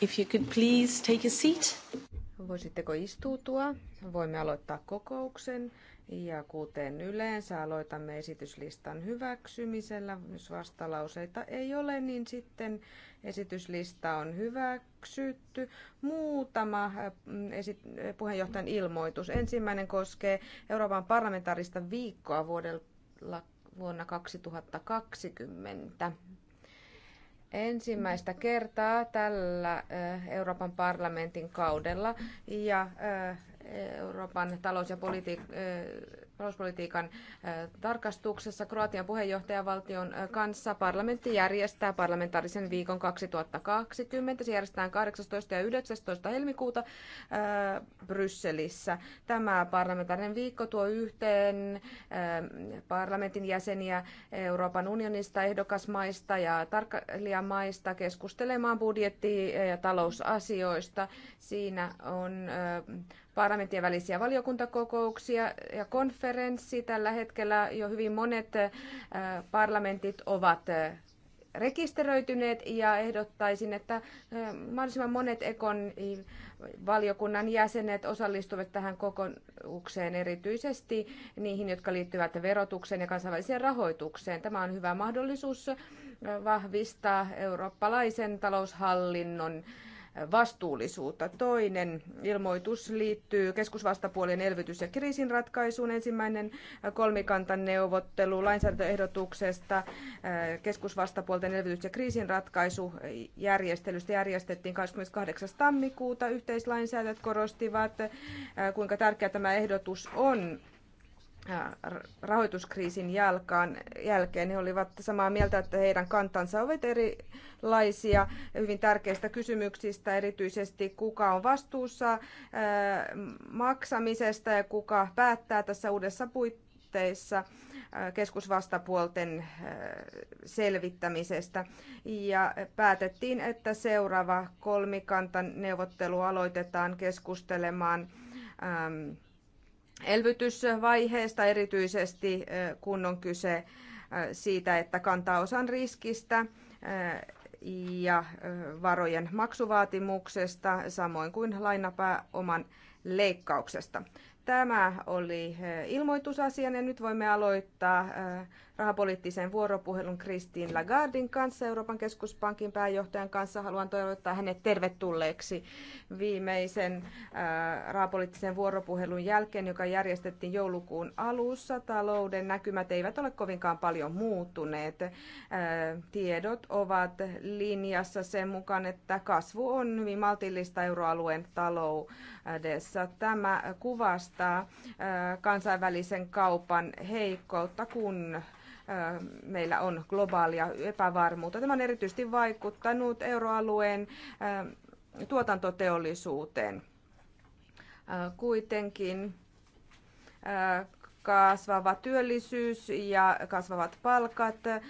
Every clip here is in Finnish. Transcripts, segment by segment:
If you could please take a seat. Voisitteko istuutua? Voimme aloittaa kokouksen. Ja kuten yleensä aloitamme esityslistan hyväksymisellä. Jos vastalauseita ei ole, niin sitten esityslista on hyväksytty. Muutama mm, esit- puheenjohtajan ilmoitus. Ensimmäinen koskee Euroopan parlamentaarista viikkoa vuodella, vuonna 2020 ensimmäistä kertaa tällä eh, Euroopan parlamentin kaudella ja eh, Euroopan talous- ja politiik. Eh, talouspolitiikan tarkastuksessa Kroatian puheenjohtajavaltion kanssa. Parlamentti järjestää parlamentaarisen viikon 2020. Se järjestetään 18. ja 19. helmikuuta Brysselissä. Tämä parlamentaarinen viikko tuo yhteen parlamentin jäseniä Euroopan unionista, ehdokasmaista ja tarkkailijamaista keskustelemaan budjetti- ja talousasioista. Siinä on parlamentin välisiä valiokuntakokouksia ja konferenssi. Tällä hetkellä jo hyvin monet äh, parlamentit ovat äh, rekisteröityneet ja ehdottaisin, että äh, mahdollisimman monet Ekon valiokunnan jäsenet osallistuvat tähän kokoukseen erityisesti niihin, jotka liittyvät verotukseen ja kansainväliseen rahoitukseen. Tämä on hyvä mahdollisuus vahvistaa eurooppalaisen taloushallinnon vastuullisuutta. Toinen ilmoitus liittyy keskusvastapuolien elvytys- ja kriisinratkaisuun. Ensimmäinen kolmikantan neuvottelu lainsäädäntöehdotuksesta äh, keskusvastapuolten elvytys- ja kriisinratkaisujärjestelystä järjestettiin 28. tammikuuta. Yhteislainsäädöt korostivat, äh, kuinka tärkeä tämä ehdotus on Äh, rahoituskriisin jälkaan, jälkeen. He olivat samaa mieltä, että heidän kantansa ovat erilaisia hyvin tärkeistä kysymyksistä, erityisesti kuka on vastuussa äh, maksamisesta ja kuka päättää tässä uudessa puitteissa äh, keskusvastapuolten selvittämisestä. Ja päätettiin, että seuraava kolmikantan neuvottelu aloitetaan keskustelemaan ähm, elvytysvaiheesta, erityisesti kun on kyse siitä, että kantaa osan riskistä ja varojen maksuvaatimuksesta, samoin kuin lainapääoman leikkauksesta. Tämä oli eh, ilmoitusasia ja nyt voimme aloittaa eh, rahapoliittisen vuoropuhelun Kristiin Lagardin kanssa, Euroopan keskuspankin pääjohtajan kanssa. Haluan toivottaa hänet tervetulleeksi viimeisen eh, rahapoliittisen vuoropuhelun jälkeen, joka järjestettiin joulukuun alussa. Talouden näkymät eivät ole kovinkaan paljon muuttuneet. Tiedot ovat linjassa sen mukaan, että kasvu on hyvin maltillista euroalueen taloudessa. Tämä kuvasta korostaa äh, kansainvälisen kaupan heikkoutta, kun äh, meillä on globaalia epävarmuutta. Tämä on erityisesti vaikuttanut euroalueen äh, tuotantoteollisuuteen. Kuitenkin kasvava työllisyys ja kasvavat palkat äh,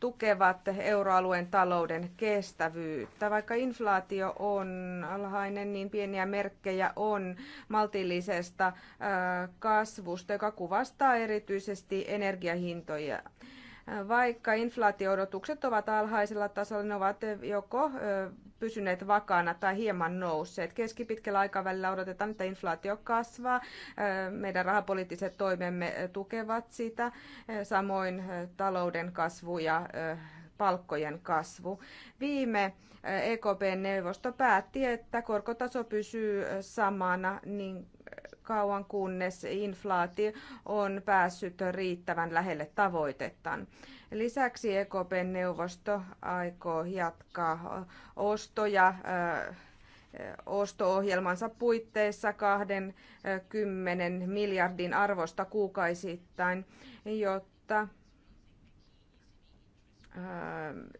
tukevat euroalueen talouden kestävyyttä. Vaikka inflaatio on alhainen, niin pieniä merkkejä on maltillisesta äh, kasvusta, joka kuvastaa erityisesti energiahintoja vaikka inflaatioodotukset ovat alhaisella tasolla, ne ovat joko pysyneet vakaana tai hieman nousseet. Keskipitkällä aikavälillä odotetaan, että inflaatio kasvaa. Meidän rahapoliittiset toimemme tukevat sitä, samoin talouden kasvu ja palkkojen kasvu. Viime EKPn neuvosto päätti, että korkotaso pysyy samana niin kauan, kunnes inflaatio on päässyt riittävän lähelle tavoitettaan. Lisäksi EKPn neuvosto aikoo jatkaa ostoja osto-ohjelmansa puitteissa 20 miljardin arvosta kuukausittain, jotta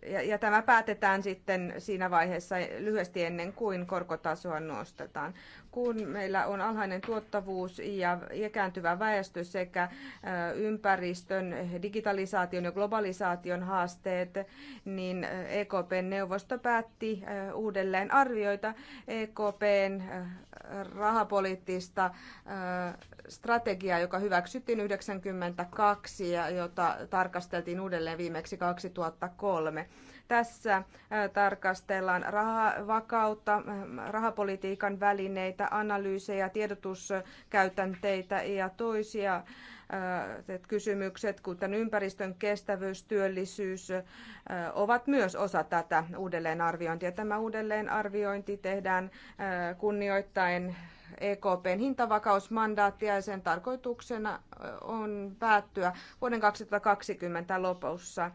ja, ja tämä päätetään sitten siinä vaiheessa lyhyesti ennen kuin korkotasoa nostetaan kun meillä on alhainen tuottavuus ja ikääntyvä väestö sekä ympäristön, digitalisaation ja globalisaation haasteet, niin EKPn neuvosto päätti uudelleen arvioita EKPn rahapoliittista strategiaa, joka hyväksyttiin 1992 ja jota tarkasteltiin uudelleen viimeksi 2003. Tässä äh, tarkastellaan rahavakautta, äh, rahapolitiikan välineitä, analyysejä, tiedotuskäytänteitä ja toisia äh, kysymykset, kuten ympäristön kestävyys, työllisyys, ovat myös osa tätä uudelleenarviointia. Tämä uudelleenarviointi tehdään kunnioittain EKPn hintavakausmandaattia ja sen tarkoituksena on päättyä vuoden 2020 lopussa.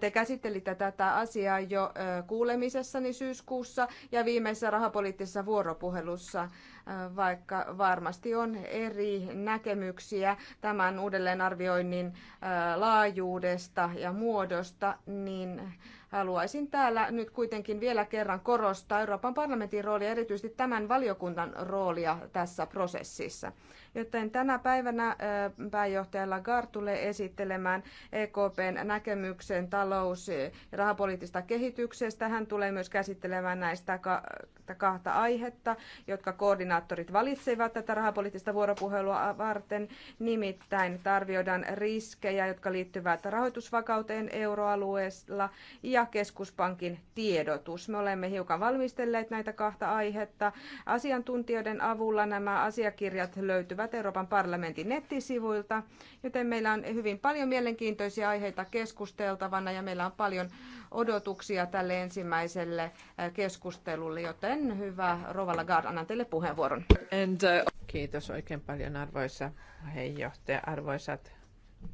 Te käsittelitte tätä asiaa jo kuulemisessani syyskuussa ja viimeisessä rahapoliittisessa vuoropuhelussa, vaikka varmasti on eri näkemyksiä tämän uudelleenarvioinnin laajuudesta ja muodosta, niin haluaisin täällä nyt kuitenkin vielä kerran korostaa Euroopan parlamentin roolia, erityisesti tämän valiokunnan roolia tässä prosessissa. Joten tänä päivänä pääjohtaja Lagarde tulee esittelemään EKPn näkemyksen talous- ja rahapoliittisesta kehityksestä. Hän tulee myös käsittelemään näistä kahta aihetta, jotka koordinaattorit valitsevat tätä rahapoliittista vuoropuhelua varten. Nimittäin tarvioidaan riskejä, jotka liittyvät rahoitusvakauteen euroalueella ja keskuspankin tiedotus. Me olemme hiukan valmistelleet näitä kahta aihetta. Asiantuntijoiden avulla nämä asiakirjat löytyvät löytyvät Euroopan parlamentin nettisivuilta, joten meillä on hyvin paljon mielenkiintoisia aiheita keskusteltavana ja meillä on paljon odotuksia tälle ensimmäiselle eh, keskustelulle, joten hyvä Rova Lagarde, annan teille puheenvuoron. And, uh... Kiitos oikein paljon arvoisa puheenjohtaja, arvoisat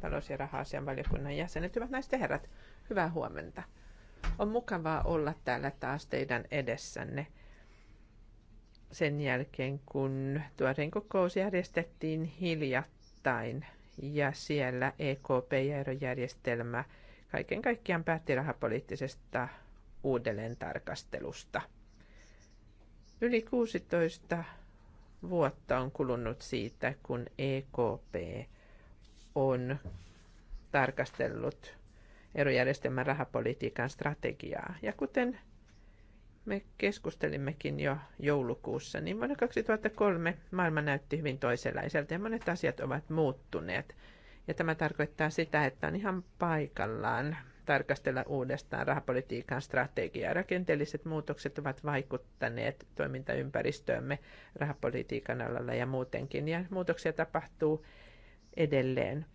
talous- ja raha-asian valiokunnan jäsenet, hyvät naiset ja herrat, hyvää huomenta. On mukavaa olla täällä taas teidän edessänne sen jälkeen, kun tuoreen kokous järjestettiin hiljattain ja siellä EKP ja erojärjestelmä kaiken kaikkiaan päätti rahapoliittisesta uudelleen tarkastelusta. Yli 16 vuotta on kulunut siitä, kun EKP on tarkastellut erojärjestelmän rahapolitiikan strategiaa. Ja kuten me keskustelimmekin jo joulukuussa, niin vuonna 2003 maailma näytti hyvin toisenlaiselta ja monet asiat ovat muuttuneet. Ja tämä tarkoittaa sitä, että on ihan paikallaan tarkastella uudestaan rahapolitiikan strategiaa. Rakenteelliset muutokset ovat vaikuttaneet toimintaympäristöömme rahapolitiikan alalla ja muutenkin, ja muutoksia tapahtuu edelleen.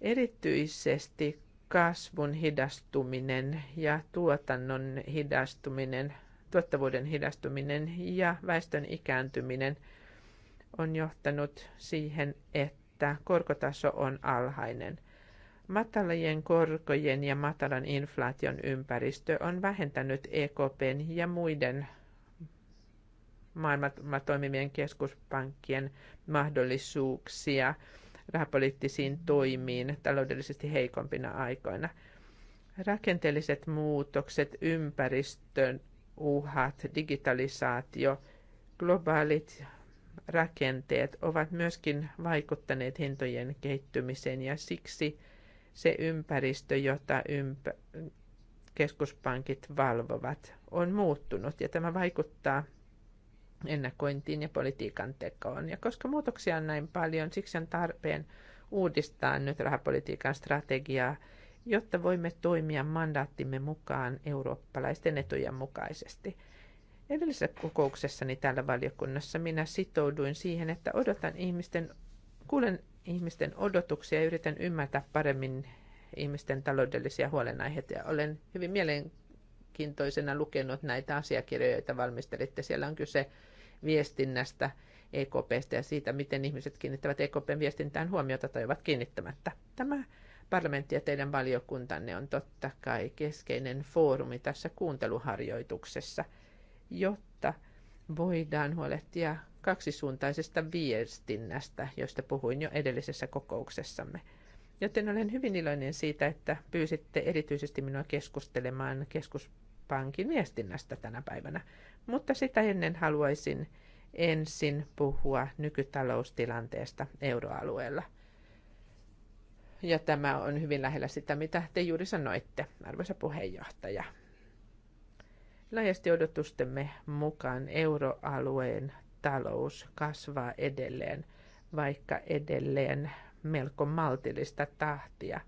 Erityisesti kasvun hidastuminen ja tuotannon hidastuminen, tuottavuuden hidastuminen ja väestön ikääntyminen on johtanut siihen, että korkotaso on alhainen. Matalajen korkojen ja matalan inflaation ympäristö on vähentänyt EKPn ja muiden maailmalla toimivien keskuspankkien mahdollisuuksia – rahapoliittisiin toimiin taloudellisesti heikompina aikoina. Rakenteelliset muutokset, ympäristön uhat, digitalisaatio, globaalit rakenteet ovat myöskin vaikuttaneet hintojen kehittymiseen ja siksi se ympäristö, jota ympä- keskuspankit valvovat, on muuttunut ja tämä vaikuttaa ennakointiin ja politiikan tekoon. Ja koska muutoksia on näin paljon, siksi on tarpeen uudistaa nyt rahapolitiikan strategiaa, jotta voimme toimia mandaattimme mukaan eurooppalaisten etujen mukaisesti. Edellisessä kokouksessani täällä valiokunnassa minä sitouduin siihen, että odotan ihmisten, kuulen ihmisten odotuksia ja yritän ymmärtää paremmin ihmisten taloudellisia huolenaiheita. Ja olen hyvin mielenkiintoinen mielenkiintoisena lukenut näitä asiakirjoja, joita valmistelitte. Siellä on kyse viestinnästä, EKPstä ja siitä, miten ihmiset kiinnittävät EKPn viestintään huomiota tai ovat kiinnittämättä. Tämä parlamentti ja teidän valiokuntanne on totta kai keskeinen foorumi tässä kuunteluharjoituksessa, jotta voidaan huolehtia kaksisuuntaisesta viestinnästä, josta puhuin jo edellisessä kokouksessamme. Joten olen hyvin iloinen siitä, että pyysitte erityisesti minua keskustelemaan keskus pankin viestinnästä tänä päivänä. Mutta sitä ennen haluaisin ensin puhua nykytaloustilanteesta euroalueella. Ja tämä on hyvin lähellä sitä, mitä te juuri sanoitte, arvoisa puheenjohtaja. Laajasti odotustemme mukaan euroalueen talous kasvaa edelleen, vaikka edelleen melko maltillista tahtia –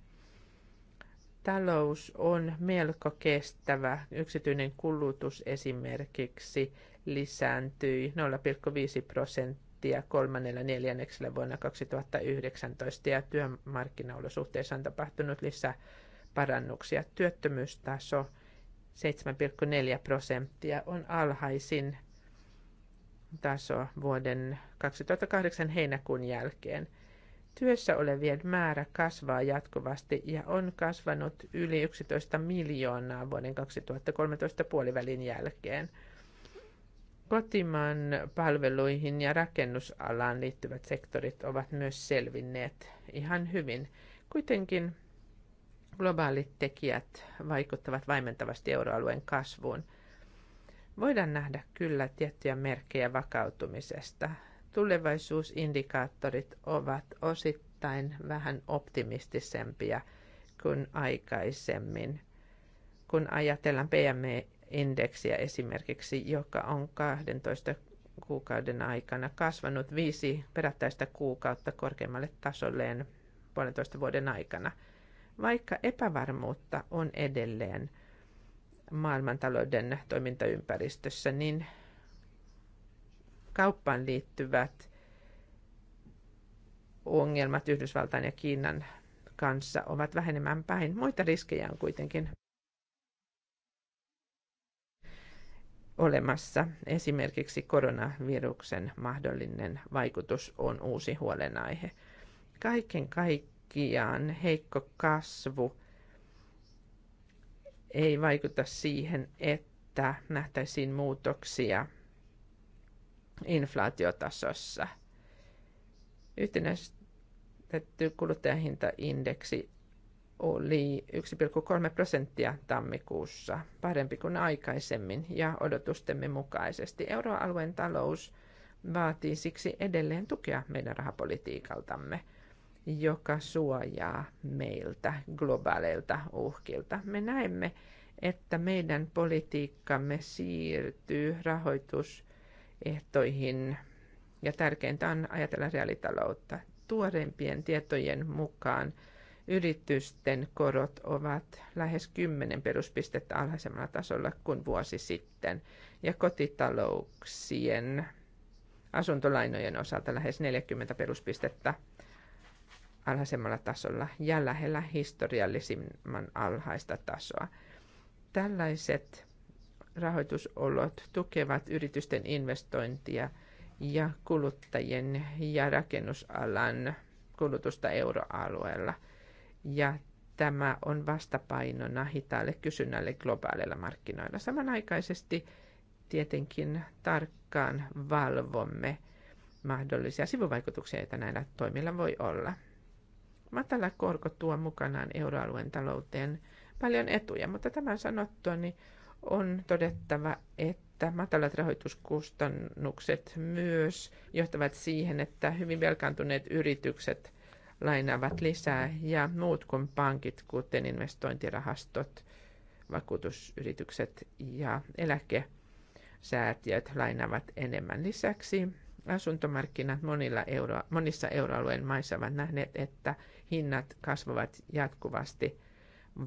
talous on melko kestävä. Yksityinen kulutus esimerkiksi lisääntyi 0,5 prosenttia kolmannella neljänneksellä vuonna 2019 ja työmarkkinaolosuhteissa on tapahtunut lisää parannuksia. Työttömyystaso 7,4 prosenttia on alhaisin taso vuoden 2008 heinäkuun jälkeen. Työssä olevien määrä kasvaa jatkuvasti ja on kasvanut yli 11 miljoonaa vuoden 2013 puolivälin jälkeen. Kotimaan palveluihin ja rakennusalaan liittyvät sektorit ovat myös selvinneet ihan hyvin. Kuitenkin globaalit tekijät vaikuttavat vaimentavasti euroalueen kasvuun. Voidaan nähdä kyllä tiettyjä merkkejä vakautumisesta tulevaisuusindikaattorit ovat osittain vähän optimistisempia kuin aikaisemmin, kun ajatellaan PME-indeksiä esimerkiksi, joka on 12 kuukauden aikana kasvanut viisi perättäistä kuukautta korkeammalle tasolleen puolentoista vuoden aikana. Vaikka epävarmuutta on edelleen maailmantalouden toimintaympäristössä, niin kauppaan liittyvät ongelmat Yhdysvaltain ja Kiinan kanssa ovat vähenemään päin. Muita riskejä on kuitenkin olemassa. Esimerkiksi koronaviruksen mahdollinen vaikutus on uusi huolenaihe. Kaiken kaikkiaan heikko kasvu ei vaikuta siihen, että nähtäisiin muutoksia – inflaatiotasossa. Yhtenäistetty kuluttajahintaindeksi oli 1,3 prosenttia tammikuussa, parempi kuin aikaisemmin ja odotustemme mukaisesti. Euroalueen talous vaatii siksi edelleen tukea meidän rahapolitiikaltamme, joka suojaa meiltä globaaleilta uhkilta. Me näemme, että meidän politiikkamme siirtyy rahoitus- ehtoihin. Ja tärkeintä on ajatella reaalitaloutta. Tuoreimpien tietojen mukaan yritysten korot ovat lähes 10 peruspistettä alhaisemmalla tasolla kuin vuosi sitten. Ja kotitalouksien asuntolainojen osalta lähes 40 peruspistettä alhaisemmalla tasolla ja lähellä historiallisimman alhaista tasoa. Tällaiset rahoitusolot tukevat yritysten investointia ja kuluttajien ja rakennusalan kulutusta euroalueella. Ja tämä on vastapainona hitaalle kysynnälle globaaleilla markkinoilla. Samanaikaisesti tietenkin tarkkaan valvomme mahdollisia sivuvaikutuksia, joita näillä toimilla voi olla. Matala korko tuo mukanaan euroalueen talouteen paljon etuja, mutta tämän sanottua niin on todettava, että matalat rahoituskustannukset myös johtavat siihen, että hyvin velkaantuneet yritykset lainaavat lisää ja muut kuin pankit, kuten investointirahastot, vakuutusyritykset ja eläkesäätiöt lainaavat enemmän. Lisäksi asuntomarkkinat monilla euro, monissa euroalueen maissa ovat nähneet, että hinnat kasvavat jatkuvasti –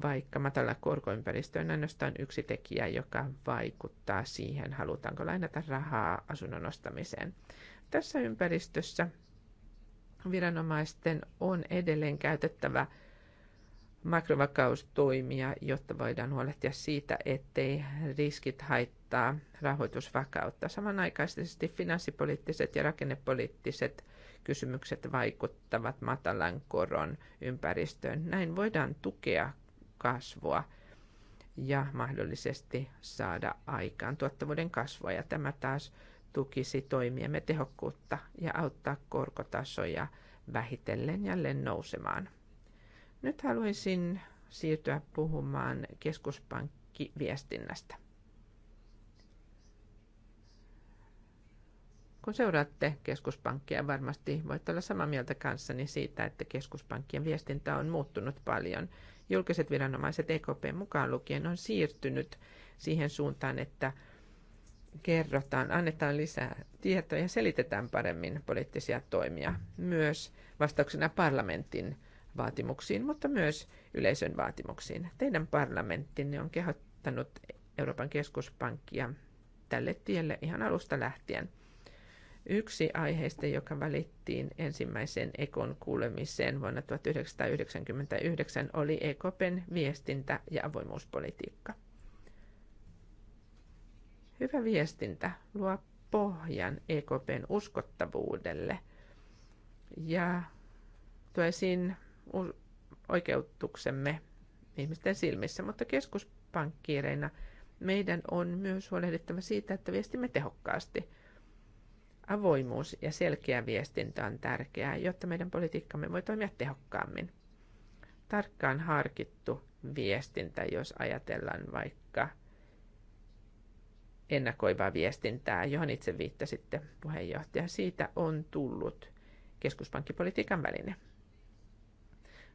vaikka matala korkoympäristö on ainoastaan yksi tekijä, joka vaikuttaa siihen, halutaanko lainata rahaa asunnon ostamiseen. Tässä ympäristössä viranomaisten on edelleen käytettävä makrovakaustoimia, jotta voidaan huolehtia siitä, ettei riskit haittaa rahoitusvakautta. Samanaikaisesti finanssipoliittiset ja rakennepoliittiset kysymykset vaikuttavat matalan koron ympäristöön. Näin voidaan tukea kasvua ja mahdollisesti saada aikaan tuottavuuden kasvua. Ja tämä taas tukisi toimiemme tehokkuutta ja auttaa korkotasoja vähitellen jälleen nousemaan. Nyt haluaisin siirtyä puhumaan keskuspankkiviestinnästä. Kun seuraatte keskuspankkia, varmasti voit olla samaa mieltä kanssani siitä, että keskuspankkien viestintä on muuttunut paljon – julkiset viranomaiset EKP mukaan lukien on siirtynyt siihen suuntaan, että kerrotaan, annetaan lisää tietoa ja selitetään paremmin poliittisia toimia myös vastauksena parlamentin vaatimuksiin, mutta myös yleisön vaatimuksiin. Teidän parlamenttinne on kehottanut Euroopan keskuspankkia tälle tielle ihan alusta lähtien – Yksi aiheista, joka valittiin ensimmäisen Ekon kuulemiseen vuonna 1999, oli EKPn viestintä- ja avoimuuspolitiikka. Hyvä viestintä luo pohjan EKPn uskottavuudelle ja tuo esiin oikeutuksemme ihmisten silmissä, mutta keskuspankkiireina meidän on myös huolehdittava siitä, että viestimme tehokkaasti – Avoimuus ja selkeä viestintä on tärkeää, jotta meidän politiikkamme voi toimia tehokkaammin. Tarkkaan harkittu viestintä, jos ajatellaan vaikka ennakoivaa viestintää, johon itse viittasitte puheenjohtaja. Siitä on tullut keskuspankkipolitiikan väline.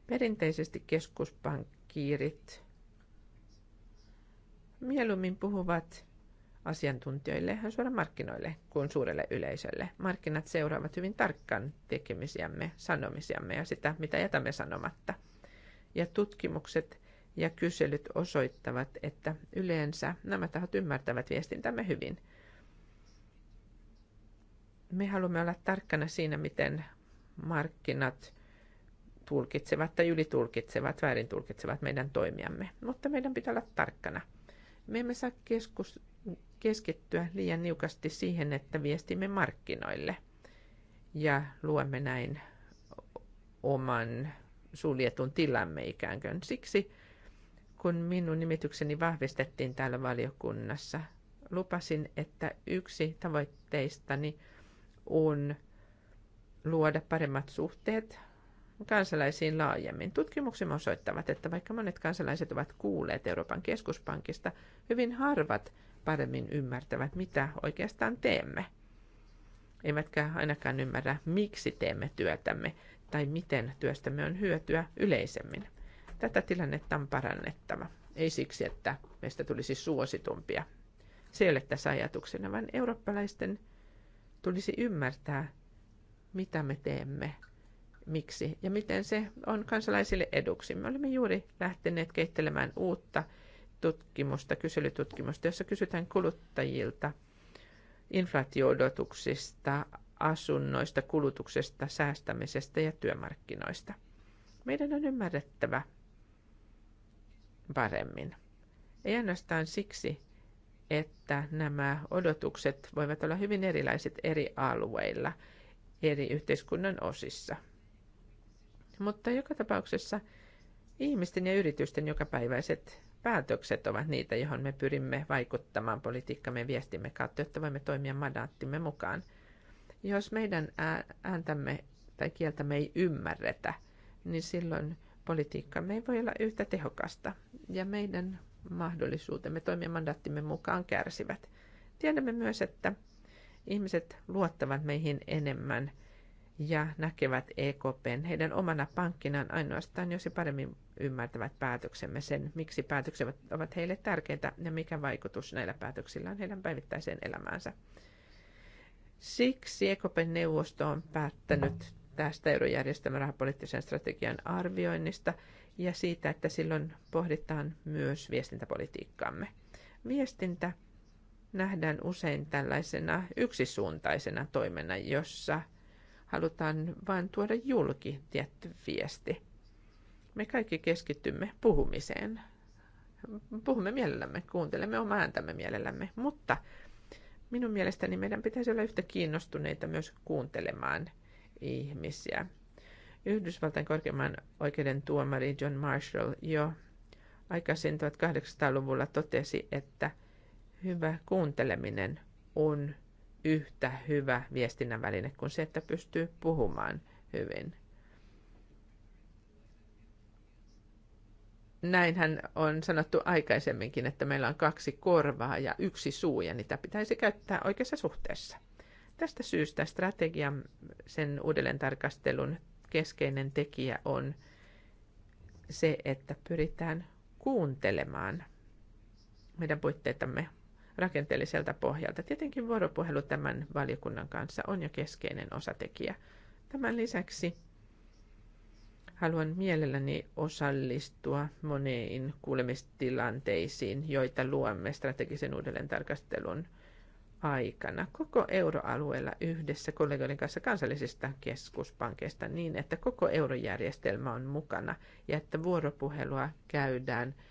Perinteisesti keskuspankkiirit mieluummin puhuvat asiantuntijoille, ja suoraan markkinoille kuin suurelle yleisölle. Markkinat seuraavat hyvin tarkkaan tekemisiämme, sanomisiamme ja sitä, mitä jätämme sanomatta. Ja tutkimukset ja kyselyt osoittavat, että yleensä nämä tahot ymmärtävät viestintämme hyvin. Me haluamme olla tarkkana siinä, miten markkinat tulkitsevat tai ylitulkitsevat, väärin tulkitsevat meidän toimiamme, mutta meidän pitää olla tarkkana. Me emme saa keskittyä liian niukasti siihen, että viestimme markkinoille ja luemme näin oman suljetun tilamme ikään kuin. Siksi kun minun nimitykseni vahvistettiin täällä valiokunnassa, lupasin, että yksi tavoitteistani on luoda paremmat suhteet kansalaisiin laajemmin. Tutkimuksemme osoittavat, että vaikka monet kansalaiset ovat kuulleet Euroopan keskuspankista, hyvin harvat paremmin ymmärtävät, mitä oikeastaan teemme. Eivätkä ainakaan ymmärrä, miksi teemme työtämme tai miten työstämme on hyötyä yleisemmin. Tätä tilannetta on parannettava. Ei siksi, että meistä tulisi suositumpia. Se ei ole tässä ajatuksena, vaan eurooppalaisten tulisi ymmärtää, mitä me teemme, miksi ja miten se on kansalaisille eduksi. Me olemme juuri lähteneet kehittelemään uutta tutkimusta, kyselytutkimusta, jossa kysytään kuluttajilta inflaatioodotuksista, asunnoista, kulutuksesta, säästämisestä ja työmarkkinoista. Meidän on ymmärrettävä paremmin. Ei ainoastaan siksi, että nämä odotukset voivat olla hyvin erilaiset eri alueilla, eri yhteiskunnan osissa. Mutta joka tapauksessa ihmisten ja yritysten jokapäiväiset päätökset ovat niitä, johon me pyrimme vaikuttamaan politiikkamme viestimme kautta, jotta voimme toimia mandaattimme mukaan. Jos meidän ääntämme tai kieltämme ei ymmärretä, niin silloin politiikka ei voi olla yhtä tehokasta ja meidän mahdollisuutemme toimia mandaattimme mukaan kärsivät. Tiedämme myös, että ihmiset luottavat meihin enemmän – ja näkevät EKPn heidän omana pankkinaan ainoastaan, jos he paremmin ymmärtävät päätöksemme sen, miksi päätökset ovat heille tärkeitä ja mikä vaikutus näillä päätöksillä on heidän päivittäiseen elämäänsä. Siksi EKPn neuvosto on päättänyt tästä eurojärjestelmän rahapoliittisen strategian arvioinnista ja siitä, että silloin pohditaan myös viestintäpolitiikkaamme. Viestintä nähdään usein tällaisena yksisuuntaisena toimena, jossa – halutaan vain tuoda julki tietty viesti. Me kaikki keskittymme puhumiseen. Puhumme mielellämme, kuuntelemme omaa ääntämme mielellämme, mutta minun mielestäni meidän pitäisi olla yhtä kiinnostuneita myös kuuntelemaan ihmisiä. Yhdysvaltain korkeimman oikeuden tuomari John Marshall jo aikaisin 1800-luvulla totesi, että hyvä kuunteleminen on yhtä hyvä viestinnän väline kuin se, että pystyy puhumaan hyvin. Näinhän on sanottu aikaisemminkin, että meillä on kaksi korvaa ja yksi suu, ja niitä pitäisi käyttää oikeassa suhteessa. Tästä syystä strategian sen uudelleen tarkastelun keskeinen tekijä on se, että pyritään kuuntelemaan meidän puitteitamme rakenteelliselta pohjalta. Tietenkin vuoropuhelu tämän valiokunnan kanssa on jo keskeinen osatekijä. Tämän lisäksi haluan mielelläni osallistua moniin kuulemistilanteisiin, joita luomme strategisen uudelleen tarkastelun aikana koko euroalueella yhdessä kollegoiden kanssa kansallisista keskuspankeista niin, että koko eurojärjestelmä on mukana ja että vuoropuhelua käydään –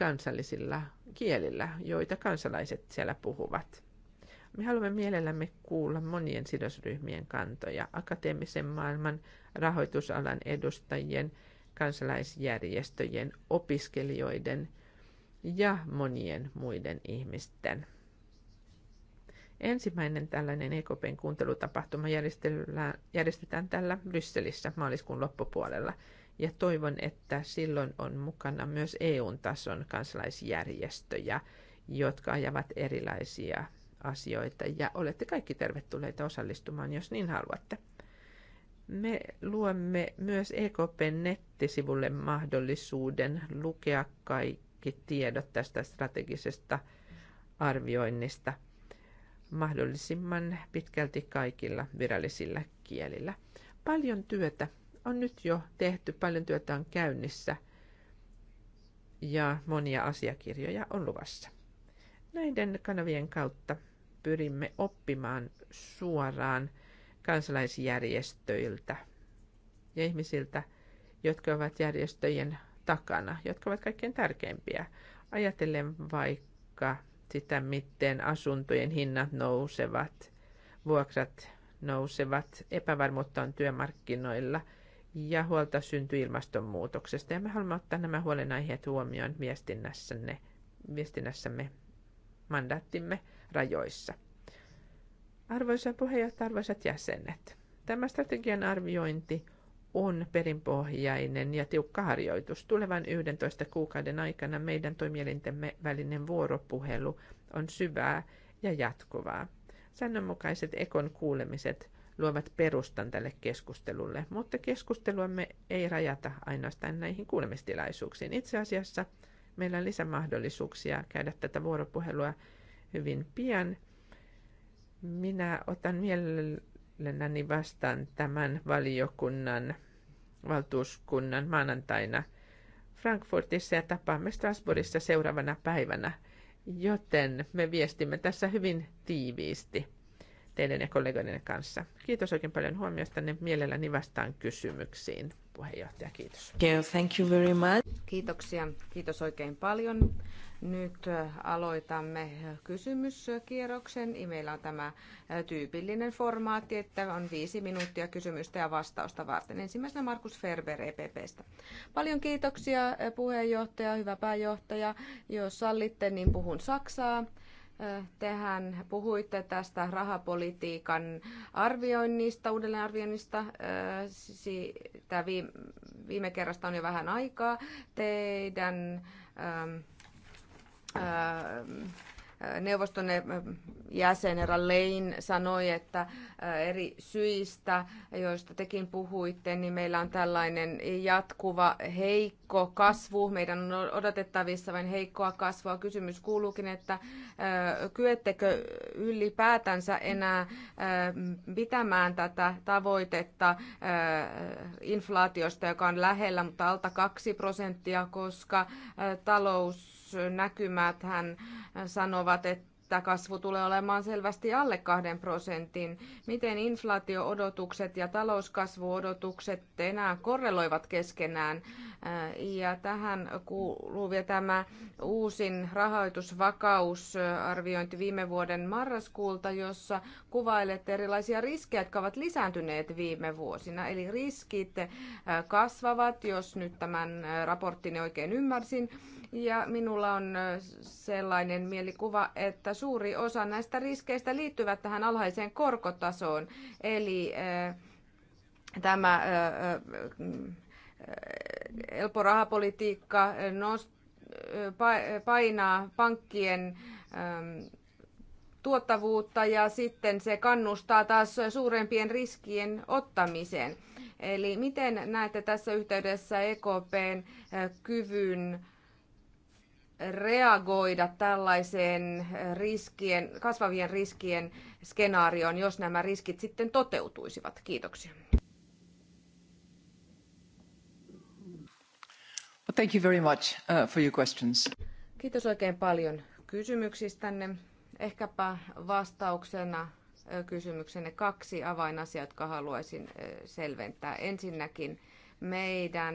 kansallisilla kielillä, joita kansalaiset siellä puhuvat. Me haluamme mielellämme kuulla monien sidosryhmien kantoja, akateemisen maailman, rahoitusalan edustajien, kansalaisjärjestöjen, opiskelijoiden ja monien muiden ihmisten. Ensimmäinen tällainen EKPn kuuntelutapahtuma järjestetään täällä Brysselissä maaliskuun loppupuolella – ja toivon, että silloin on mukana myös EU-tason kansalaisjärjestöjä, jotka ajavat erilaisia asioita. Ja olette kaikki tervetulleita osallistumaan, jos niin haluatte. Me luomme myös EKPn nettisivulle mahdollisuuden lukea kaikki tiedot tästä strategisesta arvioinnista mahdollisimman pitkälti kaikilla virallisilla kielillä. Paljon työtä on nyt jo tehty, paljon työtä on käynnissä ja monia asiakirjoja on luvassa. Näiden kanavien kautta pyrimme oppimaan suoraan kansalaisjärjestöiltä ja ihmisiltä, jotka ovat järjestöjen takana, jotka ovat kaikkein tärkeimpiä. Ajatellen vaikka sitä, miten asuntojen hinnat nousevat, vuokrat nousevat, epävarmuutta on työmarkkinoilla – ja huolta syntyy ilmastonmuutoksesta. Ja me haluamme ottaa nämä huolenaiheet huomioon viestinnässämme, viestinnässämme mandaattimme rajoissa. Arvoisa puheenjohtaja, arvoisat jäsenet, tämä strategian arviointi on perinpohjainen ja tiukka harjoitus. Tulevan 11 kuukauden aikana meidän toimielintemme välinen vuoropuhelu on syvää ja jatkuvaa. Säännönmukaiset ekon kuulemiset luovat perustan tälle keskustelulle, mutta keskusteluamme ei rajata ainoastaan näihin kuulemistilaisuuksiin. Itse asiassa meillä on lisämahdollisuuksia käydä tätä vuoropuhelua hyvin pian. Minä otan mielelläni vastaan tämän valiokunnan valtuuskunnan maanantaina Frankfurtissa ja tapaamme Strasbourgissa seuraavana päivänä, joten me viestimme tässä hyvin tiiviisti – teidän ja kollegoiden kanssa. Kiitos oikein paljon huomiostanne. Mielelläni vastaan kysymyksiin. Puheenjohtaja, kiitos. Thank you very much. Kiitoksia. Kiitos oikein paljon. Nyt äh, aloitamme äh, kysymyskierroksen. Meillä on tämä äh, tyypillinen formaatti, että on viisi minuuttia kysymystä ja vastausta varten. Ensimmäisenä Markus Ferber EPPstä. Paljon kiitoksia puheenjohtaja, hyvä pääjohtaja. Jos sallitte, niin puhun Saksaa. Tehän puhuitte tästä rahapolitiikan arvioinnista, uudelleenarvioinnista. Sitä viime kerrasta on jo vähän aikaa. Teidän neuvoston eh, jäsen Era Lein sanoi, että eh, eri syistä, joista tekin puhuitte, niin meillä on tällainen jatkuva heikko kasvu. Meidän on odotettavissa vain heikkoa kasvua. Kysymys kuuluukin, että eh, kyettekö ylipäätänsä enää pitämään tätä tavoitetta inflaatiosta, joka on lähellä, mutta alta 2 prosenttia, koska talous talousnäkymät hän sanovat, että kasvu tulee olemaan selvästi alle kahden prosentin. Miten inflaatioodotukset ja talouskasvuodotukset enää korreloivat keskenään? Ja tähän kuuluu vielä tämä uusin rahoitusvakausarviointi viime vuoden marraskuulta, jossa kuvailette erilaisia riskejä, jotka ovat lisääntyneet viime vuosina. Eli riskit kasvavat, jos nyt tämän raporttini oikein ymmärsin ja minulla on sellainen mielikuva, että suuri osa näistä riskeistä liittyvät tähän alhaiseen korkotasoon. Eli tämä elpo rahapolitiikka painaa pankkien tuottavuutta ja sitten se kannustaa taas suurempien riskien ottamiseen. Eli miten näette tässä yhteydessä EKPn kyvyn reagoida tällaiseen riskien, kasvavien riskien skenaarioon, jos nämä riskit sitten toteutuisivat? Kiitoksia. Well, thank you very much uh, for your questions. Kiitos oikein paljon kysymyksistänne. Ehkäpä vastauksena kysymyksenne kaksi avainasiaa, jotka haluaisin selventää. Ensinnäkin meidän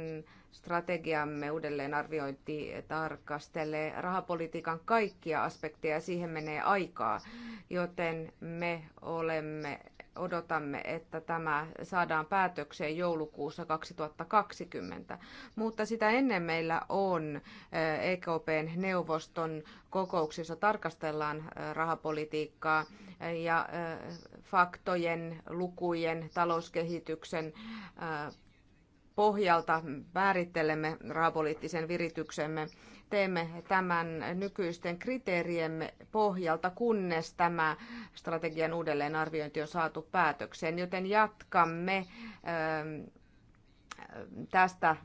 strategiamme uudelleenarviointi tarkastelee rahapolitiikan kaikkia aspekteja ja siihen menee aikaa, joten me olemme, odotamme, että tämä saadaan päätökseen joulukuussa 2020. Mutta sitä ennen meillä on EKPn eh, e neuvoston kokouksissa tarkastellaan eh, rahapolitiikkaa ja eh, faktojen, lukujen, talouskehityksen pohjalta määrittelemme rahapoliittisen virityksemme. Teemme tämän nykyisten kriteeriemme pohjalta, kunnes tämä strategian uudelleenarviointi on saatu päätökseen, joten jatkamme ähm, tästä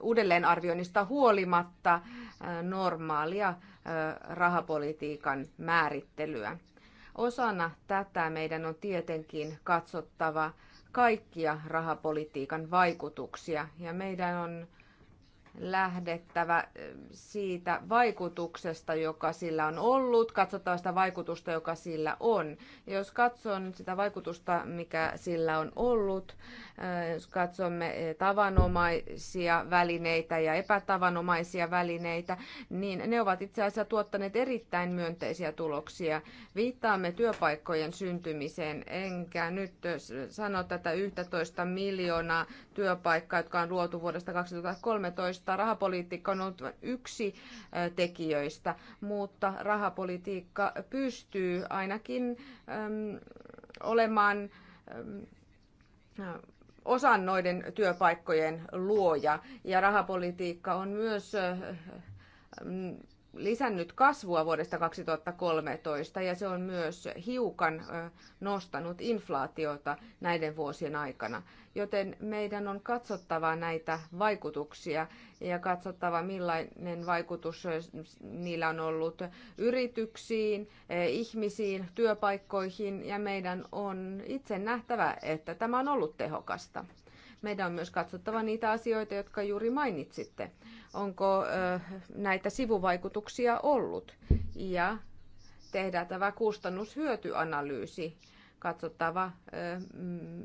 uudelleenarvioinnista huolimatta äh, normaalia äh, rahapolitiikan määrittelyä. Osana tätä meidän on tietenkin katsottava kaikkia rahapolitiikan vaikutuksia ja meidän on lähdettävä siitä vaikutuksesta, joka sillä on ollut, katsotaan sitä vaikutusta, joka sillä on. Jos katson sitä vaikutusta, mikä sillä on ollut, jos katsomme e, tavanomaisia välineitä ja epätavanomaisia välineitä, niin ne ovat itse asiassa tuottaneet erittäin myönteisiä tuloksia. Viittaamme työpaikkojen syntymiseen, enkä nyt sano tätä 11 miljoonaa työpaikkaa, jotka on luotu vuodesta 2013. Rahapolitiikka on ollut yksi tekijöistä, mutta rahapolitiikka pystyy ainakin äm, olemaan äm, osan noiden työpaikkojen luoja. Ja rahapolitiikka on myös äh, lisännyt kasvua vuodesta 2013 ja se on myös hiukan nostanut inflaatiota näiden vuosien aikana. Joten meidän on katsottava näitä vaikutuksia ja katsottava millainen vaikutus niillä on ollut yrityksiin, e, ihmisiin, työpaikkoihin ja meidän on itse nähtävä, että tämä on ollut tehokasta. Meidän on myös katsottava niitä asioita, jotka juuri mainitsitte onko näitä sivuvaikutuksia ollut ja tehdään tämä kustannushyötyanalyysi katsottava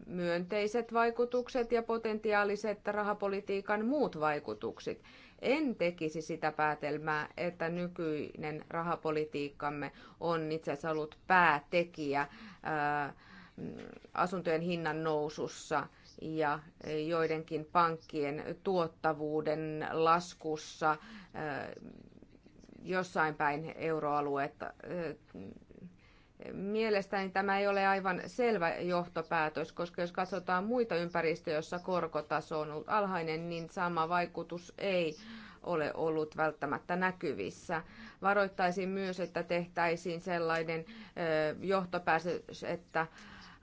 myönteiset vaikutukset ja potentiaaliset rahapolitiikan muut vaikutukset. En tekisi sitä päätelmää, että nykyinen rahapolitiikkamme on itse asiassa ollut päätekijä asuntojen hinnan nousussa – ja joidenkin pankkien tuottavuuden laskussa jossain päin euroaluetta. Mielestäni tämä ei ole aivan selvä johtopäätös, koska jos katsotaan muita ympäristöjä, joissa korkotaso on ollut alhainen, niin sama vaikutus ei ole ollut välttämättä näkyvissä. Varoittaisin myös, että tehtäisiin sellainen johtopäätös, että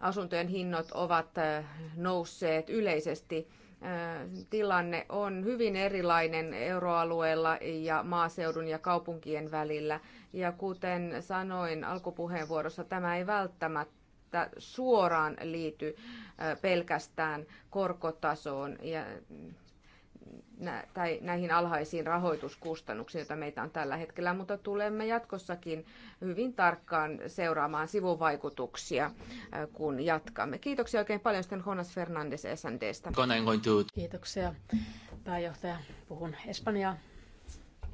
asuntojen hinnat ovat äh, nousseet yleisesti. Äh, tilanne on hyvin erilainen euroalueella ja maaseudun ja kaupunkien välillä. Ja kuten sanoin alkupuheenvuorossa, tämä ei välttämättä että suoraan liity äh, pelkästään korkotasoon. Ja tai näihin alhaisiin rahoituskustannuksiin, joita meitä on tällä hetkellä, mutta tulemme jatkossakin hyvin tarkkaan seuraamaan sivuvaikutuksia, äh, kun jatkamme. Kiitoksia oikein paljon sitten Jonas Fernandes SNDstä. Kiitoksia pääjohtaja. Puhun Espanjaa.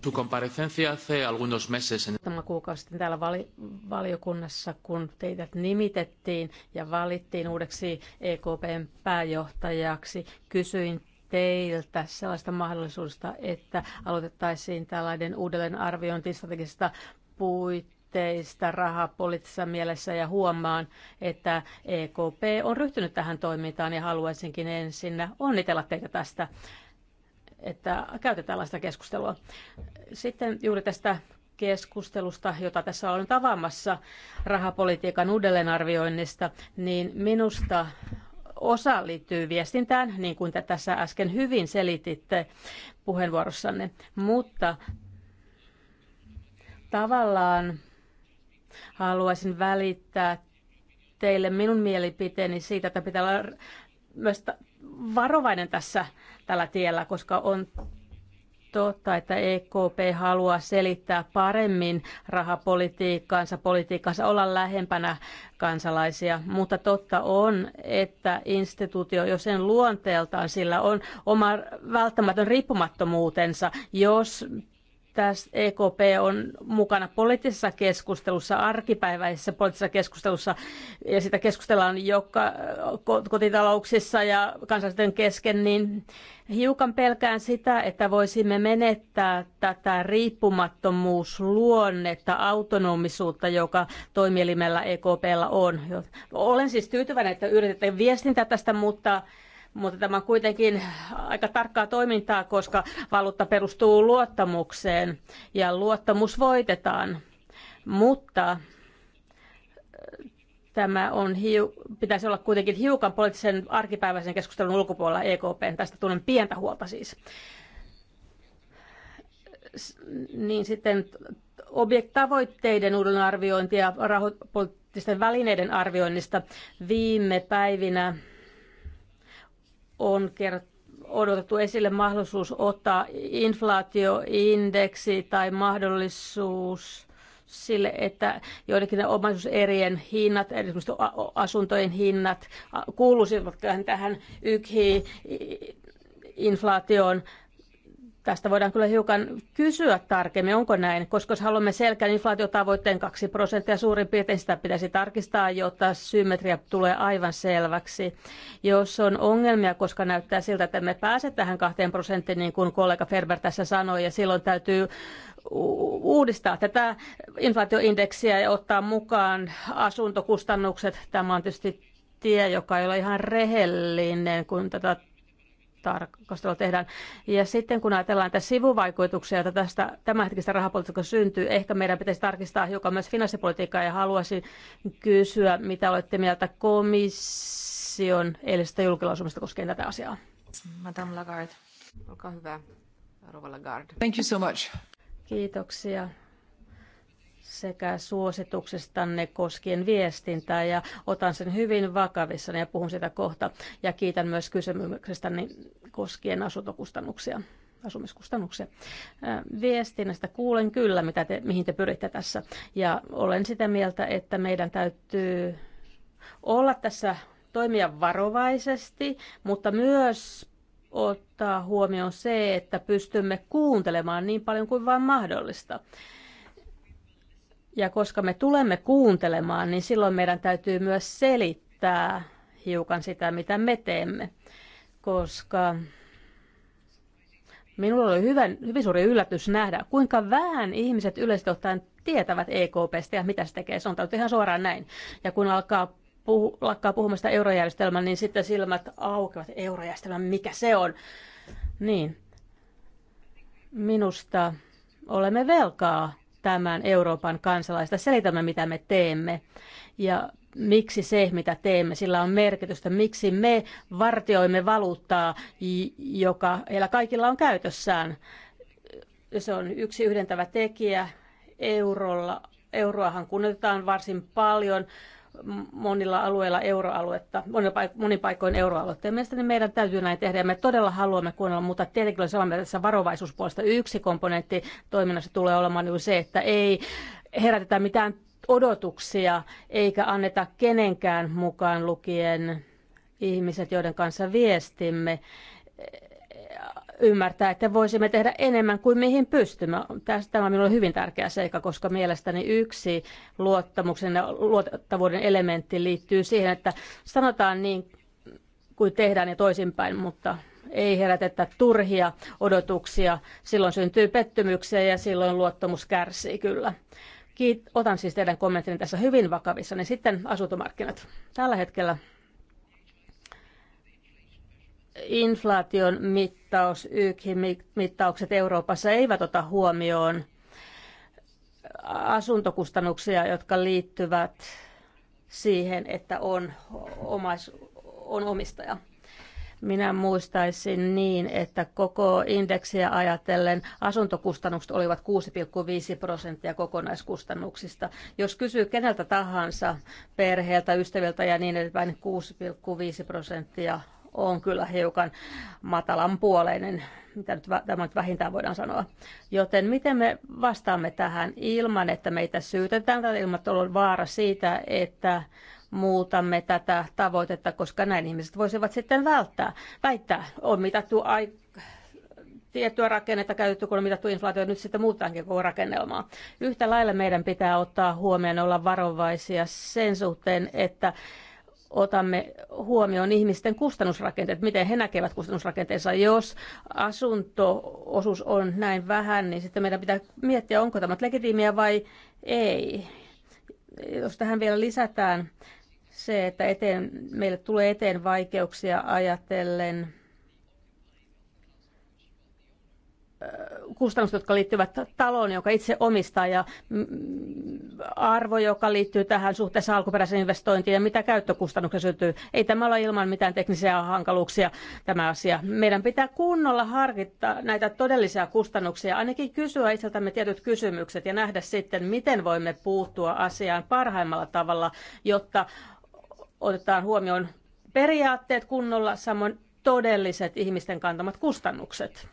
Su comparecencia hace algunos meses. En... Tämä kuukausi sitten täällä vali- valiokunnassa, kun teidät nimitettiin ja valittiin uudeksi EKPn pääjohtajaksi, kysyin teiltä sellaista mahdollisuudesta, että aloitettaisiin tällainen arviointi strategisista puitteista rahapoliittisessa mielessä ja huomaan, että EKP on ryhtynyt tähän toimintaan ja haluaisinkin ensin onnitella teitä tästä, että käytetään tällaista keskustelua. Sitten juuri tästä keskustelusta, jota tässä olen nyt rahapolitiikan uudelleenarvioinnista, niin minusta osa liittyy viestintään, niin kuin te tässä äsken hyvin selititte puheenvuorossanne, mutta tavallaan haluaisin välittää teille minun mielipiteeni siitä, että pitää olla myös varovainen tässä tällä tiellä, koska on totta, että EKP haluaa selittää paremmin rahapolitiikkaansa, politiikkaansa olla lähempänä kansalaisia, mutta totta on, että instituutio jo sen luonteeltaan sillä on oma välttämätön riippumattomuutensa, jos tässä EKP on mukana poliittisessa keskustelussa, arkipäiväisessä poliittisessa keskustelussa, ja sitä keskustellaan joka kotitalouksissa ja kansalaisten kesken, niin hiukan pelkään sitä, että voisimme menettää tätä riippumattomuusluonnetta, autonomisuutta, joka toimielimellä EKPllä on. Olen siis tyytyväinen, että yritetään viestintää tästä, mutta mutta tämä on kuitenkin aika tarkkaa toimintaa, koska valuutta perustuu luottamukseen ja luottamus voitetaan. Mutta äh, tämä on hiu, pitäisi olla kuitenkin hiukan poliittisen arkipäiväisen keskustelun ulkopuolella EKP. Tästä tunnen pientä huolta siis. Niin sitten objektavoitteiden uudelleenarviointi ja rahoituspoliittisten välineiden arvioinnista viime päivinä on kert odotettu esille mahdollisuus ottaa inflaatioindeksi tai mahdollisuus sille, että joidenkin omaisuuserien hinnat, esimerkiksi asuntojen hinnat, kuuluisivat tähän YKHI-inflaatioon Tästä voidaan kyllä hiukan kysyä tarkemmin, onko näin, koska jos haluamme selkeän inflaatiotavoitteen 2 prosenttia suurin piirtein, sitä pitäisi tarkistaa, jotta symmetria tulee aivan selväksi. Jos on ongelmia, koska näyttää siltä, että me pääse tähän 2 prosenttiin, niin kuin kollega Ferber tässä sanoi, ja silloin täytyy uudistaa tätä inflaatioindeksiä ja ottaa mukaan asuntokustannukset. Tämä on tietysti tie, joka ei ole ihan rehellinen, kun tätä tarkastelua tehdään. Ja sitten kun ajatellaan näitä sivuvaikutuksia, joita tästä tämänhetkistä rahapolitiikasta syntyy, ehkä meidän pitäisi tarkistaa hiukan myös finanssipolitiikkaa ja haluaisin kysyä, mitä olette mieltä komission eilisestä julkilausumista koskien tätä asiaa. Madame Lagarde, olkaa hyvä. Rova Lagarde. Thank you so much. Kiitoksia sekä suosituksestanne koskien viestintää ja otan sen hyvin vakavissani ja puhun sitä kohta. Ja kiitän myös kysymyksestäni koskien asuntokustannuksia asumiskustannuksia. Viestinnästä kuulen kyllä, mitä te, mihin te pyritte tässä. Ja olen sitä mieltä, että meidän täytyy olla tässä toimia varovaisesti, mutta myös ottaa huomioon se, että pystymme kuuntelemaan niin paljon kuin vain mahdollista. Ja koska me tulemme kuuntelemaan, niin silloin meidän täytyy myös selittää hiukan sitä, mitä me teemme. Koska minulla oli hyvän, hyvin suuri yllätys nähdä, kuinka vähän ihmiset yleisesti ottaen tietävät EKPstä ja mitä se tekee. Se on ihan suoraan näin. Ja kun alkaa puhu, lakkaa puhumasta eurojärjestelmän, niin sitten silmät aukevat eurojärjestelmän, mikä se on. Niin, minusta olemme velkaa tämän Euroopan kansalaista, selitämme mitä me teemme ja miksi se, mitä teemme, sillä on merkitystä, miksi me vartioimme valuuttaa, joka heillä kaikilla on käytössään. Se on yksi yhdentävä tekijä. Eurolla, euroahan kunnioitetaan varsin paljon monilla alueilla euroaluetta, monin paikoin euroaluetta. Ja mielestäni meidän täytyy näin tehdä ja me todella haluamme kuunnella, mutta tietenkin on samaa mieltä tässä varovaisuuspuolesta. Yksi komponentti toiminnassa tulee olemaan juuri se, että ei herätetä mitään odotuksia eikä anneta kenenkään mukaan lukien ihmiset, joiden kanssa viestimme ymmärtää, että voisimme tehdä enemmän kuin mihin pystymme. Tämä on minulle hyvin tärkeä seikka, koska mielestäni yksi luottamuksen ja luottavuuden elementti liittyy siihen, että sanotaan niin kuin tehdään ja toisinpäin, mutta ei herätetä turhia odotuksia. Silloin syntyy pettymyksiä ja silloin luottamus kärsii kyllä. Kiit- otan siis teidän kommenttinne tässä hyvin vakavissa. Niin sitten asuntomarkkinat. Tällä hetkellä inflaation mittaus, YK-mittaukset Euroopassa eivät ota huomioon asuntokustannuksia, jotka liittyvät siihen, että on, omais, on omistaja. Minä muistaisin niin, että koko indeksiä ajatellen asuntokustannukset olivat 6,5 prosenttia kokonaiskustannuksista. Jos kysyy keneltä tahansa, perheeltä, ystäviltä ja niin edespäin, 6,5 niin prosenttia on kyllä hiukan matalanpuoleinen, mitä nyt, tämä nyt vähintään voidaan sanoa. Joten miten me vastaamme tähän ilman, että meitä syytetään tai ilman, että on vaara siitä, että muutamme tätä tavoitetta, koska näin ihmiset voisivat sitten välttää, väittää, on mitattu ai tiettyä rakennetta käytetty, kun on mitattu inflaatio, nyt sitten muutaankin koko rakennelmaa. Yhtä lailla meidän pitää ottaa huomioon olla varovaisia sen suhteen, että otamme huomioon ihmisten kustannusrakenteet, miten he näkevät kustannusrakenteensa. Jos asuntoosuus on näin vähän, niin sitten meidän pitää miettiä, onko tämä legitiimiä vai ei. Jos tähän vielä lisätään se, että eteen, meille tulee eteen vaikeuksia ajatellen kustannukset, jotka liittyvät taloon, joka itse omistaa, ja mm, arvo, joka liittyy tähän suhteessa alkuperäiseen investointiin, ja mitä käyttökustannuksia syntyy. Ei tämä ole ilman mitään teknisiä hankaluuksia tämä asia. Meidän pitää kunnolla harkita näitä todellisia kustannuksia, ainakin kysyä itseltämme tietyt kysymykset ja nähdä sitten, miten voimme puuttua asiaan parhaimmalla tavalla, jotta otetaan huomioon periaatteet kunnolla, samoin todelliset ihmisten kantamat kustannukset.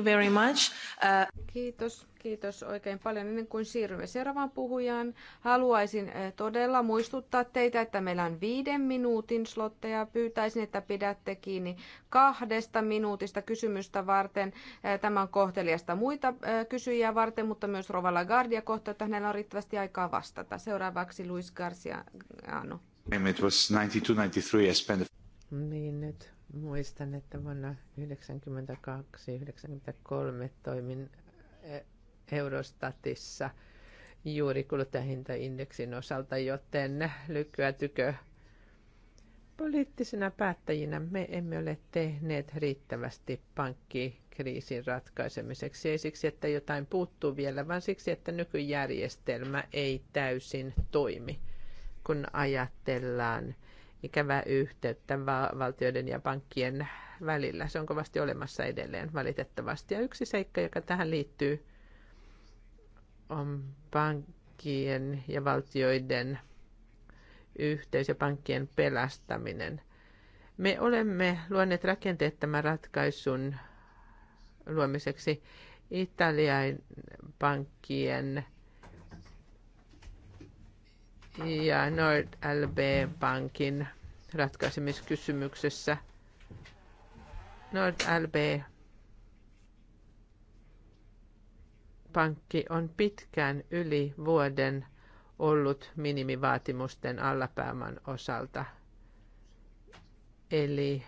Very much. Uh... Kiitos, kiitos oikein paljon. Ennen kuin siirrymme seuraavaan puhujaan, haluaisin eh, todella muistuttaa teitä, että meillä on viiden minuutin slotteja. Pyytäisin, että pidätte kiinni kahdesta minuutista kysymystä varten. Eh, tämä on kohteliasta muita eh, kysyjiä varten, mutta myös Rovalla Gardia kohta, että hänellä on riittävästi aikaa vastata. Seuraavaksi Luis Garcia. It was I spent... Niin nyt Muistan, että vuonna 1992-1993 toimin e, Eurostatissa juuri kuluttajahintaindeksin osalta, joten lykyä tykö poliittisina päättäjinä me emme ole tehneet riittävästi pankkikriisin ratkaisemiseksi. Ei siksi, että jotain puuttuu vielä, vaan siksi, että nykyjärjestelmä ei täysin toimi, kun ajatellaan – ikävää yhteyttä valtioiden ja pankkien välillä. Se on kovasti olemassa edelleen valitettavasti. Ja yksi seikka, joka tähän liittyy, on pankkien ja valtioiden yhteys ja pankkien pelastaminen. Me olemme luoneet rakenteet tämän ratkaisun luomiseksi Italian pankkien ja nordlb Bankin ratkaisemiskysymyksessä. NordLB pankki on pitkään yli vuoden ollut minimivaatimusten allapääman osalta. Eli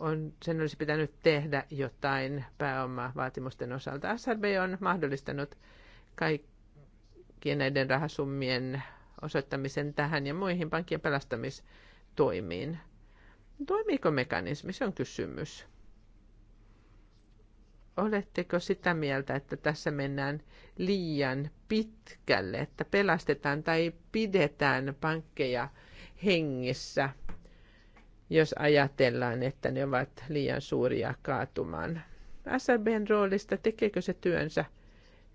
on, sen olisi pitänyt tehdä jotain pääomavaatimusten osalta. SRB on mahdollistanut kaikkien näiden rahasummien osoittamisen tähän ja muihin pankkien pelastamistoimiin. Toimiiko mekanismi? Se on kysymys. Oletteko sitä mieltä, että tässä mennään liian pitkälle, että pelastetaan tai pidetään pankkeja hengissä, jos ajatellaan, että ne ovat liian suuria kaatumaan? SRBn roolista, tekeekö se työnsä,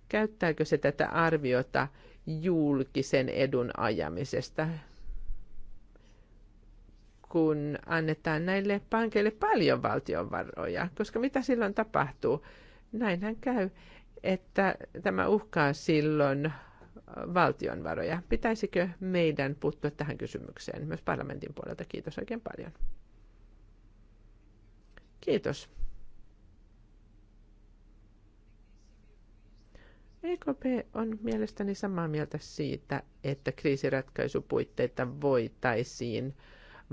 käyttääkö se tätä arviota julkisen edun ajamisesta, kun annetaan näille pankeille paljon valtionvaroja, koska mitä silloin tapahtuu? Näinhän käy, että tämä uhkaa silloin valtionvaroja. Pitäisikö meidän puuttua tähän kysymykseen myös parlamentin puolelta? Kiitos oikein paljon. Kiitos. EKP on mielestäni samaa mieltä siitä, että kriisiratkaisupuitteita voitaisiin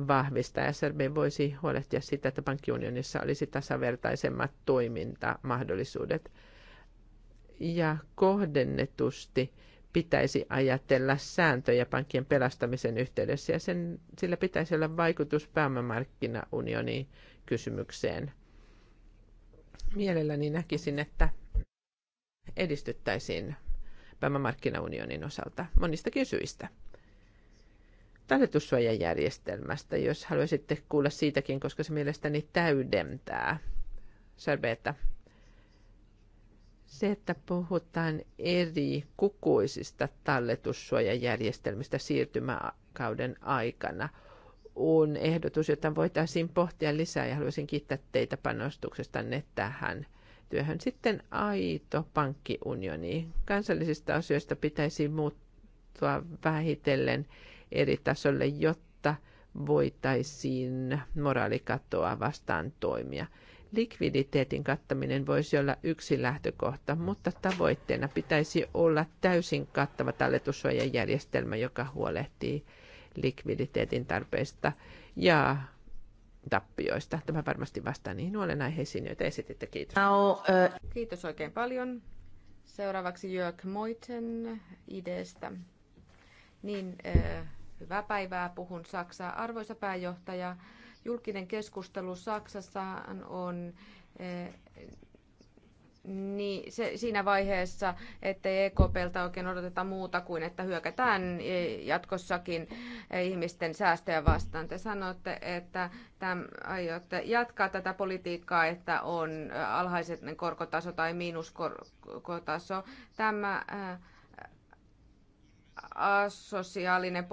vahvistaa. SRB voisi huolehtia sitä, että pankkiunionissa olisi tasavertaisemmat toimintamahdollisuudet. Ja kohdennetusti pitäisi ajatella sääntöjä pankkien pelastamisen yhteydessä ja sen, sillä pitäisi olla vaikutus pääomamarkkinaunioniin kysymykseen. Mielelläni näkisin, että edistyttäisiin pääomamarkkinaunionin osalta monistakin syistä. Talletussuojajärjestelmästä, jos haluaisitte kuulla siitäkin, koska se mielestäni täydentää Särbeetä. Se, että puhutaan eri kukuisista talletussuojajärjestelmistä siirtymäkauden aikana, on ehdotus, jota voitaisiin pohtia lisää ja haluaisin kiittää teitä panostuksestanne tähän – työhön. Sitten aito pankkiunioni. Kansallisista asioista pitäisi muuttua vähitellen eri tasolle, jotta voitaisiin moraalikatoa vastaan toimia. Likviditeetin kattaminen voisi olla yksi lähtökohta, mutta tavoitteena pitäisi olla täysin kattava talletussuojajärjestelmä, joka huolehtii likviditeetin tarpeista ja tappioista. Tämä varmasti vastaa niihin aiheisiin, joita esititte. Kiitos. Now, uh... Kiitos oikein paljon. Seuraavaksi Jörg Moiten ideestä. Niin, uh, hyvää päivää, puhun Saksaa. Arvoisa pääjohtaja, julkinen keskustelu Saksassa on uh, niin se, siinä vaiheessa, että EKPltä oikein odoteta muuta kuin, että hyökätään e, jatkossakin e, ihmisten säästöjä vastaan. Te sanotte, että täm, aiotte jatkaa tätä politiikkaa, että on alhaiset korkotaso tai miinuskorkotaso. Tämä äh, asosiaalinen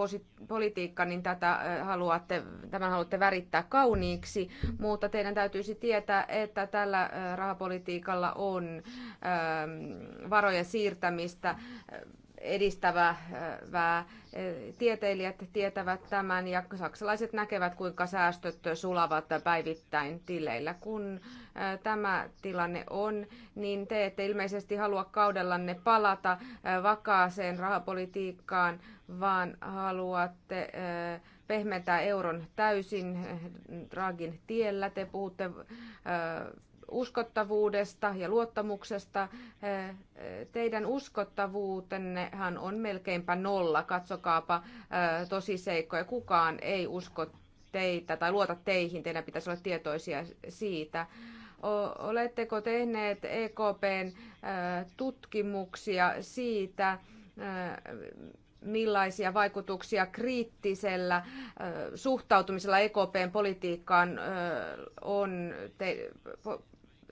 politiikka, niin tätä haluatte, tämän haluatte värittää kauniiksi, mutta teidän täytyisi tietää, että tällä rahapolitiikalla on varojen siirtämistä edistävää. Tieteilijät tietävät tämän ja saksalaiset näkevät, kuinka säästöt sulavat päivittäin tileillä. Kun tämä tilanne on, niin te ette ilmeisesti halua kaudellanne palata vakaaseen rahapolitiikkaan, vaan haluatte pehmentää euron täysin Dragin tiellä. Te puhutte uskottavuudesta ja luottamuksesta. Eh, teidän uskottavuutennehan on melkeinpä nolla. Katsokaapa eh, tosiseikkoja. Kukaan ei usko teitä tai luota teihin. Teidän pitäisi olla tietoisia siitä. Oletteko tehneet EKPn eh, tutkimuksia siitä, millaisia vaikutuksia kriittisellä suhtautumisella EKPn politiikkaan on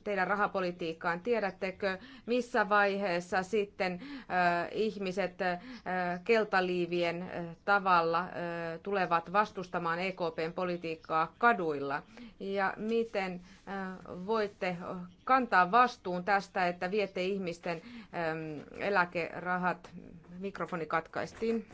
teidän rahapolitiikkaan? Tiedättekö, missä vaiheessa sitten ihmiset keltaliivien tavalla tulevat vastustamaan EKPn politiikkaa kaduilla? Ja miten voitte kantaa vastuun tästä, että viette ihmisten eläkerahat? Mikrofoni katkaistiin.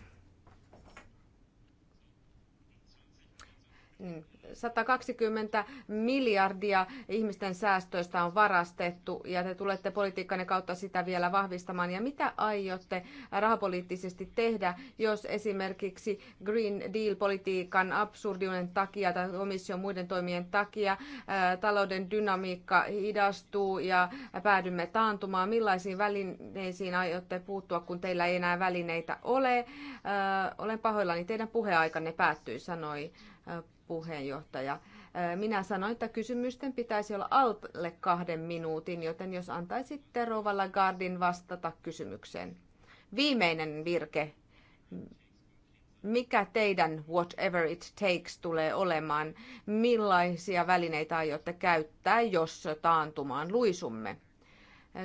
Niin. 120 miljardia ihmisten säästöistä on varastettu ja te tulette politiikkanne kautta sitä vielä vahvistamaan. Ja mitä aiotte rahapoliittisesti tehdä, jos esimerkiksi Green Deal-politiikan absurdiuden takia tai komission muiden toimien takia talouden dynamiikka hidastuu ja päädymme taantumaan? Millaisiin välineisiin aiotte puuttua, kun teillä ei enää välineitä ole? Olen pahoillani, teidän puheaikanne päättyi, sanoi puheenjohtaja. Minä sanoin, että kysymysten pitäisi olla alle kahden minuutin, joten jos antaisitte Rovalla Gardin vastata kysymykseen. Viimeinen virke. Mikä teidän whatever it takes tulee olemaan? Millaisia välineitä aiotte käyttää, jos taantumaan luisumme?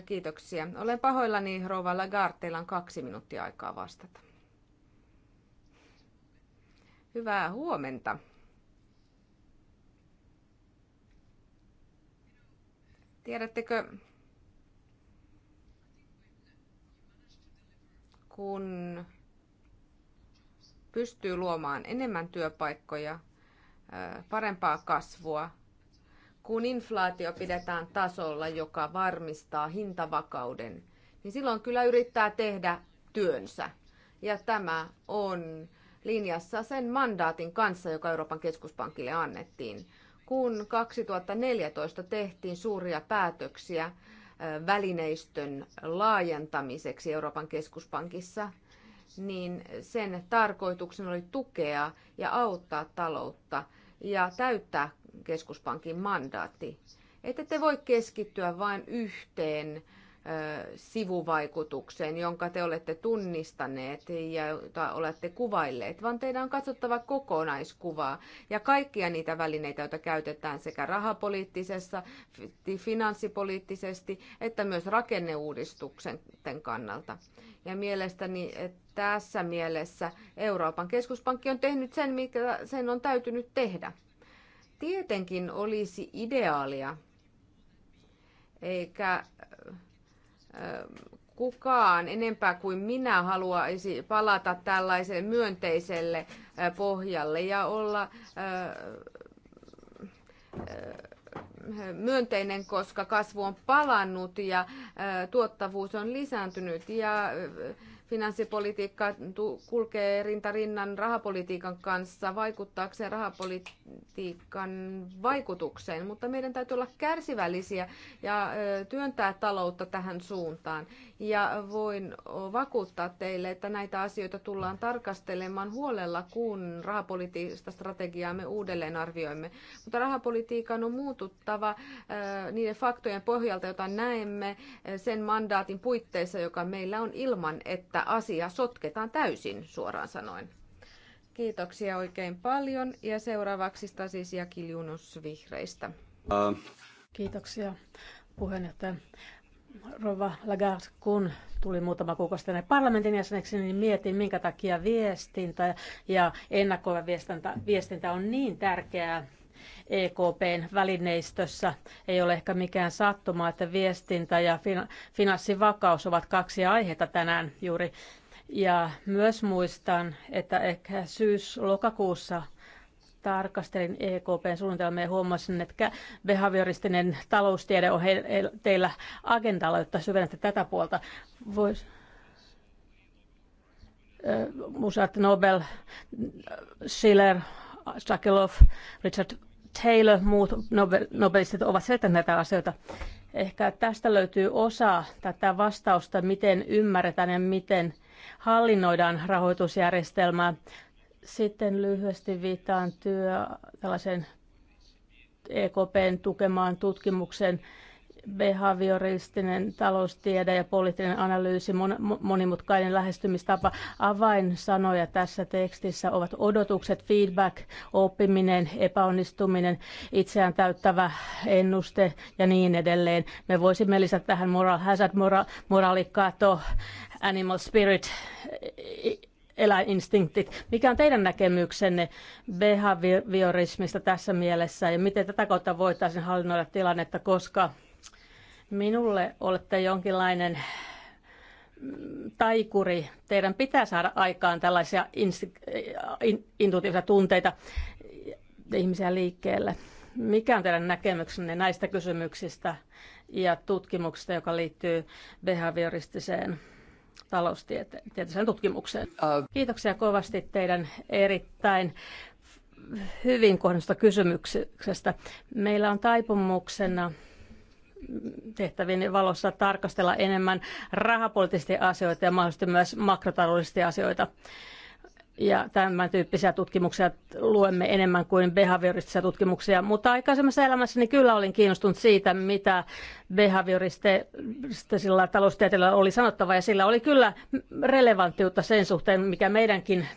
Kiitoksia. Olen pahoillani, Rova Lagarde, teillä on kaksi minuuttia aikaa vastata. Hyvää huomenta. Tiedättekö, kun pystyy luomaan enemmän työpaikkoja, parempaa kasvua, kun inflaatio pidetään tasolla, joka varmistaa hintavakauden, niin silloin kyllä yrittää tehdä työnsä. Ja tämä on linjassa sen mandaatin kanssa, joka Euroopan keskuspankille annettiin kun 2014 tehtiin suuria päätöksiä välineistön laajentamiseksi Euroopan keskuspankissa, niin sen tarkoituksena oli tukea ja auttaa taloutta ja täyttää keskuspankin mandaatti. Ette te voi keskittyä vain yhteen sivuvaikutukseen, jonka te olette tunnistaneet ja jota olette kuvailleet, vaan teidän on katsottava kokonaiskuvaa ja kaikkia niitä välineitä, joita käytetään sekä rahapoliittisessa, finanssipoliittisesti, että myös rakenneuudistuksen kannalta. Ja mielestäni tässä mielessä Euroopan keskuspankki on tehnyt sen, mikä sen on täytynyt tehdä. Tietenkin olisi ideaalia, eikä kukaan enempää kuin minä haluaisi palata tällaiseen myönteiselle pohjalle ja olla myönteinen, koska kasvu on palannut ja tuottavuus on lisääntynyt ja finanssipolitiikka kulkee rintarinnan rahapolitiikan kanssa vaikuttaakseen rahapolitiikan vaikutukseen, mutta meidän täytyy olla kärsivällisiä ja työntää taloutta tähän suuntaan. Ja voin vakuuttaa teille, että näitä asioita tullaan tarkastelemaan huolella, kun rahapolitiikasta me uudelleen arvioimme. Mutta rahapolitiikan on muututtava niiden faktojen pohjalta, joita näemme sen mandaatin puitteissa, joka meillä on ilman, että asia sotketaan täysin suoraan sanoen. Kiitoksia oikein paljon ja seuraavaksi Stasis ja Kiljunus Vihreistä. Uh. Kiitoksia puheenjohtaja. Rova Lagarde, kun tuli muutama kuukausi tänne parlamentin jäseneksi, niin mietin, minkä takia viestintä ja ennakkoiva viestintä, viestintä on niin tärkeää EKPn välineistössä. Ei ole ehkä mikään sattuma, että viestintä ja finanssivakaus ovat kaksi aihetta tänään juuri. Ja myös muistan, että ehkä syys-lokakuussa tarkastelin EKPn suunnitelmia ja huomasin, että behavioristinen taloustiede on teillä agendalla, jotta syvennätte tätä puolta. Vois, Musat Nobel, Schiller, Shakelov, Richard Taylor, muut nobelistit ovat selittäneet näitä asioita. Ehkä tästä löytyy osa tätä vastausta, miten ymmärretään ja miten hallinnoidaan rahoitusjärjestelmää. Sitten lyhyesti viittaan työ tällaisen EKPn tukemaan tutkimukseen behavioristinen taloustiede ja poliittinen analyysi, monimutkainen lähestymistapa. Avainsanoja tässä tekstissä ovat odotukset, feedback, oppiminen, epäonnistuminen, itseään täyttävä ennuste ja niin edelleen. Me voisimme lisätä tähän moral hazard, mora, moraalikato, animal spirit, eläininstinktit. Mikä on teidän näkemyksenne behaviorismista tässä mielessä ja miten tätä kautta voitaisiin hallinnoida tilannetta, koska Minulle olette jonkinlainen mm, taikuri. Teidän pitää saada aikaan tällaisia eh, intuitiivisia tunteita ihmisiä liikkeelle. Mikä on teidän näkemyksenne näistä kysymyksistä ja tutkimuksista, joka liittyy behavioristiseen taloustieteelliseen tutkimukseen? Äh. Kiitoksia kovasti teidän erittäin hyvin kohdennusta kysymyksestä. Meillä on taipumuksena tehtävien valossa tarkastella enemmän rahapoliittisia asioita ja mahdollisesti myös makrotaloudellisia asioita. Ja tämän tyyppisiä tutkimuksia luemme enemmän kuin behavioristisia tutkimuksia. Mutta aikaisemmassa elämässäni kyllä olin kiinnostunut siitä, mitä behavioristisilla taloustieteilijöillä oli sanottava. Ja sillä oli kyllä relevanttiutta sen suhteen, mikä meidänkin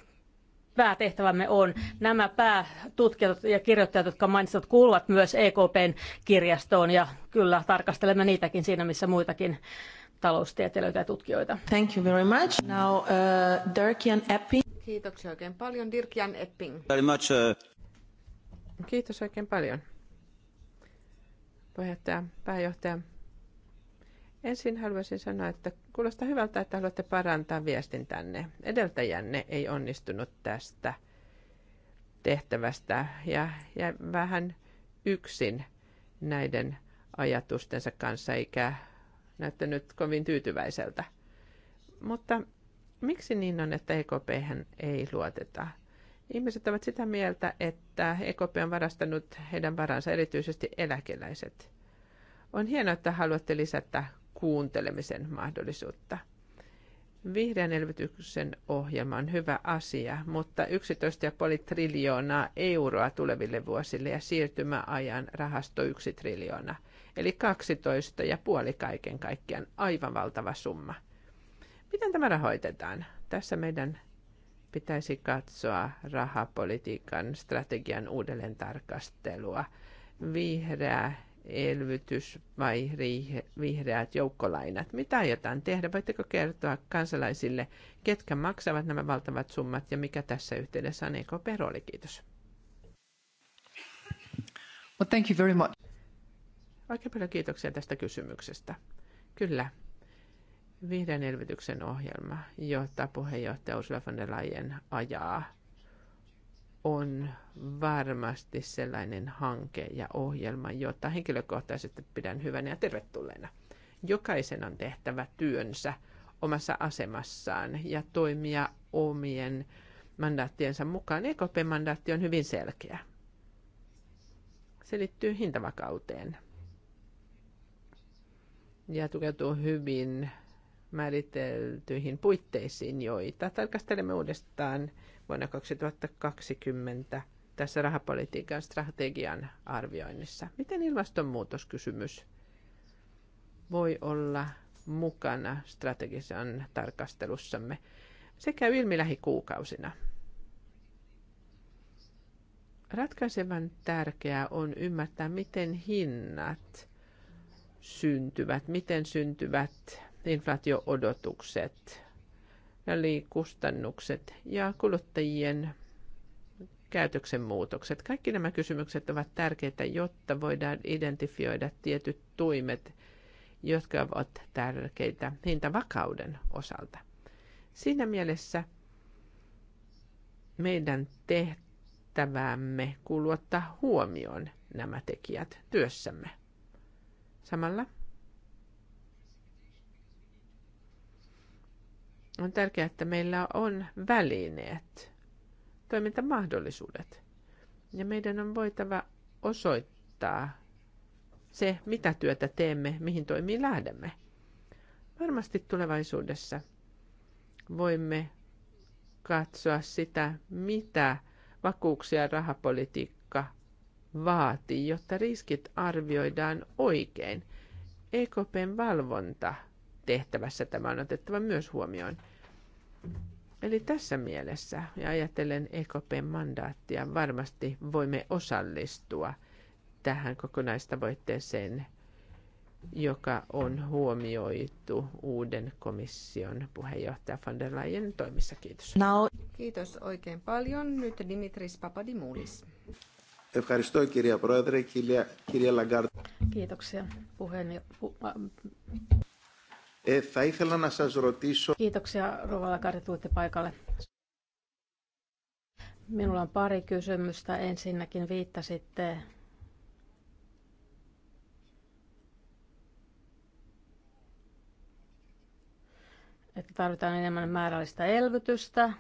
päätehtävämme on. Nämä päätutkijat ja kirjoittajat, jotka mainitsit, kuuluvat myös EKPn kirjastoon ja kyllä tarkastelemme niitäkin siinä, missä muitakin taloustieteilijöitä ja tutkijoita. Thank you very much. Now uh, Epping. Kiitoksia oikein paljon Dirkian Epping. Very much, uh... Kiitos oikein paljon. Puheenjohtaja, pääjohtaja. Ensin haluaisin sanoa, että Kuulostaa hyvältä, että haluatte parantaa tänne. Edeltäjänne ei onnistunut tästä tehtävästä ja, ja vähän yksin näiden ajatustensa kanssa eikä näyttänyt kovin tyytyväiseltä. Mutta miksi niin on, että EKP ei luoteta? Ihmiset ovat sitä mieltä, että EKP on varastanut heidän varansa, erityisesti eläkeläiset. On hienoa, että haluatte lisätä kuuntelemisen mahdollisuutta. Vihreän elvytyksen ohjelma on hyvä asia, mutta 11,5 triljoonaa euroa tuleville vuosille ja siirtymäajan rahasto 1 triljoona, eli puoli kaiken kaikkiaan, aivan valtava summa. Miten tämä rahoitetaan? Tässä meidän pitäisi katsoa rahapolitiikan strategian uudelleen tarkastelua, Vihreä elvytys vai vihreät joukkolainat? Mitä aiotaan tehdä? Voitteko kertoa kansalaisille, ketkä maksavat nämä valtavat summat ja mikä tässä yhteydessä on EKP rooli? Kiitos. Well, thank you very much. Oikein paljon kiitoksia tästä kysymyksestä. Kyllä, vihreän elvytyksen ohjelma, jota puheenjohtaja Ursula von der Leyen ajaa, on varmasti sellainen hanke ja ohjelma, jota henkilökohtaisesti pidän hyvänä ja tervetulleena. Jokaisen on tehtävä työnsä omassa asemassaan ja toimia omien mandaattiensa mukaan. EKP-mandaatti on hyvin selkeä. Se liittyy hintavakauteen ja tukeutuu hyvin määriteltyihin puitteisiin, joita tarkastelemme uudestaan vuonna 2020 tässä rahapolitiikan strategian arvioinnissa. Miten ilmastonmuutoskysymys voi olla mukana strategisen tarkastelussamme? Sekä ilmi lähikuukausina. Ratkaisevan tärkeää on ymmärtää, miten hinnat syntyvät, miten syntyvät inflaatioodotukset eli kustannukset ja kuluttajien käytöksen muutokset. Kaikki nämä kysymykset ovat tärkeitä, jotta voidaan identifioida tietyt toimet, jotka ovat tärkeitä hintavakauden osalta. Siinä mielessä meidän tehtävämme kuuluu ottaa huomioon nämä tekijät työssämme. Samalla on tärkeää, että meillä on välineet, toimintamahdollisuudet. Ja meidän on voitava osoittaa se, mitä työtä teemme, mihin toimiin lähdemme. Varmasti tulevaisuudessa voimme katsoa sitä, mitä vakuuksia rahapolitiikka vaatii, jotta riskit arvioidaan oikein. EKPn valvonta – tehtävässä tämä on otettava myös huomioon. Eli tässä mielessä, ja ajatellen EKPn mandaattia, varmasti voimme osallistua tähän kokonaistavoitteeseen, joka on huomioitu uuden komission puheenjohtaja van der Leyen toimissa. Kiitos. No. Kiitos oikein paljon. Nyt Dimitris Papadimoulis. Kiitoksia puheenjohtaja θα ήθελα να σας ρωτήσω... Kiitoksia, Rova Lagarde, tulitte paikalle. Minulla on pari kysymystä. Ensinnäkin viittasitte että tarvitaan enemmän määrällistä elvytystä,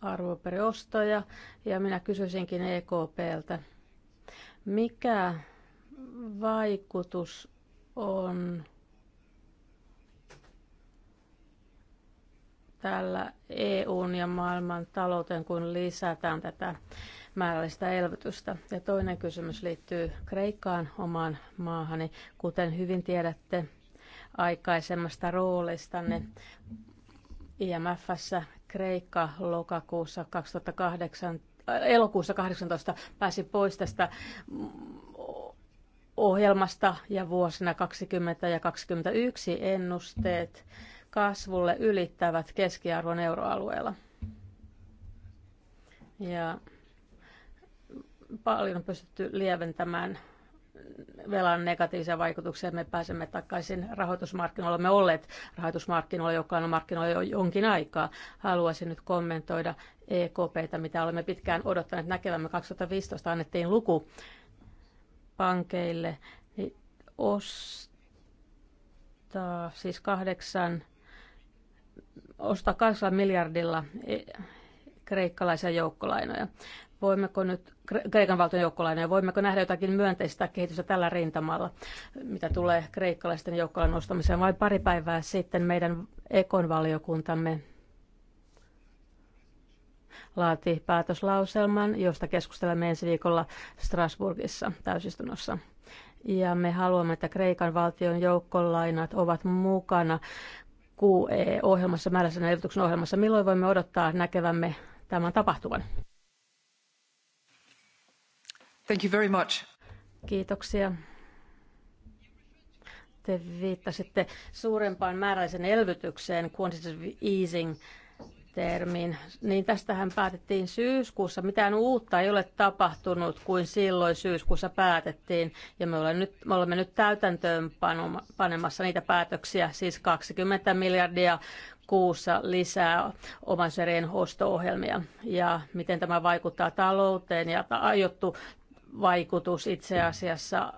arvoperiostoja, ja minä kysyisinkin EKPltä, mikä vaikutus on tällä EUn ja maailman talouteen, kun lisätään tätä määrällistä elvytystä. Ja toinen kysymys liittyy Kreikkaan, omaan maahani. Kuten hyvin tiedätte aikaisemmasta roolistanne IMFssä, Kreikka lokakuussa 2008, äh, elokuussa 18 pääsi pois tästä ohjelmasta ja vuosina 20 ja 21 ennusteet kasvulle ylittävät keskiarvon euroalueella. Ja paljon on pystytty lieventämään velan negatiivisia vaikutuksia. Me pääsemme takaisin rahoitusmarkkinoille. Me olleet rahoitusmarkkinoilla, joka on markkinoilla jo jonkin aikaa. Haluaisin nyt kommentoida EKPtä, mitä olemme pitkään odottaneet näkevämme. 2015 annettiin luku pankeille, niin ostaa siis kahdeksan ostaa 8 miljardilla e, kreikkalaisia joukkolainoja. Voimmeko nyt, Kreikan valtion joukkolainoja, voimmeko nähdä jotakin myönteistä kehitystä tällä rintamalla, mitä tulee kreikkalaisten joukkolainojen ostamiseen? Vai pari päivää sitten meidän ekonvaliokuntamme laati päätöslauselman, josta keskustelemme ensi viikolla Strasbourgissa täysistunnossa. Ja me haluamme, että Kreikan valtion joukkolainat ovat mukana QE-ohjelmassa, määräisenä elvytyksen ohjelmassa. Milloin voimme odottaa näkevämme tämän tapahtuvan? Thank you very much. Kiitoksia. Te viittasitte suurempaan määräisen elvytykseen, quantitative easing, termiin, niin tästähän päätettiin syyskuussa. Mitään uutta ei ole tapahtunut kuin silloin syyskuussa päätettiin. Ja me olemme nyt, me olemme nyt täytäntöön panemassa niitä päätöksiä, siis 20 miljardia kuussa lisää omaisuuserien osto-ohjelmia. Ja miten tämä vaikuttaa talouteen ja aiottu vaikutus itse asiassa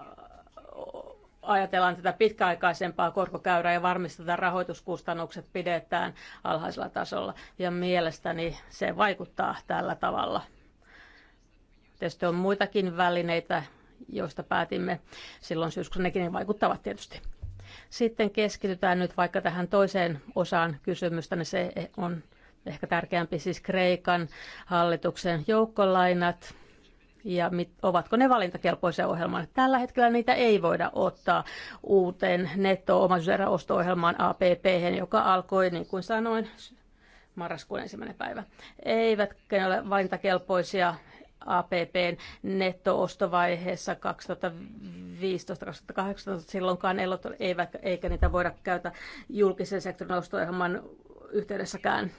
ajatellaan tätä pitkäaikaisempaa korkokäyrää ja varmistetaan, rahoituskustannukset pidetään alhaisella tasolla. Ja mielestäni se vaikuttaa tällä tavalla. Tietysti on muitakin välineitä, joista päätimme silloin syyskuussa. Nekin vaikuttavat tietysti. Sitten keskitytään nyt vaikka tähän toiseen osaan kysymystä, niin se on ehkä tärkeämpi siis Kreikan hallituksen joukkolainat ja mit, ovatko ne valintakelpoisia ohjelmaan. Tällä hetkellä niitä ei voida ottaa uuteen netto osto ohjelmaan APP, joka alkoi, niin kuin sanoin, marraskuun ensimmäinen päivä. Eivät ne ole valintakelpoisia APP netto-ostovaiheessa 2015-2018 silloinkaan eivät, eikä niitä voida käytä julkisen sektorin osto-ohjelman yhteydessäkään.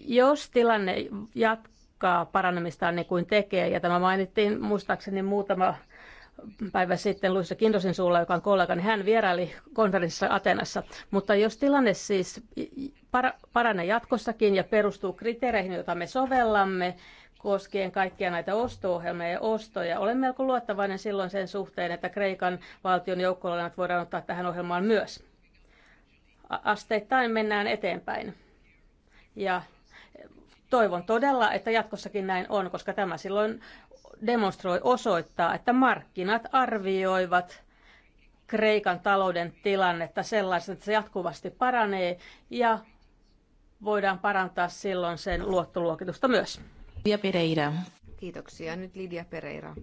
Jos tilanne jatkuu, jatkaa parannemistaan niin kuin tekee. Ja tämä mainittiin muistaakseni muutama päivä sitten Luisa Kindosin suulla, joka on kollega, niin hän vieraili konferenssissa Atenassa. Mutta jos tilanne siis paranee jatkossakin ja perustuu kriteereihin, joita me sovellamme, koskien kaikkia näitä osto-ohjelmia ja ostoja. Olen melko luottavainen silloin sen suhteen, että Kreikan valtion joukkolainat voidaan ottaa tähän ohjelmaan myös. Asteittain mennään eteenpäin. Ja Toivon todella, että jatkossakin näin on, koska tämä silloin demonstroi osoittaa, että markkinat arvioivat Kreikan talouden tilannetta sellaisena, että se jatkuvasti paranee ja voidaan parantaa silloin sen luottoluokitusta myös. Lidia Pereira. Kiitoksia. Nyt Lidia Pereira.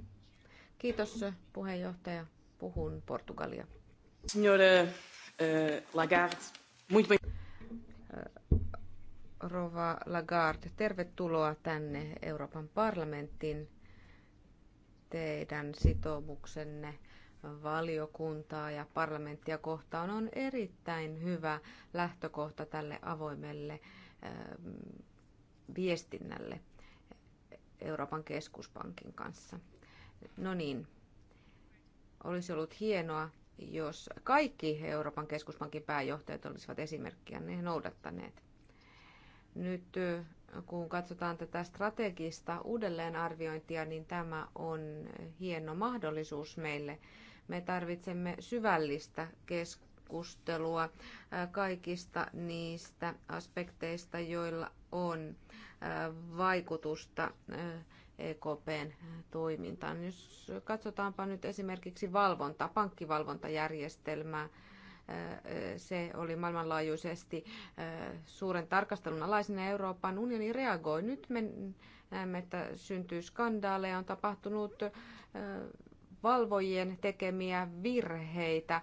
Kiitos puheenjohtaja. Puhun Portugalia. Signore eh, Lagarde, muito bem. Eh, Rova Lagarde, tervetuloa tänne Euroopan parlamenttiin. Teidän sitoumuksenne valiokuntaa ja parlamenttia kohtaan on erittäin hyvä lähtökohta tälle avoimelle ähm, viestinnälle Euroopan keskuspankin kanssa. No niin, olisi ollut hienoa, jos kaikki Euroopan keskuspankin pääjohtajat olisivat esimerkkiä ne noudattaneet nyt kun katsotaan tätä strategista uudelleenarviointia, niin tämä on hieno mahdollisuus meille. Me tarvitsemme syvällistä keskustelua kaikista niistä aspekteista, joilla on vaikutusta EKPn toimintaan. Jos katsotaanpa nyt esimerkiksi valvonta, pankkivalvontajärjestelmää, se oli maailmanlaajuisesti äh, suuren tarkastelun alaisena Euroopan unioni reagoi. Nyt me näemme, että syntyy skandaaleja, on tapahtunut äh, valvojien tekemiä virheitä,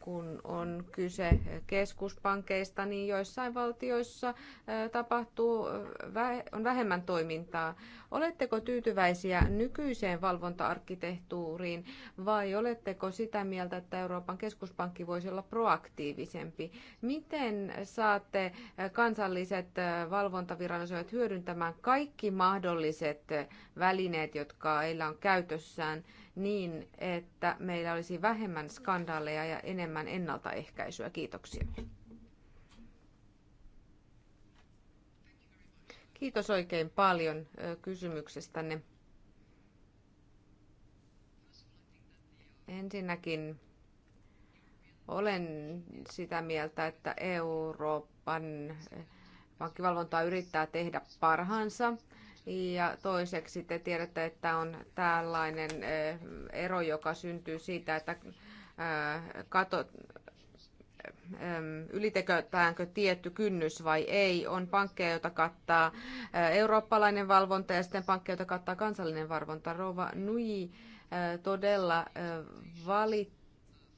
kun on kyse keskuspankeista, niin joissain valtioissa tapahtuu, on vähemmän toimintaa. Oletteko tyytyväisiä nykyiseen valvontaarkkitehtuuriin vai oletteko sitä mieltä, että Euroopan keskuspankki voisi olla proaktiivisempi? Miten saatte kansalliset valvontaviranomaiset hyödyntämään kaikki mahdolliset välineet, jotka heillä on käytössään? niin, että meillä olisi vähemmän skandaaleja ja enemmän ennaltaehkäisyä. Kiitoksia. Kiitos oikein paljon kysymyksestänne. Ensinnäkin olen sitä mieltä, että Euroopan pankkivalvontaa yrittää tehdä parhaansa. Ja toiseksi te tiedätte, että on tällainen ero, joka syntyy siitä, että katot, ylitekötäänkö tietty kynnys vai ei. On pankkeja, joita kattaa eurooppalainen valvonta ja sitten pankkeja, joita kattaa kansallinen valvonta. Rova Nui todella valitti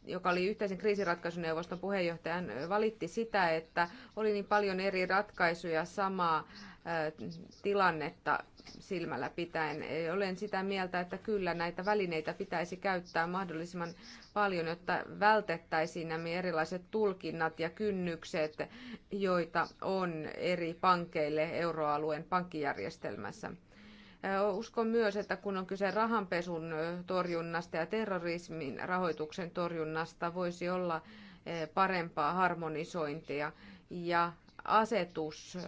joka oli yhteisen kriisiratkaisuneuvoston puheenjohtajan, valitti sitä, että oli niin paljon eri ratkaisuja samaa tilannetta silmällä pitäen. Olen sitä mieltä, että kyllä näitä välineitä pitäisi käyttää mahdollisimman paljon, jotta vältettäisiin nämä erilaiset tulkinnat ja kynnykset, joita on eri pankeille euroalueen pankkijärjestelmässä. Uskon myös, että kun on kyse rahanpesun torjunnasta ja terrorismin rahoituksen torjunnasta, voisi olla parempaa harmonisointia ja asetus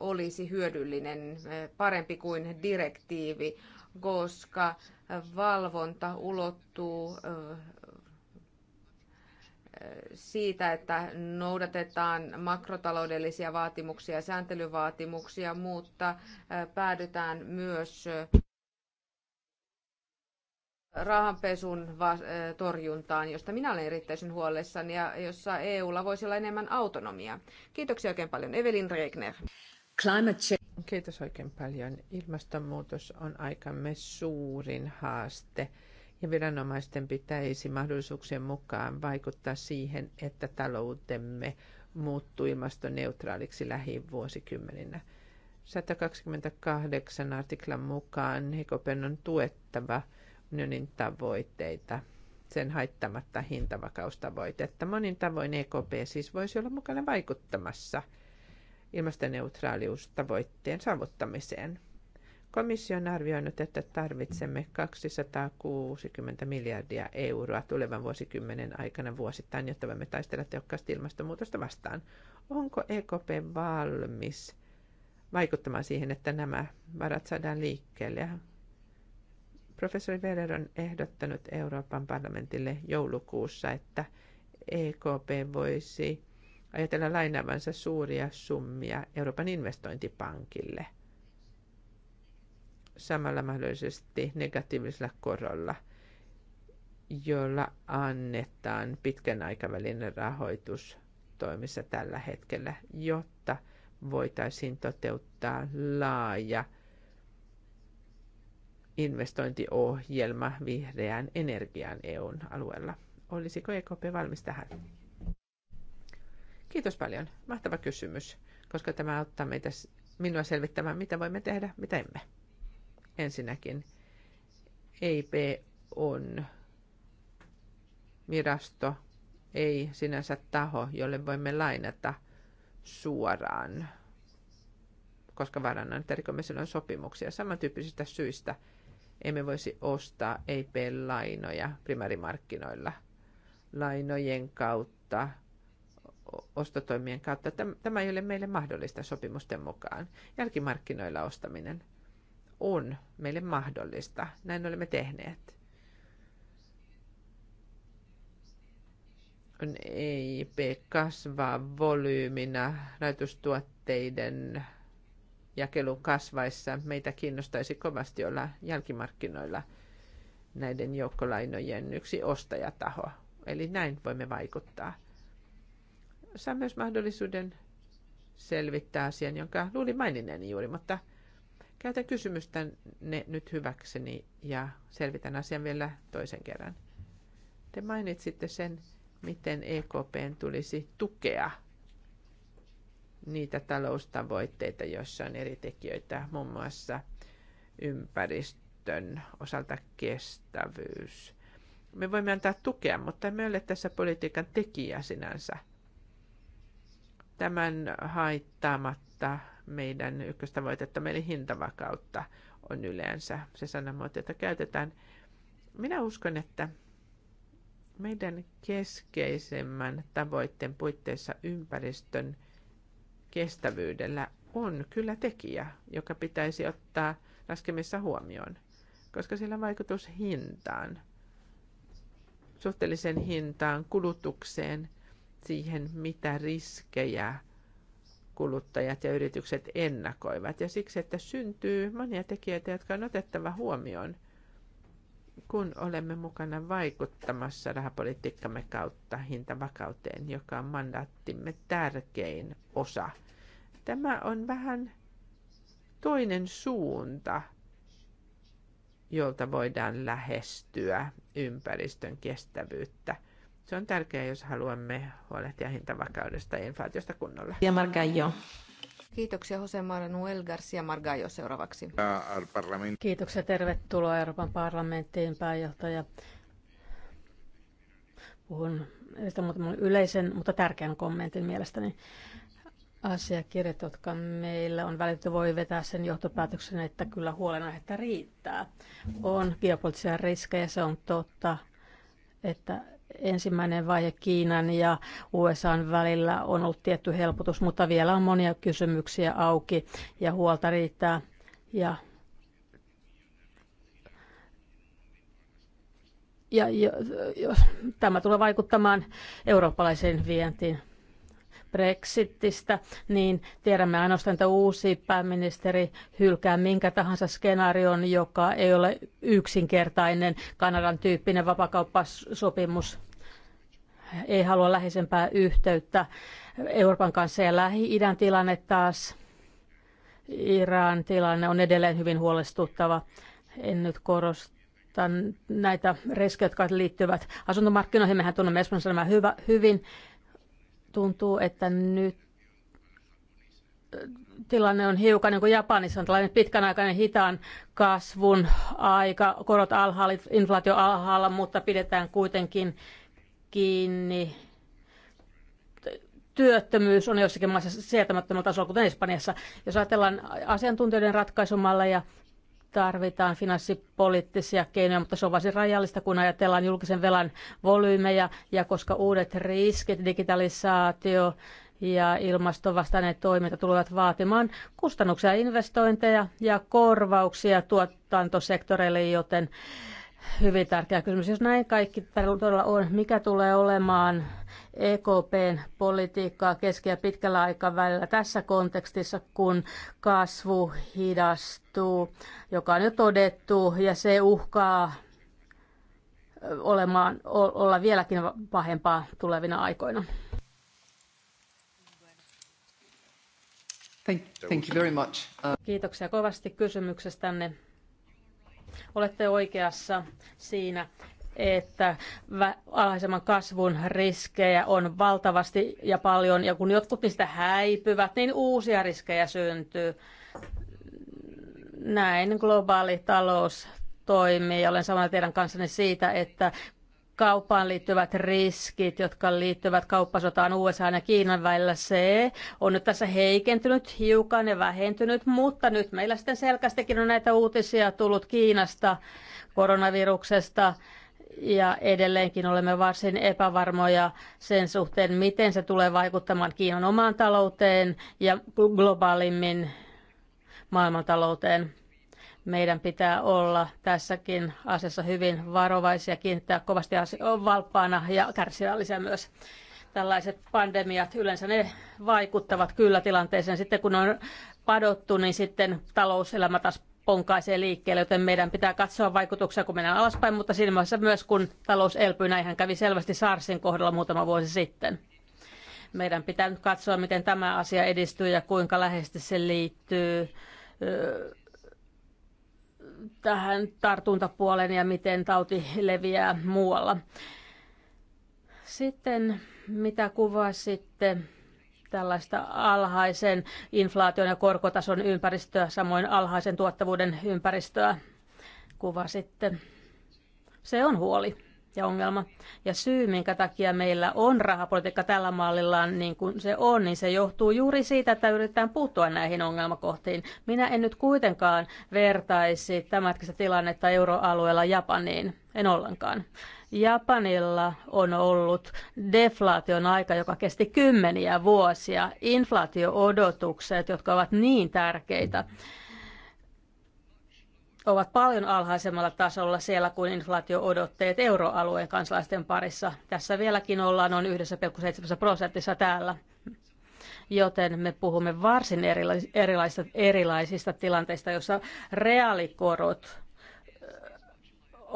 olisi hyödyllinen, parempi kuin direktiivi, koska valvonta ulottuu siitä, että noudatetaan makrotaloudellisia vaatimuksia ja sääntelyvaatimuksia, mutta päädytään myös rahanpesun torjuntaan, josta minä olen erittäin huolissani ja jossa EUlla voisi olla enemmän autonomia. Kiitoksia oikein paljon. Evelin Regner. Kiitos oikein paljon. Ilmastonmuutos on aikamme suurin haaste ja viranomaisten pitäisi mahdollisuuksien mukaan vaikuttaa siihen, että taloutemme muuttuu ilmastoneutraaliksi lähivuosikymmeninä. 128 artiklan mukaan Hekopen on tuettava – Nynin tavoitteita, sen haittamatta hintavakaustavoitetta. Monin tavoin EKP siis voisi olla mukana vaikuttamassa ilmastoneutraaliustavoitteen saavuttamiseen. Komissio on arvioinut, että tarvitsemme 260 miljardia euroa tulevan vuosikymmenen aikana vuosittain, jotta voimme taistella tehokkaasti ilmastonmuutosta vastaan. Onko EKP valmis vaikuttamaan siihen, että nämä varat saadaan liikkeelle ja Professori Werner on ehdottanut Euroopan parlamentille joulukuussa, että EKP voisi ajatella lainaavansa suuria summia Euroopan investointipankille samalla mahdollisesti negatiivisella korolla, jolla annetaan pitkän aikavälin rahoitus toimissa tällä hetkellä, jotta voitaisiin toteuttaa laaja – investointiohjelma vihreään energiaan EUn alueella. Olisiko EKP valmis tähän? Kiitos paljon. Mahtava kysymys, koska tämä auttaa meitä, minua selvittämään, mitä voimme tehdä, mitä emme. Ensinnäkin EIP on virasto, ei sinänsä taho, jolle voimme lainata suoraan, koska varannan rikomisilla on sopimuksia samantyyppisistä syistä – emme voisi ostaa EIP-lainoja primärimarkkinoilla lainojen kautta, ostotoimien kautta. Tämä ei ole meille mahdollista sopimusten mukaan. Jälkimarkkinoilla ostaminen on meille mahdollista. Näin olemme tehneet. EIP kasvaa volyyminä rajoitustuotteiden jakelun kasvaessa meitä kiinnostaisi kovasti olla jälkimarkkinoilla näiden joukkolainojen yksi ostajataho. Eli näin voimme vaikuttaa. Saa myös mahdollisuuden selvittää asian, jonka luulin maininneeni juuri, mutta käytän kysymystä ne nyt hyväkseni ja selvitän asian vielä toisen kerran. Te mainitsitte sen, miten EKPn tulisi tukea – niitä taloustavoitteita, joissa on eri tekijöitä, muun muassa ympäristön osalta kestävyys. Me voimme antaa tukea, mutta me ole tässä politiikan tekijä sinänsä. Tämän haittaamatta meidän ykköstavoitetta, eli hintavakautta, on yleensä se sanamuoto, jota käytetään. Minä uskon, että meidän keskeisemmän tavoitteen puitteissa ympäristön kestävyydellä on kyllä tekijä, joka pitäisi ottaa laskemissa huomioon, koska sillä vaikutus hintaan, suhteellisen hintaan, kulutukseen, siihen mitä riskejä kuluttajat ja yritykset ennakoivat. Ja siksi, että syntyy monia tekijöitä, jotka on otettava huomioon, kun olemme mukana vaikuttamassa rahapolitiikkamme kautta hintavakauteen, joka on mandaattimme tärkein osa – Tämä on vähän toinen suunta, jolta voidaan lähestyä ympäristön kestävyyttä. Se on tärkeää, jos haluamme huolehtia hintavakaudesta ja inflaatiosta kunnolla. Ja Margallo. Kiitoksia Jose Manuel Garcia Margallo seuraavaksi. Kiitoksia, tervetuloa Euroopan parlamenttiin pääjohtaja. Puhun yleisen, mutta tärkeän kommentin mielestäni asiakirjat, jotka meillä on välitetty, voi vetää sen johtopäätöksen, että kyllä huolenaihetta riittää. On geopoliittisia riskejä, se on totta, että ensimmäinen vaihe Kiinan ja USAn välillä on ollut tietty helpotus, mutta vielä on monia kysymyksiä auki ja huolta riittää. Ja ja jo, jo, tämä tulee vaikuttamaan eurooppalaiseen vientiin. Brexitistä, niin tiedämme ainoastaan, että uusi pääministeri hylkää minkä tahansa skenaarion, joka ei ole yksinkertainen Kanadan tyyppinen vapakauppasopimus. Ei halua läheisempää yhteyttä Euroopan kanssa ja Lähi-idän tilanne taas. Iran tilanne on edelleen hyvin huolestuttava. En nyt korosta näitä riskejä, jotka liittyvät asuntomarkkinoihin. Mehän tunnemme Espanjassa nämä hyvä, hyvin. Tuntuu, että nyt tilanne on hiukan niin kuin Japanissa, on tällainen pitkän aikainen hitaan kasvun aika, korot alhaalla, inflaatio alhaalla, mutta pidetään kuitenkin kiinni. Työttömyys on jossakin maassa sietämättömällä tasolla, kuten Espanjassa. Jos ajatellaan asiantuntijoiden ratkaisumalleja, tarvitaan finanssipoliittisia keinoja, mutta se on varsin rajallista, kun ajatellaan julkisen velan volyymeja ja koska uudet riskit, digitalisaatio ja ilmastovastainen toiminta tulevat vaatimaan kustannuksia investointeja ja korvauksia tuotantosektoreille, joten hyvin tärkeä kysymys. Jos näin kaikki todella on, mikä tulee olemaan EKPn politiikkaa keski- ja pitkällä aikavälillä tässä kontekstissa, kun kasvu hidastuu, joka on jo todettu, ja se uhkaa olemaan, olla vieläkin pahempaa tulevina aikoina. Thank, thank you very much. Uh... Kiitoksia kovasti kysymyksestänne. Olette oikeassa siinä, että alhaisemman kasvun riskejä on valtavasti ja paljon, ja kun jotkut niistä häipyvät, niin uusia riskejä syntyy. Näin globaali talous toimii, ja olen samalla teidän kanssanne siitä, että kauppaan liittyvät riskit, jotka liittyvät kauppasotaan USA ja Kiinan välillä, se on nyt tässä heikentynyt hiukan ja vähentynyt, mutta nyt meillä sitten selkästikin on näitä uutisia tullut Kiinasta, koronaviruksesta, ja edelleenkin olemme varsin epävarmoja sen suhteen, miten se tulee vaikuttamaan Kiinan omaan talouteen ja globaalimmin maailmantalouteen. Meidän pitää olla tässäkin asiassa hyvin varovaisia, kiinnittää kovasti asioon valppaana ja kärsivällisiä myös. Tällaiset pandemiat yleensä ne vaikuttavat kyllä tilanteeseen. Sitten kun on padottu, niin sitten talouselämä taas ponkaisee liikkeelle, joten meidän pitää katsoa vaikutuksia, kun mennään alaspäin, mutta siinä vaiheessa myös kun talous elpyy, näinhän kävi selvästi SARSin kohdalla muutama vuosi sitten. Meidän pitää nyt katsoa, miten tämä asia edistyy ja kuinka läheisesti se liittyy tähän tartuntapuoleen ja miten tauti leviää muualla. Sitten mitä kuvaa sitten tällaista alhaisen inflaation ja korkotason ympäristöä, samoin alhaisen tuottavuuden ympäristöä sitten Se on huoli ja ongelma. Ja syy, minkä takia meillä on rahapolitiikka tällä mallillaan niin kuin se on, niin se johtuu juuri siitä, että yritetään puuttua näihin ongelmakohtiin. Minä en nyt kuitenkaan vertaisi tämänhetkistä tilannetta euroalueella Japaniin. En ollenkaan. Japanilla on ollut deflaation aika, joka kesti kymmeniä vuosia, inflaatioodotukset, jotka ovat niin tärkeitä ovat paljon alhaisemmalla tasolla siellä kuin inflaatio-odotteet euroalueen kansalaisten parissa. Tässä vieläkin ollaan noin 1,7 prosentissa täällä, joten me puhumme varsin erilaisista, erilaisista tilanteista, joissa reaalikorot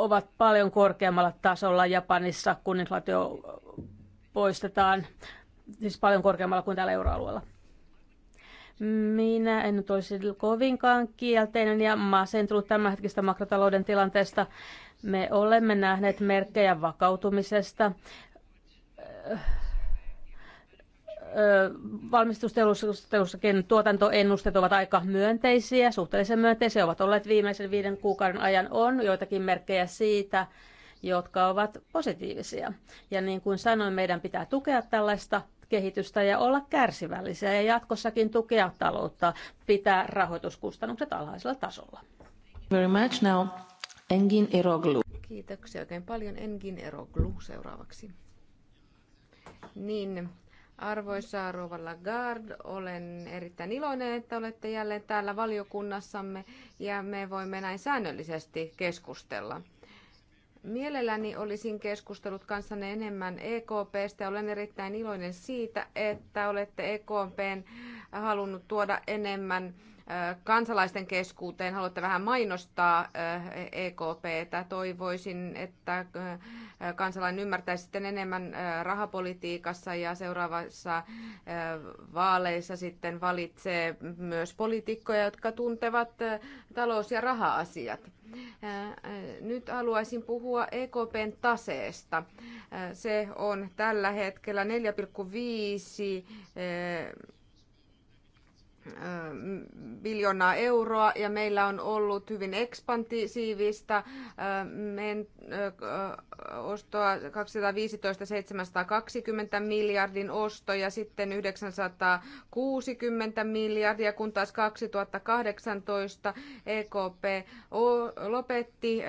ovat paljon korkeammalla tasolla Japanissa, kun inflaatio poistetaan, siis paljon korkeammalla kuin täällä euroalueella. Minä en nyt olisi kovinkaan kielteinen ja masentunut tämänhetkistä makrotalouden tilanteesta. Me olemme nähneet merkkejä vakautumisesta valmistustelussakin tuotantoennusteet ovat aika myönteisiä, suhteellisen myönteisiä ovat olleet viimeisen viiden kuukauden ajan. On joitakin merkkejä siitä, jotka ovat positiivisia. Ja niin kuin sanoin, meidän pitää tukea tällaista kehitystä ja olla kärsivällisiä ja jatkossakin tukea taloutta, pitää rahoituskustannukset alhaisella tasolla. Very much now. Engin Eroglu. Kiitoksia oikein paljon. Engin Eroglu seuraavaksi. Niin, Arvoisa Rova Lagarde, olen erittäin iloinen, että olette jälleen täällä valiokunnassamme ja me voimme näin säännöllisesti keskustella. Mielelläni olisin keskustellut kanssanne enemmän EKPstä. Olen erittäin iloinen siitä, että olette EKPn halunnut tuoda enemmän kansalaisten keskuuteen. Haluatte vähän mainostaa EKPtä. Toivoisin, että kansalainen ymmärtäisi sitten enemmän rahapolitiikassa ja seuraavassa vaaleissa sitten valitsee myös poliitikkoja, jotka tuntevat talous- ja raha-asiat. Nyt haluaisin puhua EKPn taseesta. Se on tällä hetkellä 4,5 biljoonaa euroa ja meillä on ollut hyvin ekspansiivista ostoa 215-720 miljardin osto ja sitten 960 miljardia, kun taas 2018 EKP lopetti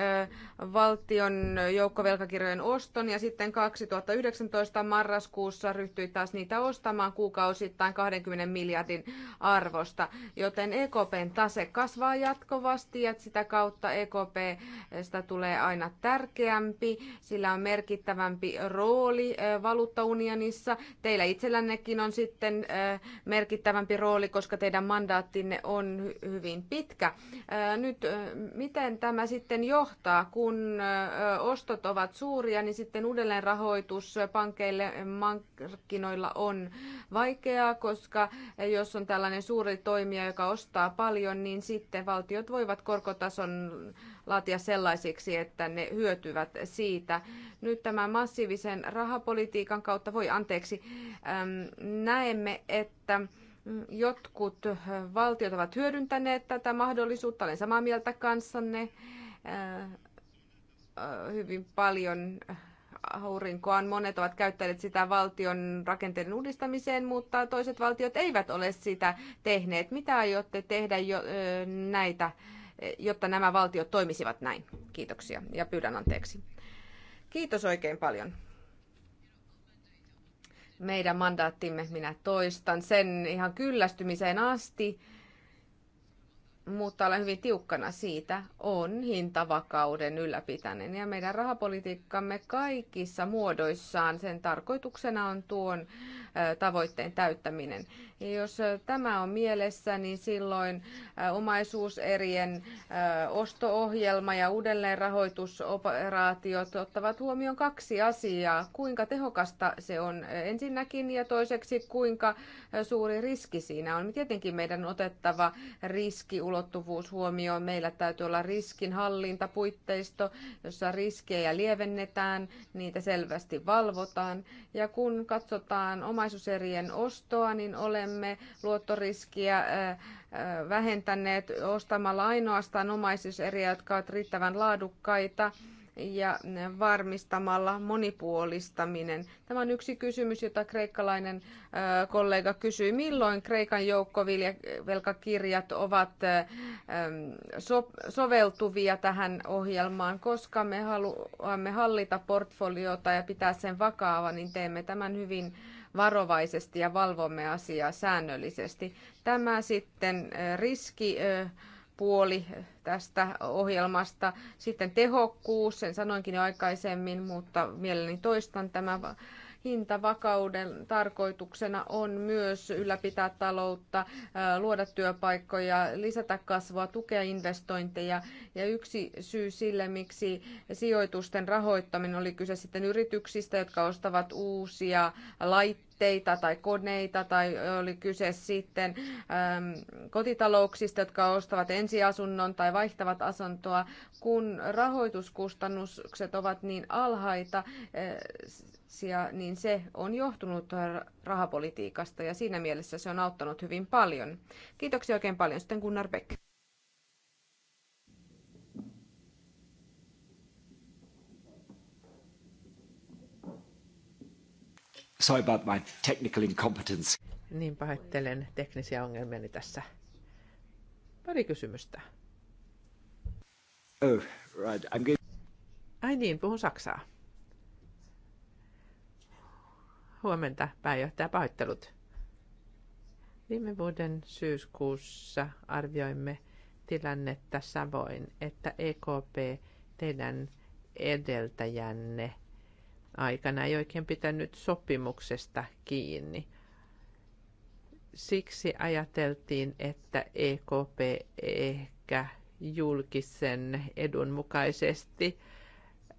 valtion joukkovelkakirjojen oston ja sitten 2019 marraskuussa ryhtyi taas niitä ostamaan kuukausittain 20 miljardin arvosta arvosta, joten EKPn tase kasvaa jatkuvasti ja sitä kautta EKPstä tulee aina tärkeämpi. Sillä on merkittävämpi rooli valuuttaunionissa. Teillä itsellännekin on sitten merkittävämpi rooli, koska teidän mandaattinne on hyvin pitkä. Nyt miten tämä sitten johtaa, kun ostot ovat suuria, niin sitten uudelleenrahoitus pankeille markkinoilla on vaikeaa, koska jos on tällainen suuri toimija, joka ostaa paljon, niin sitten valtiot voivat korkotason laatia sellaisiksi, että ne hyötyvät siitä. Nyt tämän massiivisen rahapolitiikan kautta, voi anteeksi, näemme, että jotkut valtiot ovat hyödyntäneet tätä mahdollisuutta. Olen samaa mieltä kanssanne hyvin paljon aurinkoaan. Monet ovat käyttäneet sitä valtion rakenteiden uudistamiseen, mutta toiset valtiot eivät ole sitä tehneet. Mitä aiotte tehdä jo, näitä, jotta nämä valtiot toimisivat näin? Kiitoksia ja pyydän anteeksi. Kiitos oikein paljon. Meidän mandaattimme, minä toistan sen ihan kyllästymiseen asti, mutta olen hyvin tiukkana siitä, on hintavakauden ylläpitäminen. Ja meidän rahapolitiikkamme kaikissa muodoissaan, sen tarkoituksena on tuon tavoitteen täyttäminen. Ja jos tämä on mielessä, niin silloin omaisuuserien osto-ohjelma ja uudelleenrahoitusoperaatiot ottavat huomioon kaksi asiaa. Kuinka tehokasta se on ensinnäkin ja toiseksi kuinka suuri riski siinä on. Tietenkin meidän on otettava riski ulottuvuus huomioon. Meillä täytyy olla riskinhallintapuitteisto, jossa riskejä lievennetään, niitä selvästi valvotaan. Ja kun katsotaan omaisuuserien ostoa, niin olemme luottoriskiä vähentäneet ostamalla ainoastaan omaisuuseriä, jotka ovat riittävän laadukkaita ja varmistamalla monipuolistaminen. Tämä on yksi kysymys, jota kreikkalainen kollega kysyi. Milloin Kreikan joukkovelkakirjat ovat soveltuvia tähän ohjelmaan? Koska me haluamme hallita portfoliota ja pitää sen vakaava, niin teemme tämän hyvin varovaisesti ja valvomme asiaa säännöllisesti. Tämä sitten riski puoli tästä ohjelmasta. Sitten tehokkuus, sen sanoinkin jo aikaisemmin, mutta mielelläni toistan tämä Hintavakauden tarkoituksena on myös ylläpitää taloutta, luoda työpaikkoja, lisätä kasvua, tukea investointeja. Ja yksi syy sille, miksi sijoitusten rahoittaminen oli kyse sitten yrityksistä, jotka ostavat uusia laitteita, teitä tai koneita tai oli kyse sitten äm, kotitalouksista, jotka ostavat ensiasunnon tai vaihtavat asuntoa, kun rahoituskustannukset ovat niin alhaita, niin se on johtunut rahapolitiikasta ja siinä mielessä se on auttanut hyvin paljon. Kiitoksia oikein paljon sitten Gunnar Beck. Sorry about my technical incompetence. Niin pahoittelen teknisiä ongelmiani tässä. Pari kysymystä. Oh, right. I'm going... Ai niin, puhun saksaa. Huomenta pääjohtaja, pahoittelut. Viime vuoden syyskuussa arvioimme tilannetta Savoin, että EKP, teidän edeltäjänne, aikana ei oikein pitänyt sopimuksesta kiinni. Siksi ajateltiin, että EKP ehkä julkisen edun mukaisesti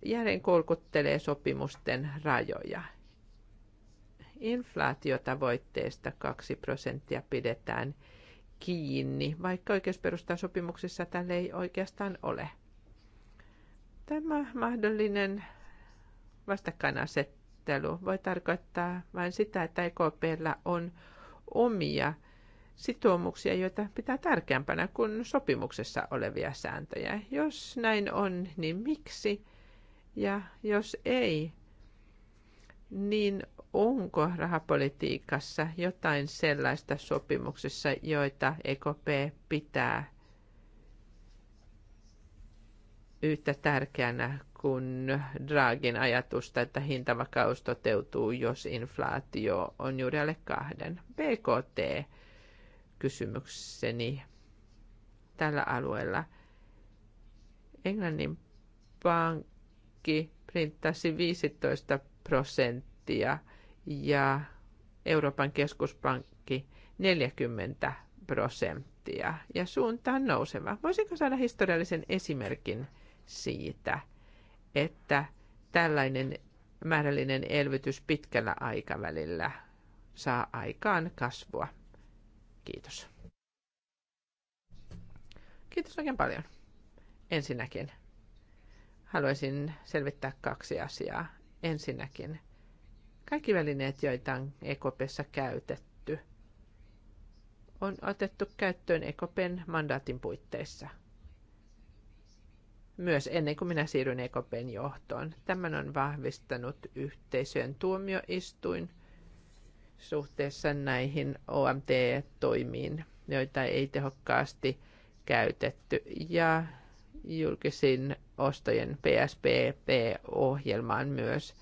järjen kolkuttelee sopimusten rajoja inflaatiotavoitteesta 2 prosenttia pidetään kiinni, vaikka oikeusperustan sopimuksessa tälle ei oikeastaan ole. Tämä mahdollinen vastakkainasettelu voi tarkoittaa vain sitä, että EKPllä on omia sitoumuksia, joita pitää tärkeämpänä kuin sopimuksessa olevia sääntöjä. Jos näin on, niin miksi? Ja jos ei, niin onko rahapolitiikassa jotain sellaista sopimuksessa, joita EKP pitää yhtä tärkeänä kuin Draghin ajatusta, että hintavakaus toteutuu, jos inflaatio on juuri alle kahden. BKT-kysymykseni tällä alueella. Englannin pankki printtasi 15 prosenttia – ja Euroopan keskuspankki 40 prosenttia ja suuntaan nouseva. Voisinko saada historiallisen esimerkin siitä, että tällainen määrällinen elvytys pitkällä aikavälillä saa aikaan kasvua? Kiitos. Kiitos oikein paljon. Ensinnäkin haluaisin selvittää kaksi asiaa. Ensinnäkin kaikki välineet, joita on EKPssä käytetty, on otettu käyttöön EKPn mandaatin puitteissa. Myös ennen kuin minä siirryn EKPn johtoon. Tämän on vahvistanut yhteisöjen tuomioistuin suhteessa näihin OMT-toimiin, joita ei tehokkaasti käytetty. Ja julkisin ostojen PSPP-ohjelmaan myös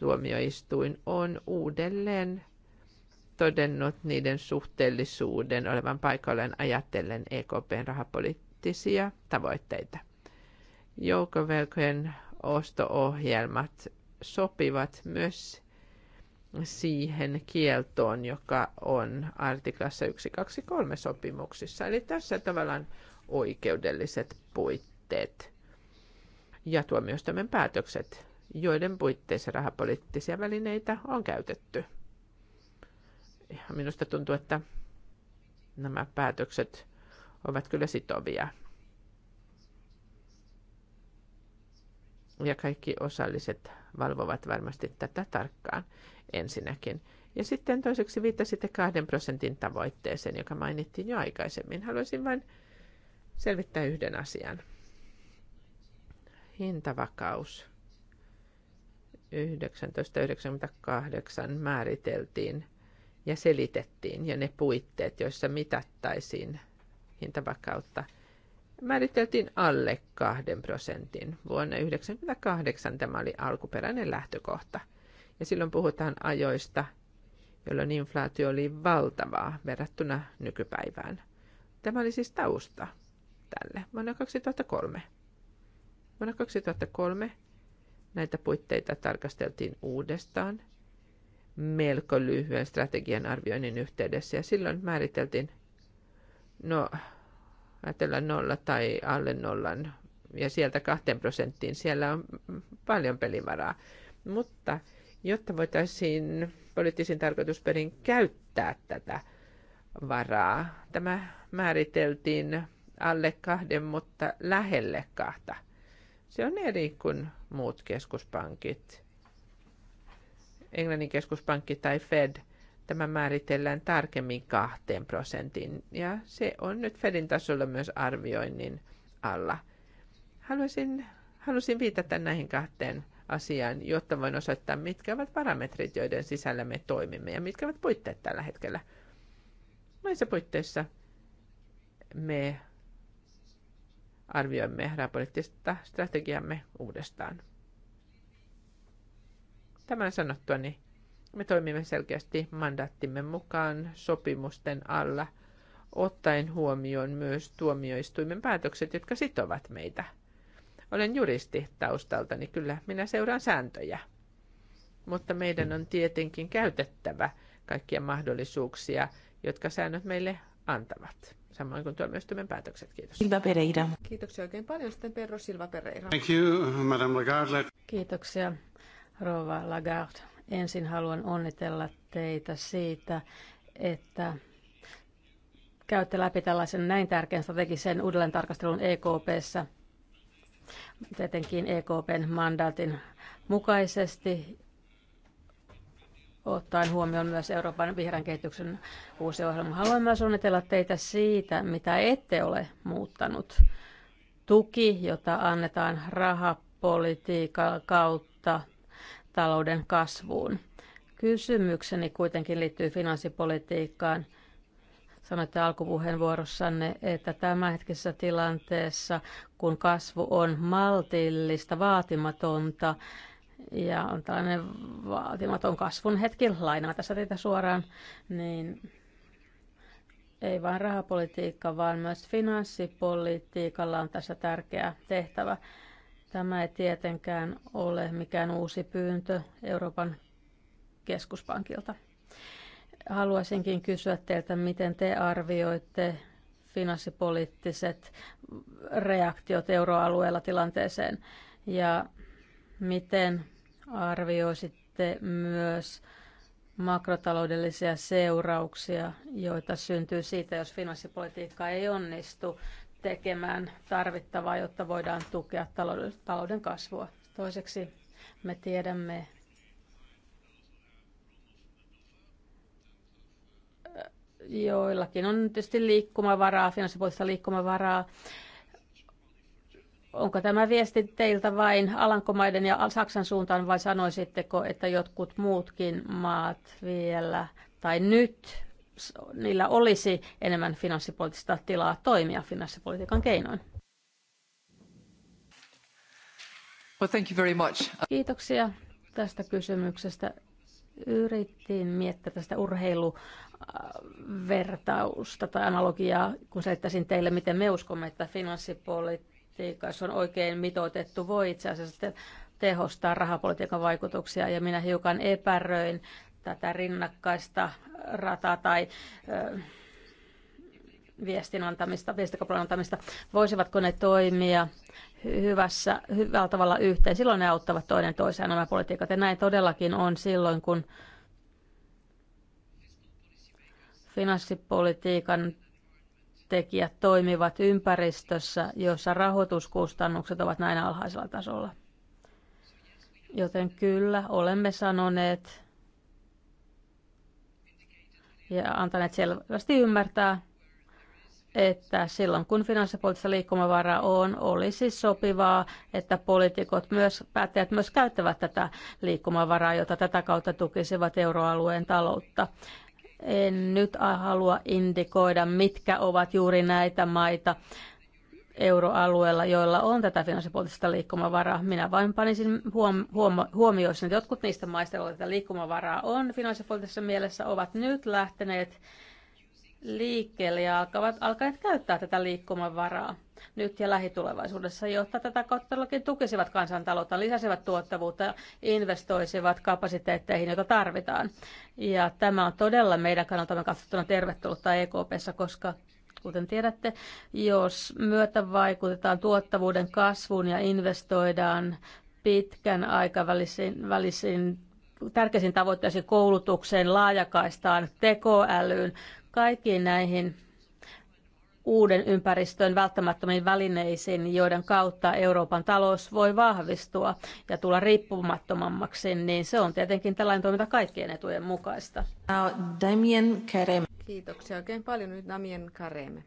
tuomioistuin on uudelleen todennut niiden suhteellisuuden olevan paikalleen ajatellen EKPn rahapoliittisia tavoitteita. Joukovelkojen osto-ohjelmat sopivat myös siihen kieltoon, joka on artiklassa 123 sopimuksissa. Eli tässä tavallaan oikeudelliset puitteet ja tuomioistuimen päätökset joiden puitteissa rahapoliittisia välineitä on käytetty. Ja minusta tuntuu, että nämä päätökset ovat kyllä sitovia. Ja kaikki osalliset valvovat varmasti tätä tarkkaan ensinnäkin. Ja sitten toiseksi viittasitte kahden prosentin tavoitteeseen, joka mainittiin jo aikaisemmin. Haluaisin vain selvittää yhden asian. Hintavakaus 1998 määriteltiin ja selitettiin ja ne puitteet, joissa mitattaisiin hintavakautta, määriteltiin alle kahden prosentin. Vuonna 1998 tämä oli alkuperäinen lähtökohta. Ja silloin puhutaan ajoista, jolloin inflaatio oli valtavaa verrattuna nykypäivään. Tämä oli siis tausta tälle vuonna 2003. Vuonna 2003 Näitä puitteita tarkasteltiin uudestaan melko lyhyen strategian arvioinnin yhteydessä ja silloin määriteltiin, no ajatellaan nolla tai alle nollan ja sieltä kahteen prosenttiin, siellä on paljon pelivaraa. Mutta jotta voitaisiin poliittisin tarkoitusperin käyttää tätä varaa, tämä määriteltiin alle kahden, mutta lähelle kahta – se on eri kuin muut keskuspankit. Englannin keskuspankki tai Fed, tämä määritellään tarkemmin kahteen prosentin ja se on nyt Fedin tasolla myös arvioinnin alla. Haluaisin, halusin viitata näihin kahteen asiaan, jotta voin osoittaa, mitkä ovat parametrit, joiden sisällä me toimimme ja mitkä ovat puitteet tällä hetkellä. Noissa puitteissa me arvioimme raporttista strategiamme uudestaan. Tämän sanottuani niin me toimimme selkeästi mandaattimme mukaan sopimusten alla, ottaen huomioon myös tuomioistuimen päätökset, jotka sitovat meitä. Olen juristi taustalta, niin kyllä minä seuraan sääntöjä. Mutta meidän on tietenkin käytettävä kaikkia mahdollisuuksia, jotka säännöt meille antavat samoin kuin tuomioistuimen päätökset. Kiitos. Silva Pereira. Kiitoksia oikein paljon. Sitten Perro Silva Pereira. Thank you, Madame Lagarde. Kiitoksia, Rova Lagarde. Ensin haluan onnitella teitä siitä, että käytte läpi tällaisen näin tärkeän strategisen uudelleen tarkastelun EKPssä, tietenkin EKPn mandaatin mukaisesti ottaen huomioon myös Euroopan vihreän kehityksen uusi ohjelma. Haluan myös onnitella teitä siitä, mitä ette ole muuttanut. Tuki, jota annetaan rahapolitiikan kautta talouden kasvuun. Kysymykseni kuitenkin liittyy finanssipolitiikkaan. Sanoitte alkupuheenvuorossanne, että tämänhetkisessä tilanteessa, kun kasvu on maltillista, vaatimatonta, ja on tällainen vaatimaton kasvun hetki, lainaa tässä teitä suoraan, niin ei vain rahapolitiikka, vaan myös finanssipolitiikalla on tässä tärkeä tehtävä. Tämä ei tietenkään ole mikään uusi pyyntö Euroopan keskuspankilta. Haluaisinkin kysyä teiltä, miten te arvioitte finanssipoliittiset reaktiot euroalueella tilanteeseen ja Miten arvioisitte myös makrotaloudellisia seurauksia, joita syntyy siitä, jos finanssipolitiikka ei onnistu tekemään tarvittavaa, jotta voidaan tukea talouden kasvua? Toiseksi me tiedämme joillakin on tietysti liikkumavaraa, finanssipuolista liikkumavaraa Onko tämä viesti teiltä vain Alankomaiden ja Saksan suuntaan vai sanoisitteko, että jotkut muutkin maat vielä tai nyt niillä olisi enemmän finanssipoliittista tilaa toimia finanssipolitiikan keinoin? Well, thank you very much. Kiitoksia tästä kysymyksestä. Yritin miettiä tästä urheiluvertausta tai analogiaa, kun selittäisin teille, miten me uskomme, että finanssipolitiikka politiikka, jos on oikein mitoitettu, voi itse asiassa sitten tehostaa rahapolitiikan vaikutuksia. Ja minä hiukan epäröin tätä rinnakkaista rataa tai ö, viestin antamista, viestikapulan antamista. Voisivatko ne toimia hyvässä, hyvällä tavalla yhteen? Silloin ne auttavat toinen toiseen nämä politiikat. Ja näin todellakin on silloin, kun finanssipolitiikan tekijät toimivat ympäristössä, jossa rahoituskustannukset ovat näin alhaisella tasolla. Joten kyllä, olemme sanoneet ja antaneet selvästi ymmärtää, että silloin kun finanssipoliittista liikkumavaraa on, olisi sopivaa, että poliitikot myös, päättäjät myös käyttävät tätä liikkumavaraa, jota tätä kautta tukisivat euroalueen taloutta. En nyt halua indikoida, mitkä ovat juuri näitä maita euroalueella, joilla on tätä finanssipoliittista liikkumavaraa. Minä vain panisin huom- huom- huomioissa, että jotkut niistä maista, joilla tätä liikkumavaraa on finanssipoliittisessa mielessä, ovat nyt lähteneet liikkeelle ja alkavat, alkaneet käyttää tätä liikkumavaraa nyt ja lähitulevaisuudessa, jotta tätä kautta tukisivat kansantaloutta, lisäsivät tuottavuutta ja investoisivat kapasiteetteihin, joita tarvitaan. Ja tämä on todella meidän kannaltamme katsottuna tervetullutta EKPssä, koska kuten tiedätte, jos myötä vaikutetaan tuottavuuden kasvuun ja investoidaan pitkän aikavälisin välisin, tärkeisiin tavoitteisiin koulutukseen, laajakaistaan, tekoälyyn, kaikkiin näihin uuden ympäristön välttämättömiin välineisiin, joiden kautta Euroopan talous voi vahvistua ja tulla riippumattomammaksi, niin se on tietenkin tällainen toiminta kaikkien etujen mukaista. Damien Karem. Kiitoksia oikein paljon nyt Damien Kareme.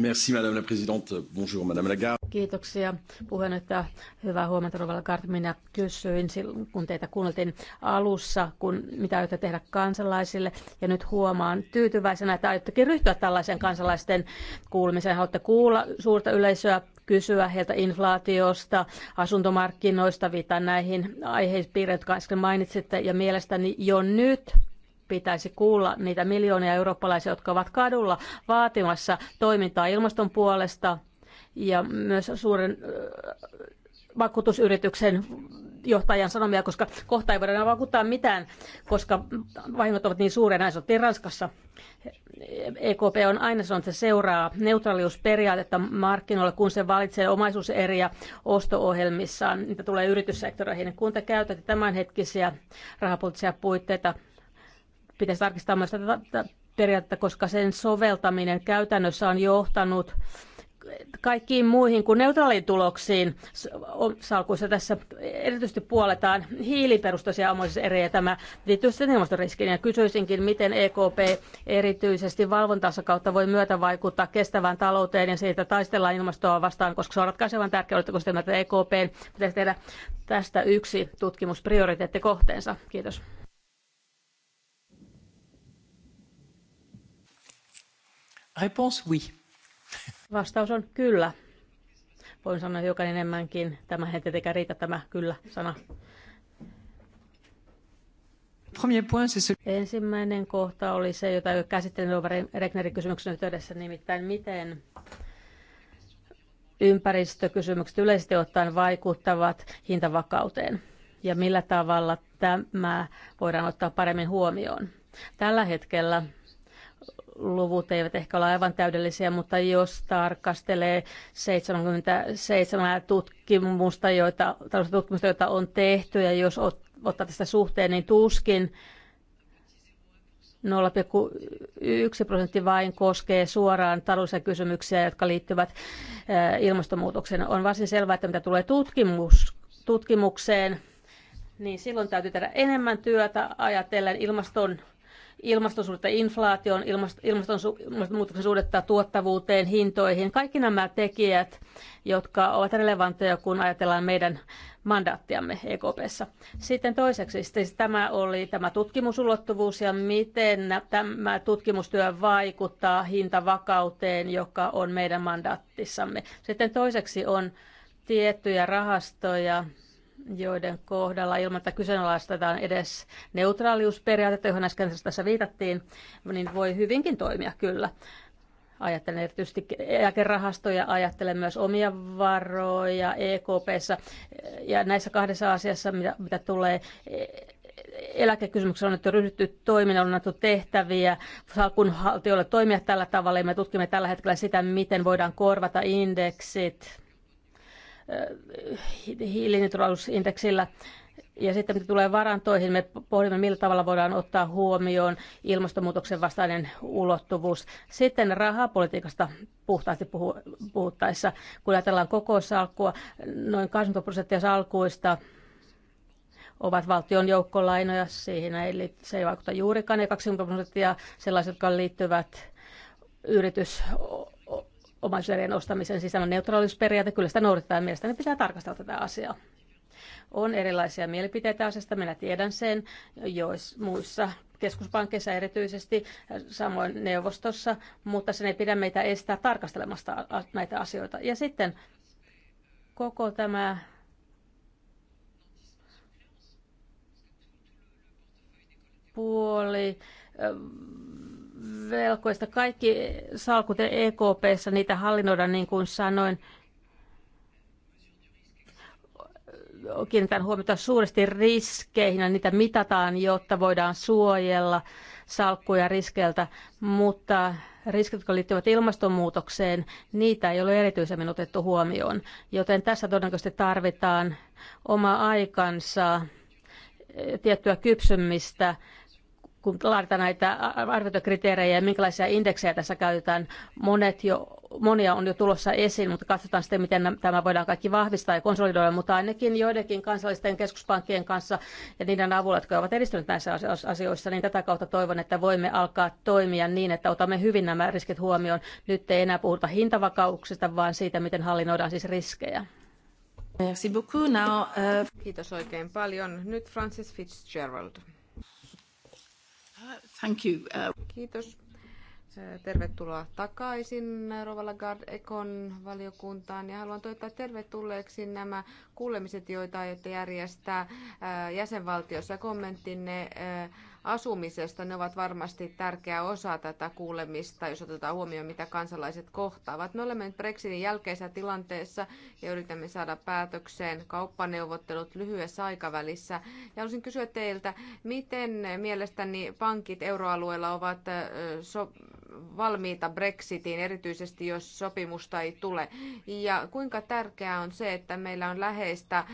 Merci, Madame la Présidente. Bonjour, Madame Lagarde. Kiitoksia puheenjohtaja. Hyvää huomenta, Rovalla Kart. Minä kysyin, kun teitä kuunneltiin alussa, kun, mitä aiotte tehdä kansalaisille. Ja nyt huomaan tyytyväisenä, että aiottekin ryhtyä tällaisen kansalaisten kuulemiseen. Haluatte kuulla suurta yleisöä, kysyä heiltä inflaatiosta, asuntomarkkinoista, viittaan näihin aiheisiin, jotka äsken mainitsitte. Ja mielestäni jo nyt pitäisi kuulla niitä miljoonia eurooppalaisia, jotka ovat kadulla vaatimassa toimintaa ilmaston puolesta ja myös suuren vakuutusyrityksen johtajan sanomia, koska kohta ei voida enää vakuuttaa mitään, koska vahingot ovat niin suuria. Näin sanottiin Ranskassa. EKP on aina sanonut, että se seuraa neutraaliusperiaatetta markkinoilla, kun se valitsee omaisuuseriä osto-ohjelmissaan. Niitä tulee yrityssektoreihin. Kun te käytätte tämänhetkisiä rahapoliittisia puitteita, pitäisi tarkistaa myös tätä periaatetta, koska sen soveltaminen käytännössä on johtanut kaikkiin muihin kuin neutraaliin tuloksiin salkuissa tässä erityisesti puoletaan hiiliperustaisia ja tämä liittyy sitten ilmastoriskiin. Ja kysyisinkin, miten EKP erityisesti valvontansa kautta voi myötä vaikuttaa kestävään talouteen ja siitä taistellaan ilmastoa vastaan, koska se on ratkaisevan tärkeää, oletteko sitä, että EKP pitäisi tehdä tästä yksi tutkimusprioriteettikohteensa. Kiitos. Réponse oui. Vastaus on kyllä. Voin sanoa hiukan enemmänkin. Tämä ei tietenkään riitä tämä kyllä-sana. Ensimmäinen kohta oli se, jota jo käsittelin Regnerin kysymyksen yhteydessä, nimittäin miten ympäristökysymykset yleisesti ottaen vaikuttavat hintavakauteen ja millä tavalla tämä voidaan ottaa paremmin huomioon. Tällä hetkellä luvut eivät ehkä ole aivan täydellisiä, mutta jos tarkastelee 77 tutkimusta, joita, tutkimusta, joita on tehty, ja jos ottaa tästä suhteen, niin tuskin 0,1 prosentti vain koskee suoraan taloudellisia kysymyksiä, jotka liittyvät ilmastonmuutokseen. On varsin selvää, että mitä tulee tutkimus, tutkimukseen, niin silloin täytyy tehdä enemmän työtä ajatellen ilmaston ilmastonsuhdetta inflaation, ilmastonmuutoksen suhdetta tuottavuuteen, hintoihin. Kaikki nämä tekijät, jotka ovat relevantteja, kun ajatellaan meidän mandaattiamme EKPssä. Sitten toiseksi siis tämä oli tämä tutkimusulottuvuus ja miten tämä tutkimustyö vaikuttaa hintavakauteen, joka on meidän mandaattissamme. Sitten toiseksi on tiettyjä rahastoja, joiden kohdalla ilman, että kyseenalaistetaan edes neutraaliusperiaatetta, johon äsken tässä viitattiin, niin voi hyvinkin toimia kyllä. Ajattelen erityisesti eläkerahastoja, ajattelen myös omia varoja EKPssä. Ja näissä kahdessa asiassa, mitä, mitä tulee eläkekysymyksessä on nyt ryhdytty toiminnan, on annettu tehtäviä haltiolle toimia tällä tavalla, ja me tutkimme tällä hetkellä sitä, miten voidaan korvata indeksit hiilineutraalisuusindeksillä. Ja sitten mitä tulee varantoihin, me pohdimme, millä tavalla voidaan ottaa huomioon ilmastonmuutoksen vastainen ulottuvuus. Sitten rahapolitiikasta puhtaasti puhu, puhuttaessa, kun ajatellaan koko salkkua, noin 80 prosenttia salkuista ovat valtion joukkolainoja, siihen eli se ei vaikuta juurikaan, ja 20 prosenttia sellaiset, jotka liittyvät yritys omaisuuden ostamisen sisällön neutraalisuusperiaate kyllä sitä noudatetaan mielestäni pitää tarkastella tätä asiaa. On erilaisia mielipiteitä asiasta, minä tiedän sen, jos muissa keskuspankkeissa erityisesti, samoin neuvostossa, mutta sen ei pidä meitä estää tarkastelemasta näitä asioita. Ja sitten koko tämä puoli velkoista. Kaikki salkut EKPssä, niitä hallinnoidaan niin kuin sanoin. Kiinnitän huomiota suuresti riskeihin ja niitä mitataan, jotta voidaan suojella salkkuja riskeiltä, mutta riskit, jotka liittyvät ilmastonmuutokseen, niitä ei ole erityisemmin otettu huomioon, joten tässä todennäköisesti tarvitaan oma aikansa eh, tiettyä kypsymistä kun laaditaan näitä arviointikriteerejä ja minkälaisia indeksejä tässä käytetään. Monet jo, monia on jo tulossa esiin, mutta katsotaan sitten, miten tämä voidaan kaikki vahvistaa ja konsolidoida, mutta ainakin joidenkin kansallisten keskuspankkien kanssa ja niiden avulla, jotka ovat edistyneet näissä asioissa, niin tätä kautta toivon, että voimme alkaa toimia niin, että otamme hyvin nämä riskit huomioon. Nyt ei enää puhuta hintavakauksista, vaan siitä, miten hallinnoidaan siis riskejä. Merci beaucoup. Now, uh... Kiitos oikein paljon. Nyt Francis Fitzgerald. Thank you. Uh... Kiitos. Tervetuloa takaisin Rova Lagarde Econ valiokuntaan ja haluan toivottaa tervetulleeksi nämä kuulemiset, joita aiotte järjestää äh, jäsenvaltiossa. Kommenttinne äh, asumisesta. Ne ovat varmasti tärkeä osa tätä kuulemista, jos otetaan huomioon, mitä kansalaiset kohtaavat. Me olemme nyt Brexitin jälkeisessä tilanteessa ja yritämme saada päätökseen kauppaneuvottelut lyhyessä aikavälissä. Ja haluaisin kysyä teiltä, miten mielestäni pankit euroalueella ovat so- valmiita Brexitiin, erityisesti jos sopimusta ei tule. Ja kuinka tärkeää on se, että meillä on läheistä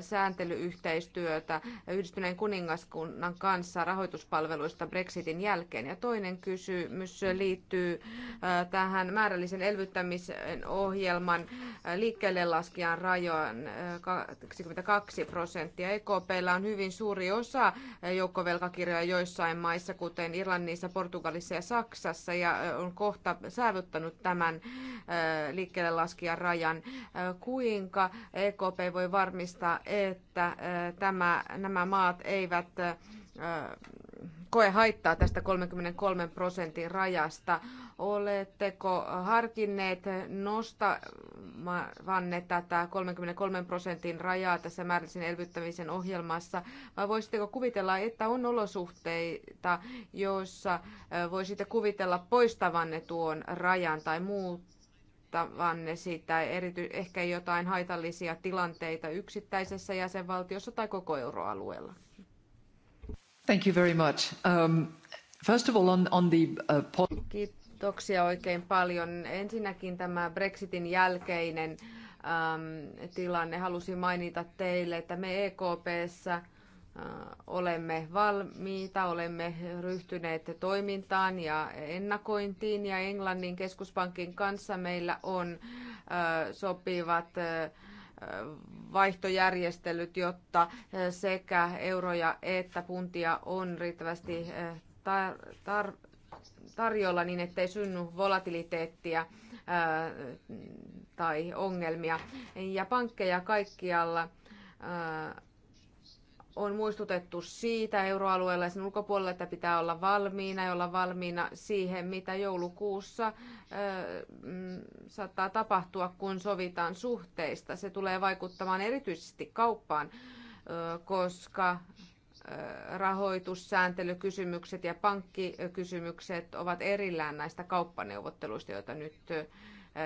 sääntelyyhteistyötä yhdistyneen kuningaskunnan kanssa rahoitus rahoituspalveluista Brexitin jälkeen. Ja toinen kysymys liittyy äh, tähän määrällisen elvyttämisen ohjelman äh, liikkeelle laskijan rajoon 22 äh, prosenttia. EKPllä on hyvin suuri osa joukkovelkakirjoja joissain maissa, kuten Irlannissa, Portugalissa ja Saksassa, ja on kohta saavuttanut tämän liikkeelle laskijan rajan. Kuinka EKP voi varmistaa, että tämä, nämä maat eivät Koe haittaa tästä 33 prosentin rajasta. Oletteko harkinneet nostavanne tätä 33 prosentin rajaa tässä määrällisen elvyttämisen ohjelmassa, vai voisitteko kuvitella, että on olosuhteita, joissa voisitte kuvitella poistavanne tuon rajan tai muut kannattavanne sitä, erity, ehkä jotain haitallisia tilanteita yksittäisessä jäsenvaltiossa tai koko euroalueella? Thank you very much. Um, first of all on, the, uh, Kiitoksia oikein paljon. Ensinnäkin tämä Brexitin jälkeinen ähm, tilanne. Halusin mainita teille, että me EKPssä uh, olemme valmiita, olemme ryhtyneet toimintaan ja ennakointiin ja Englannin keskuspankin kanssa meillä on uh, sopivat vaihtojärjestelyt, jotta eh, sekä euroja että puntia on riittävästi eh, tar- tar- tarjolla niin, ettei synny volatiliteettia ää, eh, tai ongelmia. Ja pankkeja kaikkialla ää, on muistutettu siitä euroalueella ja sen ulkopuolella, että pitää olla valmiina ja olla valmiina siihen, mitä joulukuussa mm, saattaa tapahtua, kun sovitaan suhteista. Se tulee vaikuttamaan erityisesti kauppaan, koska rahoitussääntelykysymykset ja pankkikysymykset ovat erillään näistä kauppaneuvotteluista, joita nyt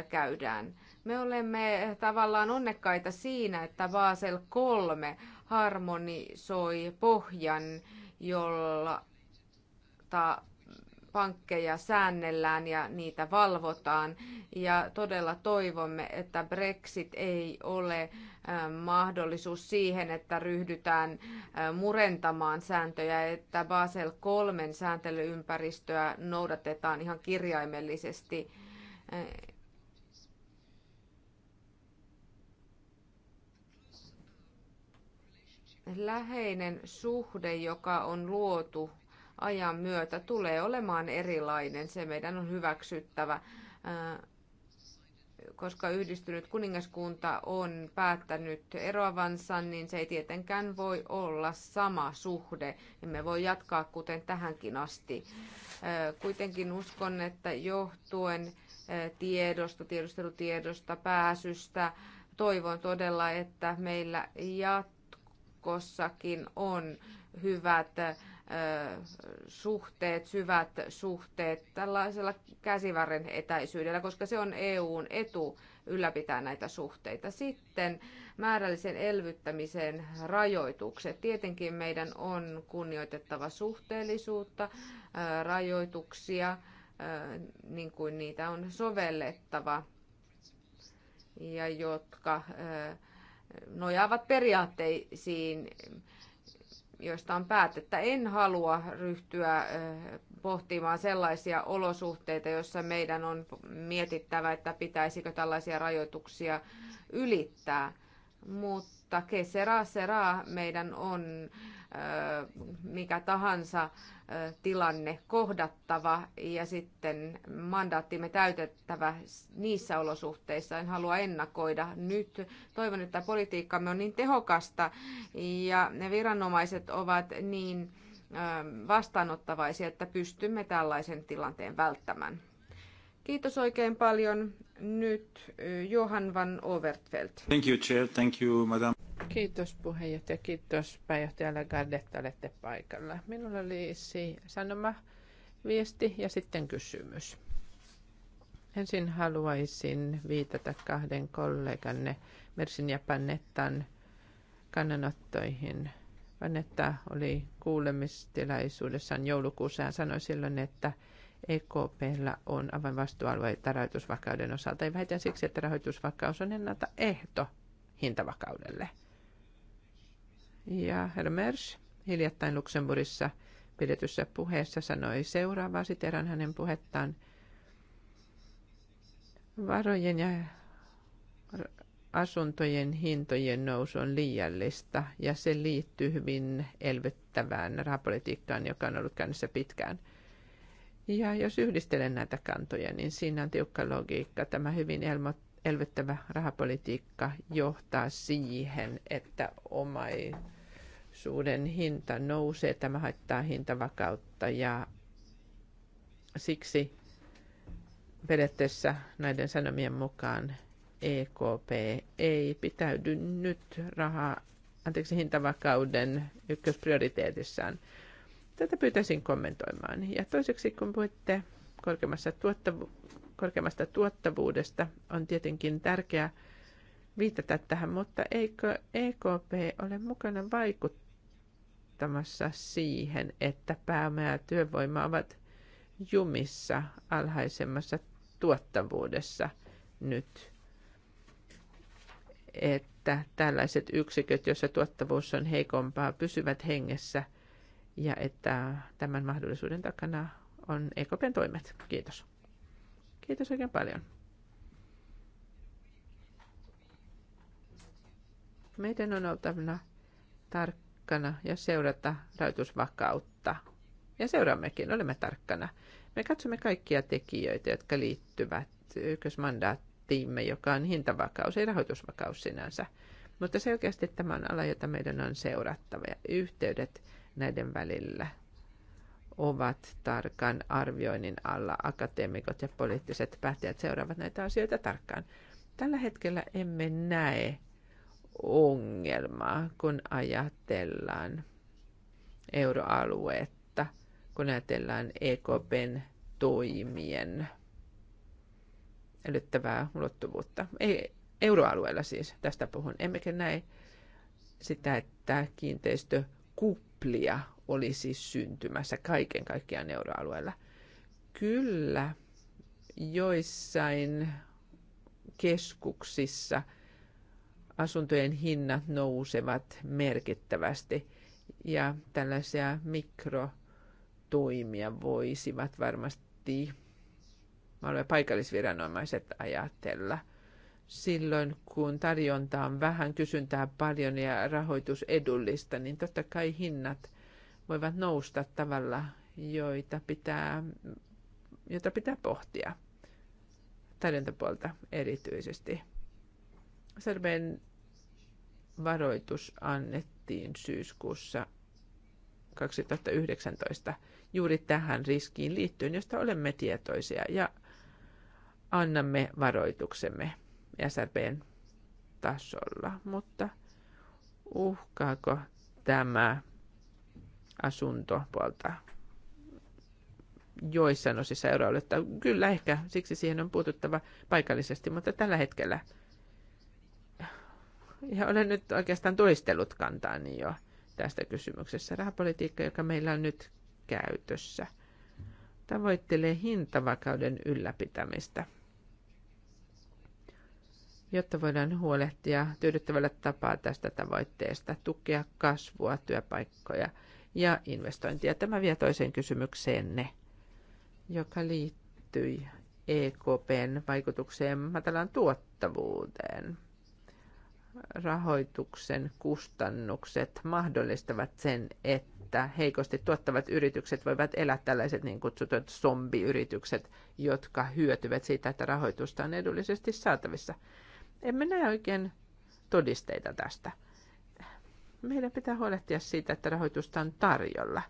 käydään. Me olemme tavallaan onnekkaita siinä, että Basel 3 harmonisoi pohjan, jolla ta pankkeja säännellään ja niitä valvotaan. Ja todella toivomme, että Brexit ei ole mahdollisuus siihen, että ryhdytään murentamaan sääntöjä, että Basel 3 sääntelyympäristöä noudatetaan ihan kirjaimellisesti läheinen suhde, joka on luotu ajan myötä, tulee olemaan erilainen. Se meidän on hyväksyttävä, äh, koska yhdistynyt kuningaskunta on päättänyt eroavansa, niin se ei tietenkään voi olla sama suhde. Emme voi jatkaa kuten tähänkin asti. Äh, kuitenkin uskon, että johtuen äh, tiedosta, tiedustelutiedosta, pääsystä, toivon todella, että meillä jatkuu jatkossakin on hyvät suhteet, syvät suhteet tällaisella käsivarren etäisyydellä, koska se on EUn etu ylläpitää näitä suhteita. Sitten määrällisen elvyttämisen rajoitukset. Tietenkin meidän on kunnioitettava suhteellisuutta, rajoituksia, niin kuin niitä on sovellettava ja jotka nojaavat periaatteisiin, joista on päätettä. En halua ryhtyä pohtimaan sellaisia olosuhteita, joissa meidän on mietittävä, että pitäisikö tällaisia rajoituksia ylittää. Mutta kesera sera meidän on mikä tahansa tilanne kohdattava ja sitten mandaattimme täytettävä niissä olosuhteissa. En halua ennakoida nyt. Toivon, että politiikkamme on niin tehokasta ja ne viranomaiset ovat niin vastaanottavaisia, että pystymme tällaisen tilanteen välttämään. Kiitos oikein paljon nyt Johan van Overtveld. Thank you, Chair. Thank you, Madam. Kiitos puheenjohtaja. Kiitos pääjohtaja Lagarde, että olette paikalla. Minulla oli sanoma, viesti ja sitten kysymys. Ensin haluaisin viitata kahden kolleganne Mersin ja Panettan kannanottoihin. Panetta oli kuulemistilaisuudessaan joulukuussa ja sanoi silloin, että – EKPllä on avainvastuualueita rahoitusvakauden osalta, ei vähiten siksi, että rahoitusvakaus on ennalta ehto hintavakaudelle. Ja Hermers hiljattain Luxemburgissa pidetyssä puheessa sanoi seuraavaa, siteran hänen puhettaan. Varojen ja asuntojen hintojen nousu on liiallista ja se liittyy hyvin elvyttävään rahapolitiikkaan, joka on ollut käynnissä pitkään – ja jos yhdistelen näitä kantoja, niin siinä on tiukka logiikka. Tämä hyvin elvyttävä rahapolitiikka johtaa siihen, että omaisuuden hinta nousee. Tämä haittaa hintavakautta ja siksi periaatteessa näiden sanomien mukaan EKP ei pitäydy nyt rahaa, anteeksi, hintavakauden ykkösprioriteetissaan. Tätä pyytäisin kommentoimaan. Ja toiseksi, kun puhutte korkeammasta, tuottavu- korkeammasta tuottavuudesta, on tietenkin tärkeää viitata tähän, mutta eikö EKP ole mukana vaikuttamassa siihen, että pääoma ja työvoima ovat jumissa alhaisemmassa tuottavuudessa nyt? Että tällaiset yksiköt, joissa tuottavuus on heikompaa, pysyvät hengessä – ja että tämän mahdollisuuden takana on EKPn toimet. Kiitos. Kiitos oikein paljon. Meidän on oltava tarkkana ja seurata rahoitusvakautta. Ja seuraammekin, olemme tarkkana. Me katsomme kaikkia tekijöitä, jotka liittyvät ykkösmandaattiimme, joka on hintavakaus, ei rahoitusvakaus sinänsä. Mutta selkeästi tämä on ala, jota meidän on seurattava ja yhteydet näiden välillä ovat tarkan arvioinnin alla. Akateemikot ja poliittiset päättäjät seuraavat näitä asioita tarkkaan. Tällä hetkellä emme näe ongelmaa, kun ajatellaan euroaluetta, kun ajatellaan EKPn toimien älyttävää ulottuvuutta. Ei, euroalueella siis, tästä puhun. Emmekä näe sitä, että kiinteistökupla kuplia olisi syntymässä kaiken kaikkiaan euroalueella. Kyllä, joissain keskuksissa asuntojen hinnat nousevat merkittävästi ja tällaisia mikrotoimia voisivat varmasti paikallisviranomaiset ajatella – silloin, kun tarjonta on vähän, kysyntää paljon ja rahoitus edullista, niin totta kai hinnat voivat nousta tavalla, joita pitää, jota pitää pohtia tarjontapuolta erityisesti. Sarven varoitus annettiin syyskuussa 2019 juuri tähän riskiin liittyen, josta olemme tietoisia ja annamme varoituksemme. SRPn tasolla, mutta uhkaako tämä asuntopuolta joissain osissa euroaluetta? Kyllä ehkä, siksi siihen on puututtava paikallisesti, mutta tällä hetkellä ja olen nyt oikeastaan toistellut kantaani jo tästä kysymyksessä. Rahapolitiikka, joka meillä on nyt käytössä, tavoittelee hintavakauden ylläpitämistä – jotta voidaan huolehtia tyydyttävällä tapaa tästä tavoitteesta, tukea kasvua, työpaikkoja ja investointia. Tämä vie toiseen kysymykseenne, joka liittyi EKPn vaikutukseen matalaan tuottavuuteen. Rahoituksen kustannukset mahdollistavat sen, että heikosti tuottavat yritykset voivat elää tällaiset niin kutsutut zombiyritykset, jotka hyötyvät siitä, että rahoitusta on edullisesti saatavissa emme näe oikein todisteita tästä. Meidän pitää huolehtia siitä, että rahoitusta on tarjolla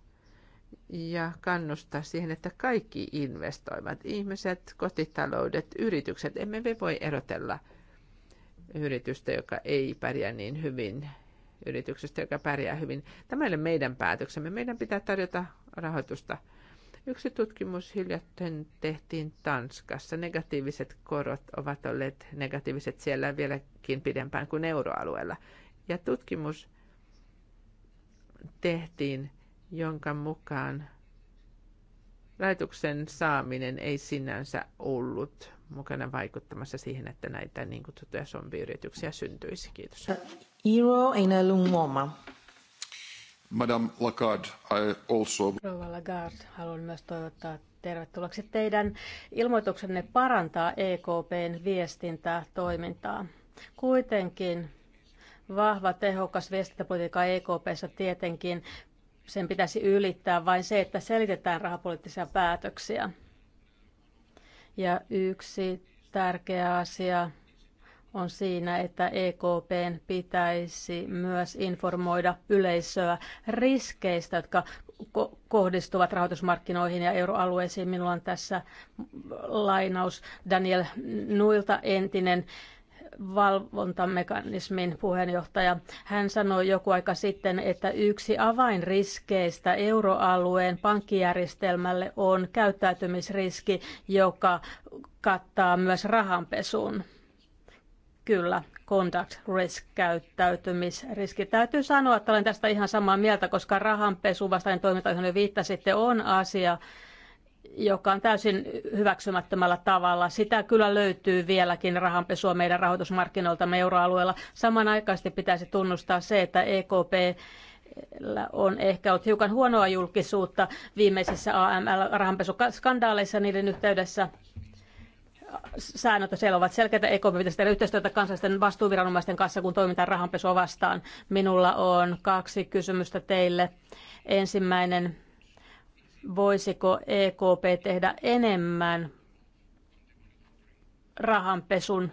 ja kannustaa siihen, että kaikki investoivat, ihmiset, kotitaloudet, yritykset. Emme me voi erotella yritystä, joka ei pärjää niin hyvin, yrityksestä, joka pärjää hyvin. Tämä ei ole meidän päätöksemme. Meidän pitää tarjota rahoitusta Yksi tutkimus hiljattain tehtiin Tanskassa. Negatiiviset korot ovat olleet negatiiviset siellä vieläkin pidempään kuin euroalueella. Ja tutkimus tehtiin, jonka mukaan rajoituksen saaminen ei sinänsä ollut mukana vaikuttamassa siihen, että näitä niin kutsuttuja zombiyrityksiä syntyisi. Kiitos. Iro Einalungoma. Madame Lagarde, I also... Lagarde, haluan myös toivottaa tervetulleeksi. Teidän ilmoituksenne parantaa EKPn viestintää, toimintaa. Kuitenkin vahva, tehokas viestintäpolitiikka EKPssä tietenkin sen pitäisi ylittää vain se, että selitetään rahapoliittisia päätöksiä. Ja yksi tärkeä asia on siinä, että EKP pitäisi myös informoida yleisöä riskeistä, jotka ko- kohdistuvat rahoitusmarkkinoihin ja euroalueisiin. Minulla on tässä lainaus Daniel Nuilta, entinen valvontamekanismin puheenjohtaja. Hän sanoi joku aika sitten, että yksi avainriskeistä euroalueen pankkijärjestelmälle on käyttäytymisriski, joka kattaa myös rahanpesun. Kyllä, contact risk, käyttäytymisriski. Täytyy sanoa, että olen tästä ihan samaa mieltä, koska rahanpesu vastainen toiminta, johon jo viittasitte, on asia, joka on täysin hyväksymättömällä tavalla. Sitä kyllä löytyy vieläkin rahanpesua meidän rahoitusmarkkinoiltamme euroalueella. Samanaikaisesti pitäisi tunnustaa se, että EKP on ehkä ollut hiukan huonoa julkisuutta viimeisissä AML-rahanpesuskandaaleissa niiden yhteydessä säännöt siellä ovat selkeitä. EKP pitäisi tehdä yhteistyötä kansallisten vastuuviranomaisten kanssa, kun toimitaan rahanpesua vastaan. Minulla on kaksi kysymystä teille. Ensimmäinen, voisiko EKP tehdä enemmän rahanpesun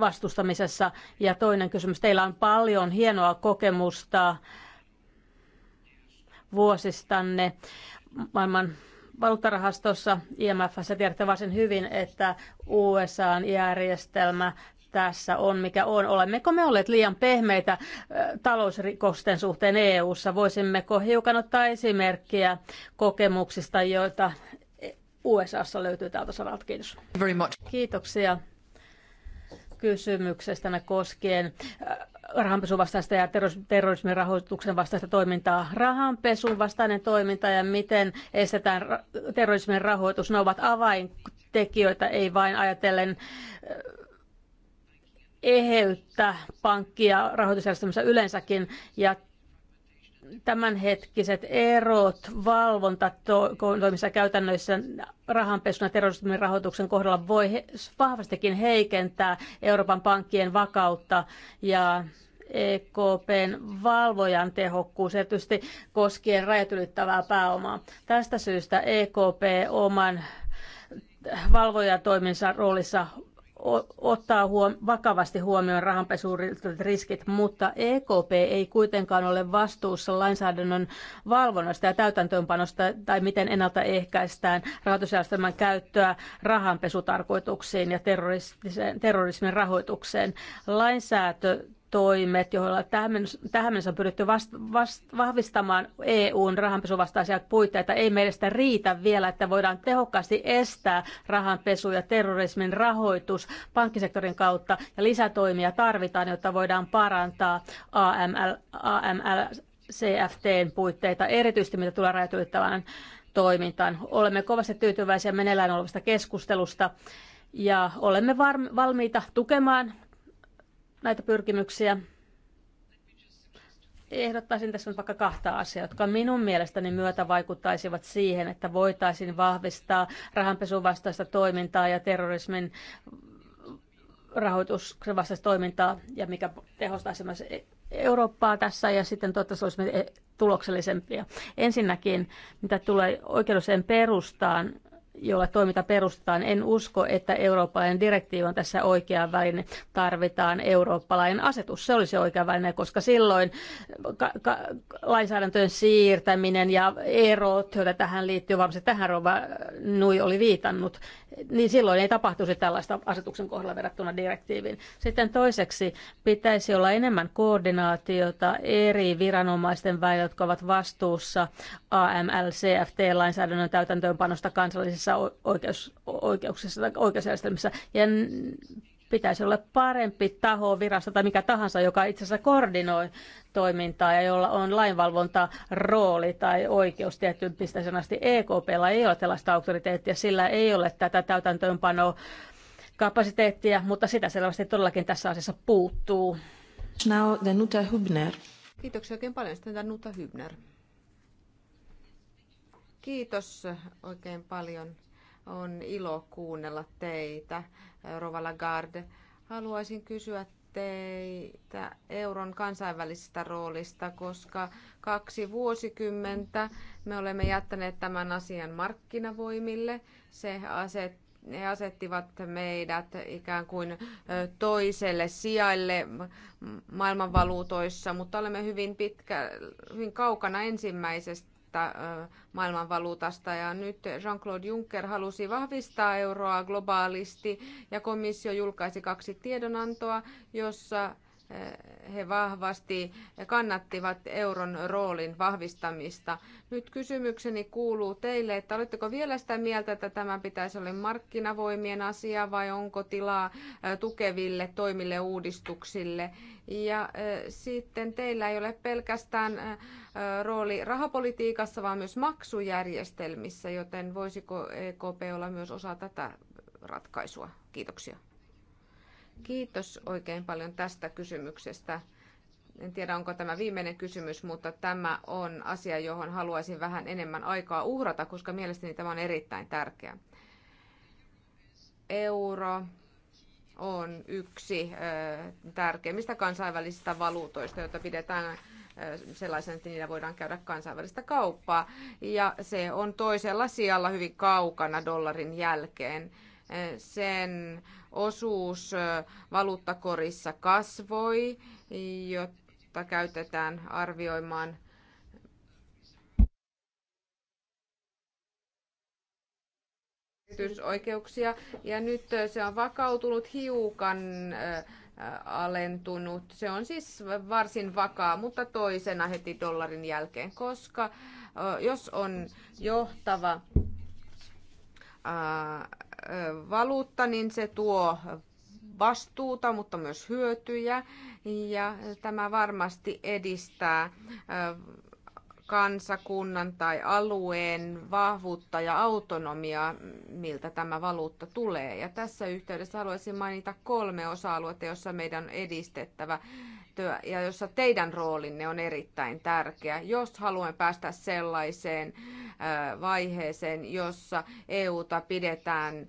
vastustamisessa? Ja toinen kysymys, teillä on paljon hienoa kokemusta vuosistanne maailman valuuttarahastossa sä tiedätte varsin hyvin, että USAn järjestelmä tässä on, mikä on. Olemmeko me olleet liian pehmeitä talousrikosten suhteen EU-ssa? Voisimmeko hiukan ottaa esimerkkiä kokemuksista, joita USAssa löytyy tältä saralta? Kiitos. Very much. Kiitoksia kysymyksestä koskien rahanpesun vastaista ja terrorismin rahoituksen vastaista toimintaa, rahanpesun vastainen toiminta ja miten estetään terrorismin rahoitus, ne ovat avaintekijöitä, ei vain ajatellen eh, eheyttä pankkia rahoitusjärjestelmässä yleensäkin ja tämänhetkiset erot valvontatoimissa käytännöissä rahanpesun ja terrorismin rahoituksen kohdalla voi vahvastikin heikentää Euroopan pankkien vakautta ja EKPn valvojan tehokkuus, erityisesti koskien rajat ylittävää pääomaa. Tästä syystä EKP oman valvojatoiminsa roolissa ottaa huom- vakavasti huomioon rahanpesuurilliset riskit, mutta EKP ei kuitenkaan ole vastuussa lainsäädännön valvonnasta ja täytäntöönpanosta tai miten ennaltaehkäistään rahoitusjärjestelmän käyttöä rahanpesutarkoituksiin ja terrorismin rahoitukseen. Lainsäätö toimet, joilla tähän mennessä on pyritty vast, vast, vahvistamaan EUn rahanpesuvastaisia puitteita, ei meistä riitä vielä, että voidaan tehokkaasti estää rahanpesu ja terrorismin rahoitus pankkisektorin kautta. Ja lisätoimia tarvitaan, jotta voidaan parantaa AML, AML CFTn puitteita, erityisesti mitä tulee rajoittavaan toimintaan. Olemme kovasti tyytyväisiä meneillään olevasta keskustelusta ja olemme valmiita tukemaan näitä pyrkimyksiä. Ehdottaisin tässä on vaikka kahta asiaa, jotka minun mielestäni myötä vaikuttaisivat siihen, että voitaisiin vahvistaa rahanpesun vastaista toimintaa ja terrorismin rahoituksen vastaista toimintaa ja mikä tehostaisi myös e- Eurooppaa tässä ja sitten toivottavasti olisimme e- tuloksellisempia. Ensinnäkin, mitä tulee oikeudelliseen perustaan, jolla toiminta perustetaan. En usko, että eurooppalainen direktiivi on tässä oikea väline. Tarvitaan eurooppalainen asetus. Se olisi oikea väline, koska silloin ka- ka- lainsäädäntöön siirtäminen ja erot, joita tähän liittyy, varmasti tähän Rova Nui oli viitannut, niin silloin ei tapahtuisi tällaista asetuksen kohdalla verrattuna direktiiviin. Sitten toiseksi pitäisi olla enemmän koordinaatiota eri viranomaisten välillä, jotka ovat vastuussa AML-CFT-lainsäädännön täytäntöönpanosta kansallisissa oikeus, oikeuksissa tai oikeusjärjestelmissä. Ja pitäisi olla parempi taho, virasto tai mikä tahansa, joka itse asiassa koordinoi toimintaa ja jolla on lainvalvonta rooli tai oikeus tiettyyn pisteeseen asti. EKPlla ei ole tällaista auktoriteettia, sillä ei ole tätä täytäntöönpanoa kapasiteettia, mutta sitä selvästi todellakin tässä asiassa puuttuu. Now the Nuta Hübner. Kiitoksia oikein paljon. Sitten Nuta Hübner. Kiitos oikein paljon. On ilo kuunnella teitä, Rova Lagarde. Haluaisin kysyä teitä euron kansainvälisestä roolista, koska kaksi vuosikymmentä me olemme jättäneet tämän asian markkinavoimille. Se aset, ne asettivat meidät ikään kuin toiselle sijalle maailmanvaluutoissa, mutta olemme hyvin, pitkä, hyvin kaukana ensimmäisestä tästä maailmanvaluutasta. Ja nyt Jean-Claude Juncker halusi vahvistaa euroa globaalisti ja komissio julkaisi kaksi tiedonantoa, jossa he vahvasti kannattivat euron roolin vahvistamista. Nyt kysymykseni kuuluu teille, että oletteko vielä sitä mieltä, että tämä pitäisi olla markkinavoimien asia vai onko tilaa tukeville toimille uudistuksille? Ja sitten teillä ei ole pelkästään rooli rahapolitiikassa, vaan myös maksujärjestelmissä, joten voisiko EKP olla myös osa tätä ratkaisua? Kiitoksia. Kiitos oikein paljon tästä kysymyksestä. En tiedä, onko tämä viimeinen kysymys, mutta tämä on asia, johon haluaisin vähän enemmän aikaa uhrata, koska mielestäni tämä on erittäin tärkeä. Euro on yksi tärkeimmistä kansainvälisistä valuutoista, joita pidetään sellaisen, että niillä voidaan käydä kansainvälistä kauppaa. Ja se on toisella sijalla hyvin kaukana dollarin jälkeen sen osuus valuuttakorissa kasvoi, jotta käytetään arvioimaan oikeuksia. Ja nyt se on vakautunut hiukan alentunut. Se on siis varsin vakaa, mutta toisena heti dollarin jälkeen, koska jos on johtava valuutta, niin se tuo vastuuta, mutta myös hyötyjä. Ja tämä varmasti edistää kansakunnan tai alueen vahvuutta ja autonomiaa, miltä tämä valuutta tulee. Ja tässä yhteydessä haluaisin mainita kolme osa-aluetta, jossa meidän on edistettävä tehtyä ja jossa teidän roolinne on erittäin tärkeä, jos haluan päästä sellaiseen vaiheeseen, jossa EUta pidetään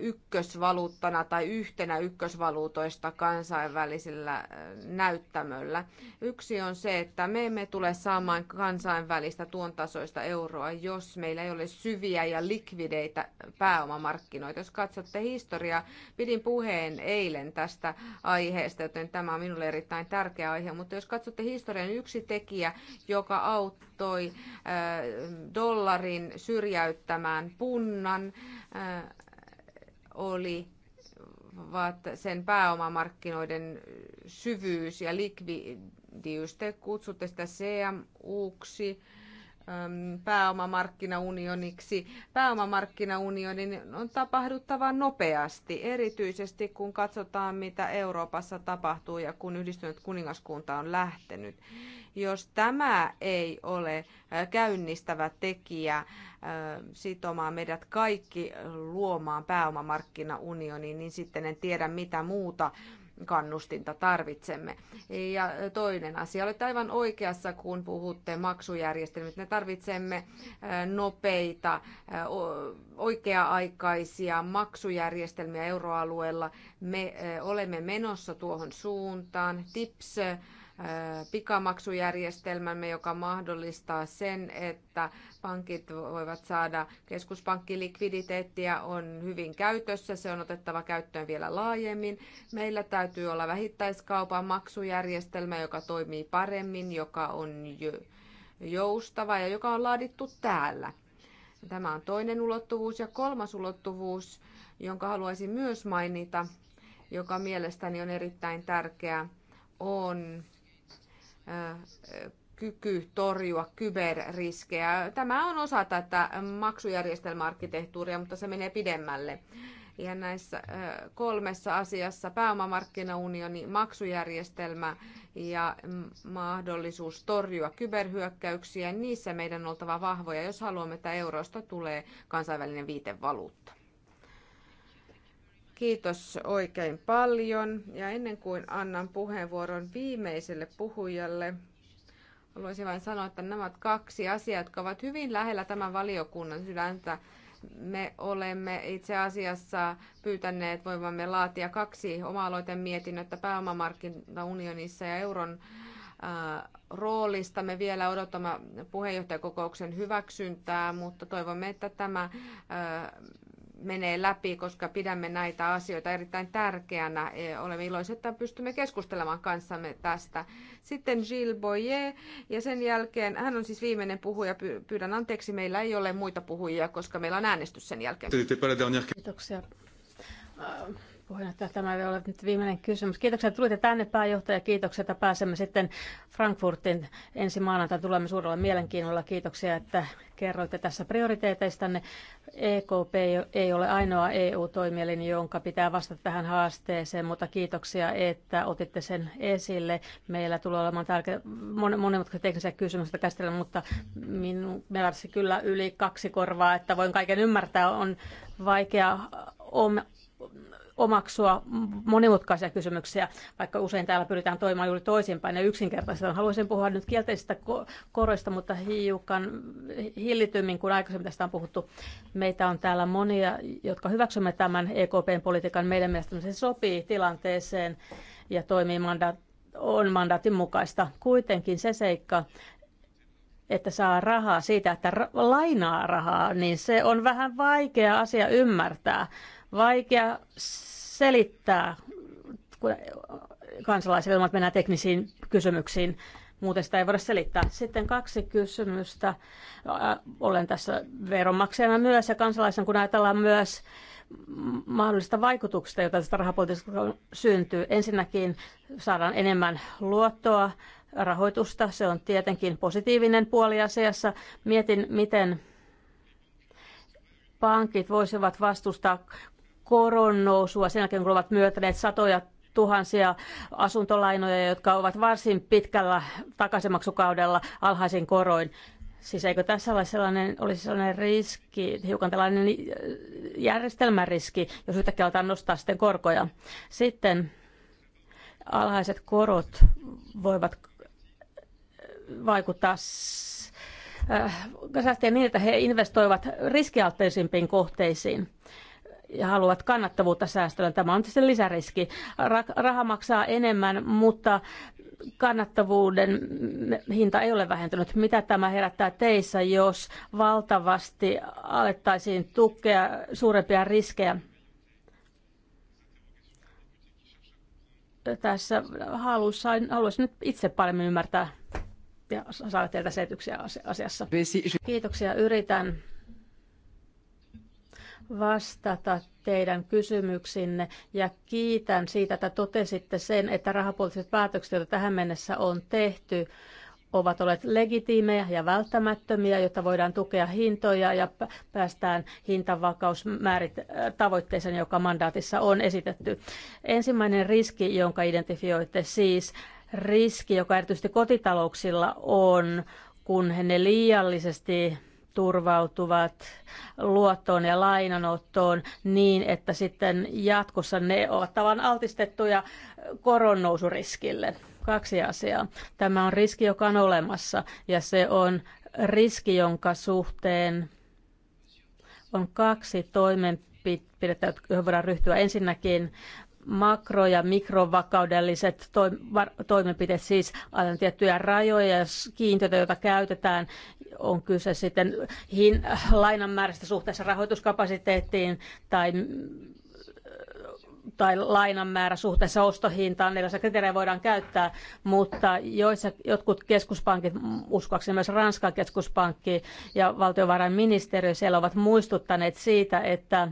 ykkösvaluuttana tai yhtenä ykkösvaluutoista kansainvälisellä näyttämöllä. Yksi on se, että me emme tule saamaan kansainvälistä tuon tasoista euroa, jos meillä ei ole syviä ja likvideitä pääomamarkkinoita. Jos katsotte historiaa, pidin puheen eilen tästä aiheesta, joten tämä on minulle erittäin tärkeä tärkeä aihe, mutta jos katsotte historian yksi tekijä, joka auttoi äh, dollarin syrjäyttämään punnan, äh, oli sen pääomamarkkinoiden syvyys ja likvidius. Te kutsutte sitä CMUksi, pääomamarkkinaunioniksi. Pääomamarkkinaunionin on tapahduttava nopeasti, erityisesti kun katsotaan, mitä Euroopassa tapahtuu ja kun yhdistynyt kuningaskunta on lähtenyt. Jos tämä ei ole käynnistävä tekijä sitomaan meidät kaikki luomaan pääomamarkkinaunioniin, niin sitten en tiedä mitä muuta kannustinta tarvitsemme. Ja toinen asia, olette aivan oikeassa, kun puhutte maksujärjestelmistä. Me tarvitsemme nopeita, oikea-aikaisia maksujärjestelmiä euroalueella. Me olemme menossa tuohon suuntaan. TIPS pikamaksujärjestelmämme, joka mahdollistaa sen, että pankit voivat saada keskuspankkilikviditeettiä, on hyvin käytössä. Se on otettava käyttöön vielä laajemmin. Meillä täytyy olla vähittäiskaupan maksujärjestelmä, joka toimii paremmin, joka on joustava ja joka on laadittu täällä. Tämä on toinen ulottuvuus ja kolmas ulottuvuus, jonka haluaisin myös mainita, joka mielestäni on erittäin tärkeä, on kyky torjua kyberriskejä. Tämä on osa tätä maksujärjestelmäarkkitehtuuria, mutta se menee pidemmälle. Ja näissä kolmessa asiassa pääomamarkkinaunioni, maksujärjestelmä ja mahdollisuus torjua kyberhyökkäyksiä, niissä meidän on oltava vahvoja, jos haluamme, että eurosta tulee kansainvälinen viitevaluutta. Kiitos oikein paljon. Ja ennen kuin annan puheenvuoron viimeiselle puhujalle, haluaisin vain sanoa, että nämä kaksi asiaa, jotka ovat hyvin lähellä tämän valiokunnan sydäntä. Me olemme itse asiassa pyytäneet voivamme laatia kaksi oma-aloitemietinnöttä pääomamarkkinaunionissa ja euron äh, roolista. Me vielä odotamme puheenjohtajakokouksen hyväksyntää, mutta toivomme, että tämä äh, menee läpi, koska pidämme näitä asioita erittäin tärkeänä. E, olemme iloiset, että pystymme keskustelemaan kanssamme tästä. Sitten Gilles Boyer, ja sen jälkeen, hän on siis viimeinen puhuja, pyydän anteeksi, meillä ei ole muita puhujia, koska meillä on äänestys sen jälkeen. Kiitoksia puheenjohtaja. Tämä ei ole nyt viimeinen kysymys. Kiitoksia, että tulitte tänne pääjohtaja. Kiitoksia, että pääsemme sitten Frankfurtin ensi maanantaina. Tulemme suurella mielenkiinnolla. Kiitoksia, että kerroitte tässä prioriteeteistanne. EKP ei ole ainoa EU-toimielin, jonka pitää vastata tähän haasteeseen, mutta kiitoksia, että otitte sen esille. Meillä tulee olemaan tärkeä, monimutkaisia teknisiä kysymyksiä käsitellä, mutta minun mielestäni kyllä yli kaksi korvaa, että voin kaiken ymmärtää. On vaikea om, omaksua monimutkaisia kysymyksiä, vaikka usein täällä pyritään toimimaan juuri toisinpäin ja yksinkertaisesti. Haluaisin puhua nyt kielteisistä koroista, mutta hiukan hillitymmin kuin aikaisemmin tästä on puhuttu. Meitä on täällä monia, jotka hyväksymme tämän EKPn politiikan. Meidän mielestämme se sopii tilanteeseen ja toimii manda- on mandaatin mukaista. Kuitenkin se seikka, että saa rahaa siitä, että lainaa rahaa, niin se on vähän vaikea asia ymmärtää vaikea selittää kansalaisille ilman, että mennään teknisiin kysymyksiin. Muuten sitä ei voida selittää. Sitten kaksi kysymystä. Äh, olen tässä veronmaksajana myös ja kansalaisen, kun ajatellaan myös mahdollista vaikutuksista, joita tästä rahapolitiikasta syntyy. Ensinnäkin saadaan enemmän luottoa, rahoitusta. Se on tietenkin positiivinen puoli asiassa. Mietin, miten pankit voisivat vastustaa koron nousua sen jälkeen, kun ovat myötäneet satoja tuhansia asuntolainoja, jotka ovat varsin pitkällä takaisemaksukaudella alhaisin koroin. Siis eikö tässä ole sellainen, olisi sellainen riski, hiukan tällainen järjestelmäriski, jos yhtäkkiä aletaan nostaa sitten korkoja. Sitten alhaiset korot voivat vaikuttaa äh, säästäjien niin, että he investoivat riskialtteisimpiin kohteisiin ja haluavat kannattavuutta säästöllä. Tämä on tietysti siis lisäriski. Raha maksaa enemmän, mutta kannattavuuden hinta ei ole vähentynyt. Mitä tämä herättää teissä, jos valtavasti alettaisiin tukea suurempia riskejä? Tässä haluaisin, haluaisin nyt itse paremmin ymmärtää ja saada teiltä selityksiä asiassa. Kiitoksia, yritän vastata teidän kysymyksinne ja kiitän siitä, että totesitte sen, että rahapoliittiset päätökset, joita tähän mennessä on tehty, ovat olleet legitiimejä ja välttämättömiä, jotta voidaan tukea hintoja ja päästään hintavakaustavoitteeseen, äh, joka mandaatissa on esitetty. Ensimmäinen riski, jonka identifioitte siis, riski, joka erityisesti kotitalouksilla on, kun he ne liiallisesti turvautuvat luottoon ja lainanottoon niin, että sitten jatkossa ne ovat tavan altistettuja koronnousuriskille. Kaksi asiaa. Tämä on riski, joka on olemassa ja se on riski, jonka suhteen on kaksi toimenpidettä, joihin voidaan ryhtyä. Ensinnäkin makro- ja mikrovakaudelliset toimenpiteet, siis aina tiettyjä rajoja ja kiintiöitä, joita käytetään, on kyse sitten hin- lainan määrästä suhteessa rahoituskapasiteettiin tai tai lainan määrä suhteessa ostohintaan, se kriteerejä voidaan käyttää, mutta joissa, jotkut keskuspankit, uskoakseni myös Ranskan keskuspankki ja valtiovarainministeriö siellä ovat muistuttaneet siitä, että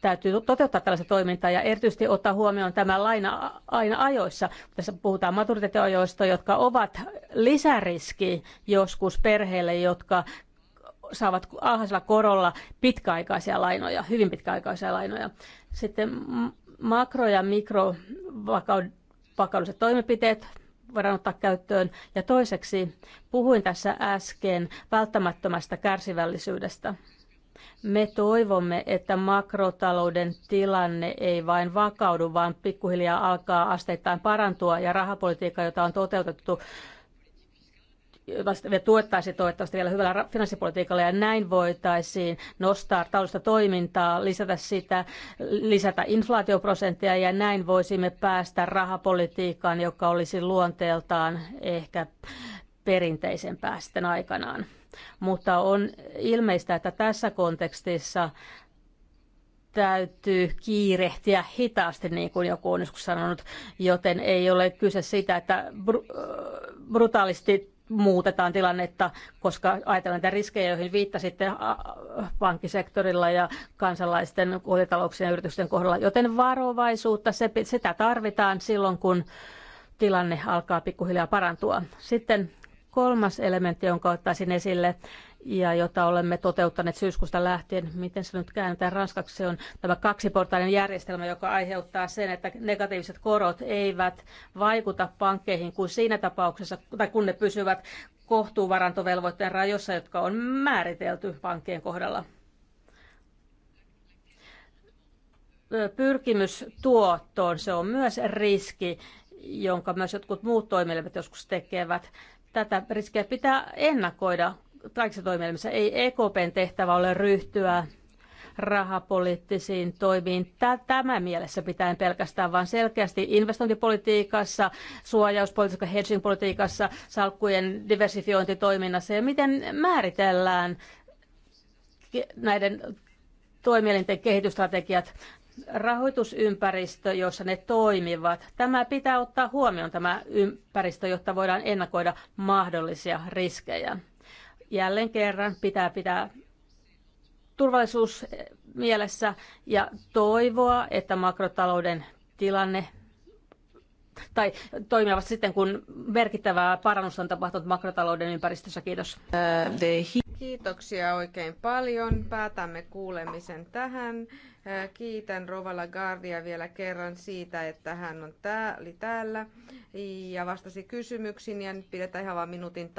täytyy toteuttaa tällaista toimintaa ja erityisesti ottaa huomioon tämä laina aina ajoissa. Tässä puhutaan maturiteettiajoista, jotka ovat lisäriski joskus perheille, jotka saavat alhaisella korolla pitkäaikaisia lainoja, hyvin pitkäaikaisia lainoja. Sitten makro- ja mikrovakaudelliset toimenpiteet voidaan ottaa käyttöön. Ja toiseksi puhuin tässä äsken välttämättömästä kärsivällisyydestä me toivomme, että makrotalouden tilanne ei vain vakaudu, vaan pikkuhiljaa alkaa asteittain parantua ja rahapolitiikka, jota on toteutettu, jota tuettaisiin toivottavasti vielä hyvällä finanssipolitiikalla ja näin voitaisiin nostaa taloudellista toimintaa, lisätä sitä, lisätä inflaatioprosenttia ja näin voisimme päästä rahapolitiikkaan, joka olisi luonteeltaan ehkä perinteisempää sitten aikanaan mutta on ilmeistä, että tässä kontekstissa täytyy kiirehtiä hitaasti, niin kuin joku on joskus sanonut, joten ei ole kyse siitä, että br- äh, brutaalisti muutetaan tilannetta, koska ajatellaan näitä riskejä, joihin viittasitte äh, pankkisektorilla ja kansalaisten kotitalouksien ja yritysten kohdalla. Joten varovaisuutta, se, sitä tarvitaan silloin, kun tilanne alkaa pikkuhiljaa parantua. Sitten Kolmas elementti, jonka ottaisin esille ja jota olemme toteuttaneet syyskuusta lähtien, miten se nyt käännetään ranskaksi, se on tämä kaksiportainen järjestelmä, joka aiheuttaa sen, että negatiiviset korot eivät vaikuta pankkeihin kuin siinä tapauksessa, tai kun ne pysyvät kohtuuvarantovelvoitteen rajoissa, jotka on määritelty pankkien kohdalla. Pyrkimys tuottoon, se on myös riski, jonka myös jotkut muut toimielimet joskus tekevät. Tätä riskiä pitää ennakoida kaikissa toimielimissä. Ei EKPn tehtävä ole ryhtyä rahapoliittisiin toimiin. Tämä mielessä pitäen pelkästään, vaan selkeästi investointipolitiikassa, suojauspolitiikassa, hedging-politiikassa, salkkujen diversifiointitoiminnassa ja miten määritellään näiden toimielinten kehitysstrategiat rahoitusympäristö, jossa ne toimivat. Tämä pitää ottaa huomioon, tämä ympäristö, jotta voidaan ennakoida mahdollisia riskejä. Jälleen kerran pitää pitää turvallisuus mielessä ja toivoa, että makrotalouden tilanne tai toimivat sitten, kun merkittävää parannusta on tapahtunut makrotalouden ympäristössä. Kiitos. Kiitoksia oikein paljon. Päätämme kuulemisen tähän. Kiitän Rovala Gardia vielä kerran siitä, että hän on tää, oli täällä ja vastasi kysymyksiin. Ja nyt pidetään ihan vain minuutin taas.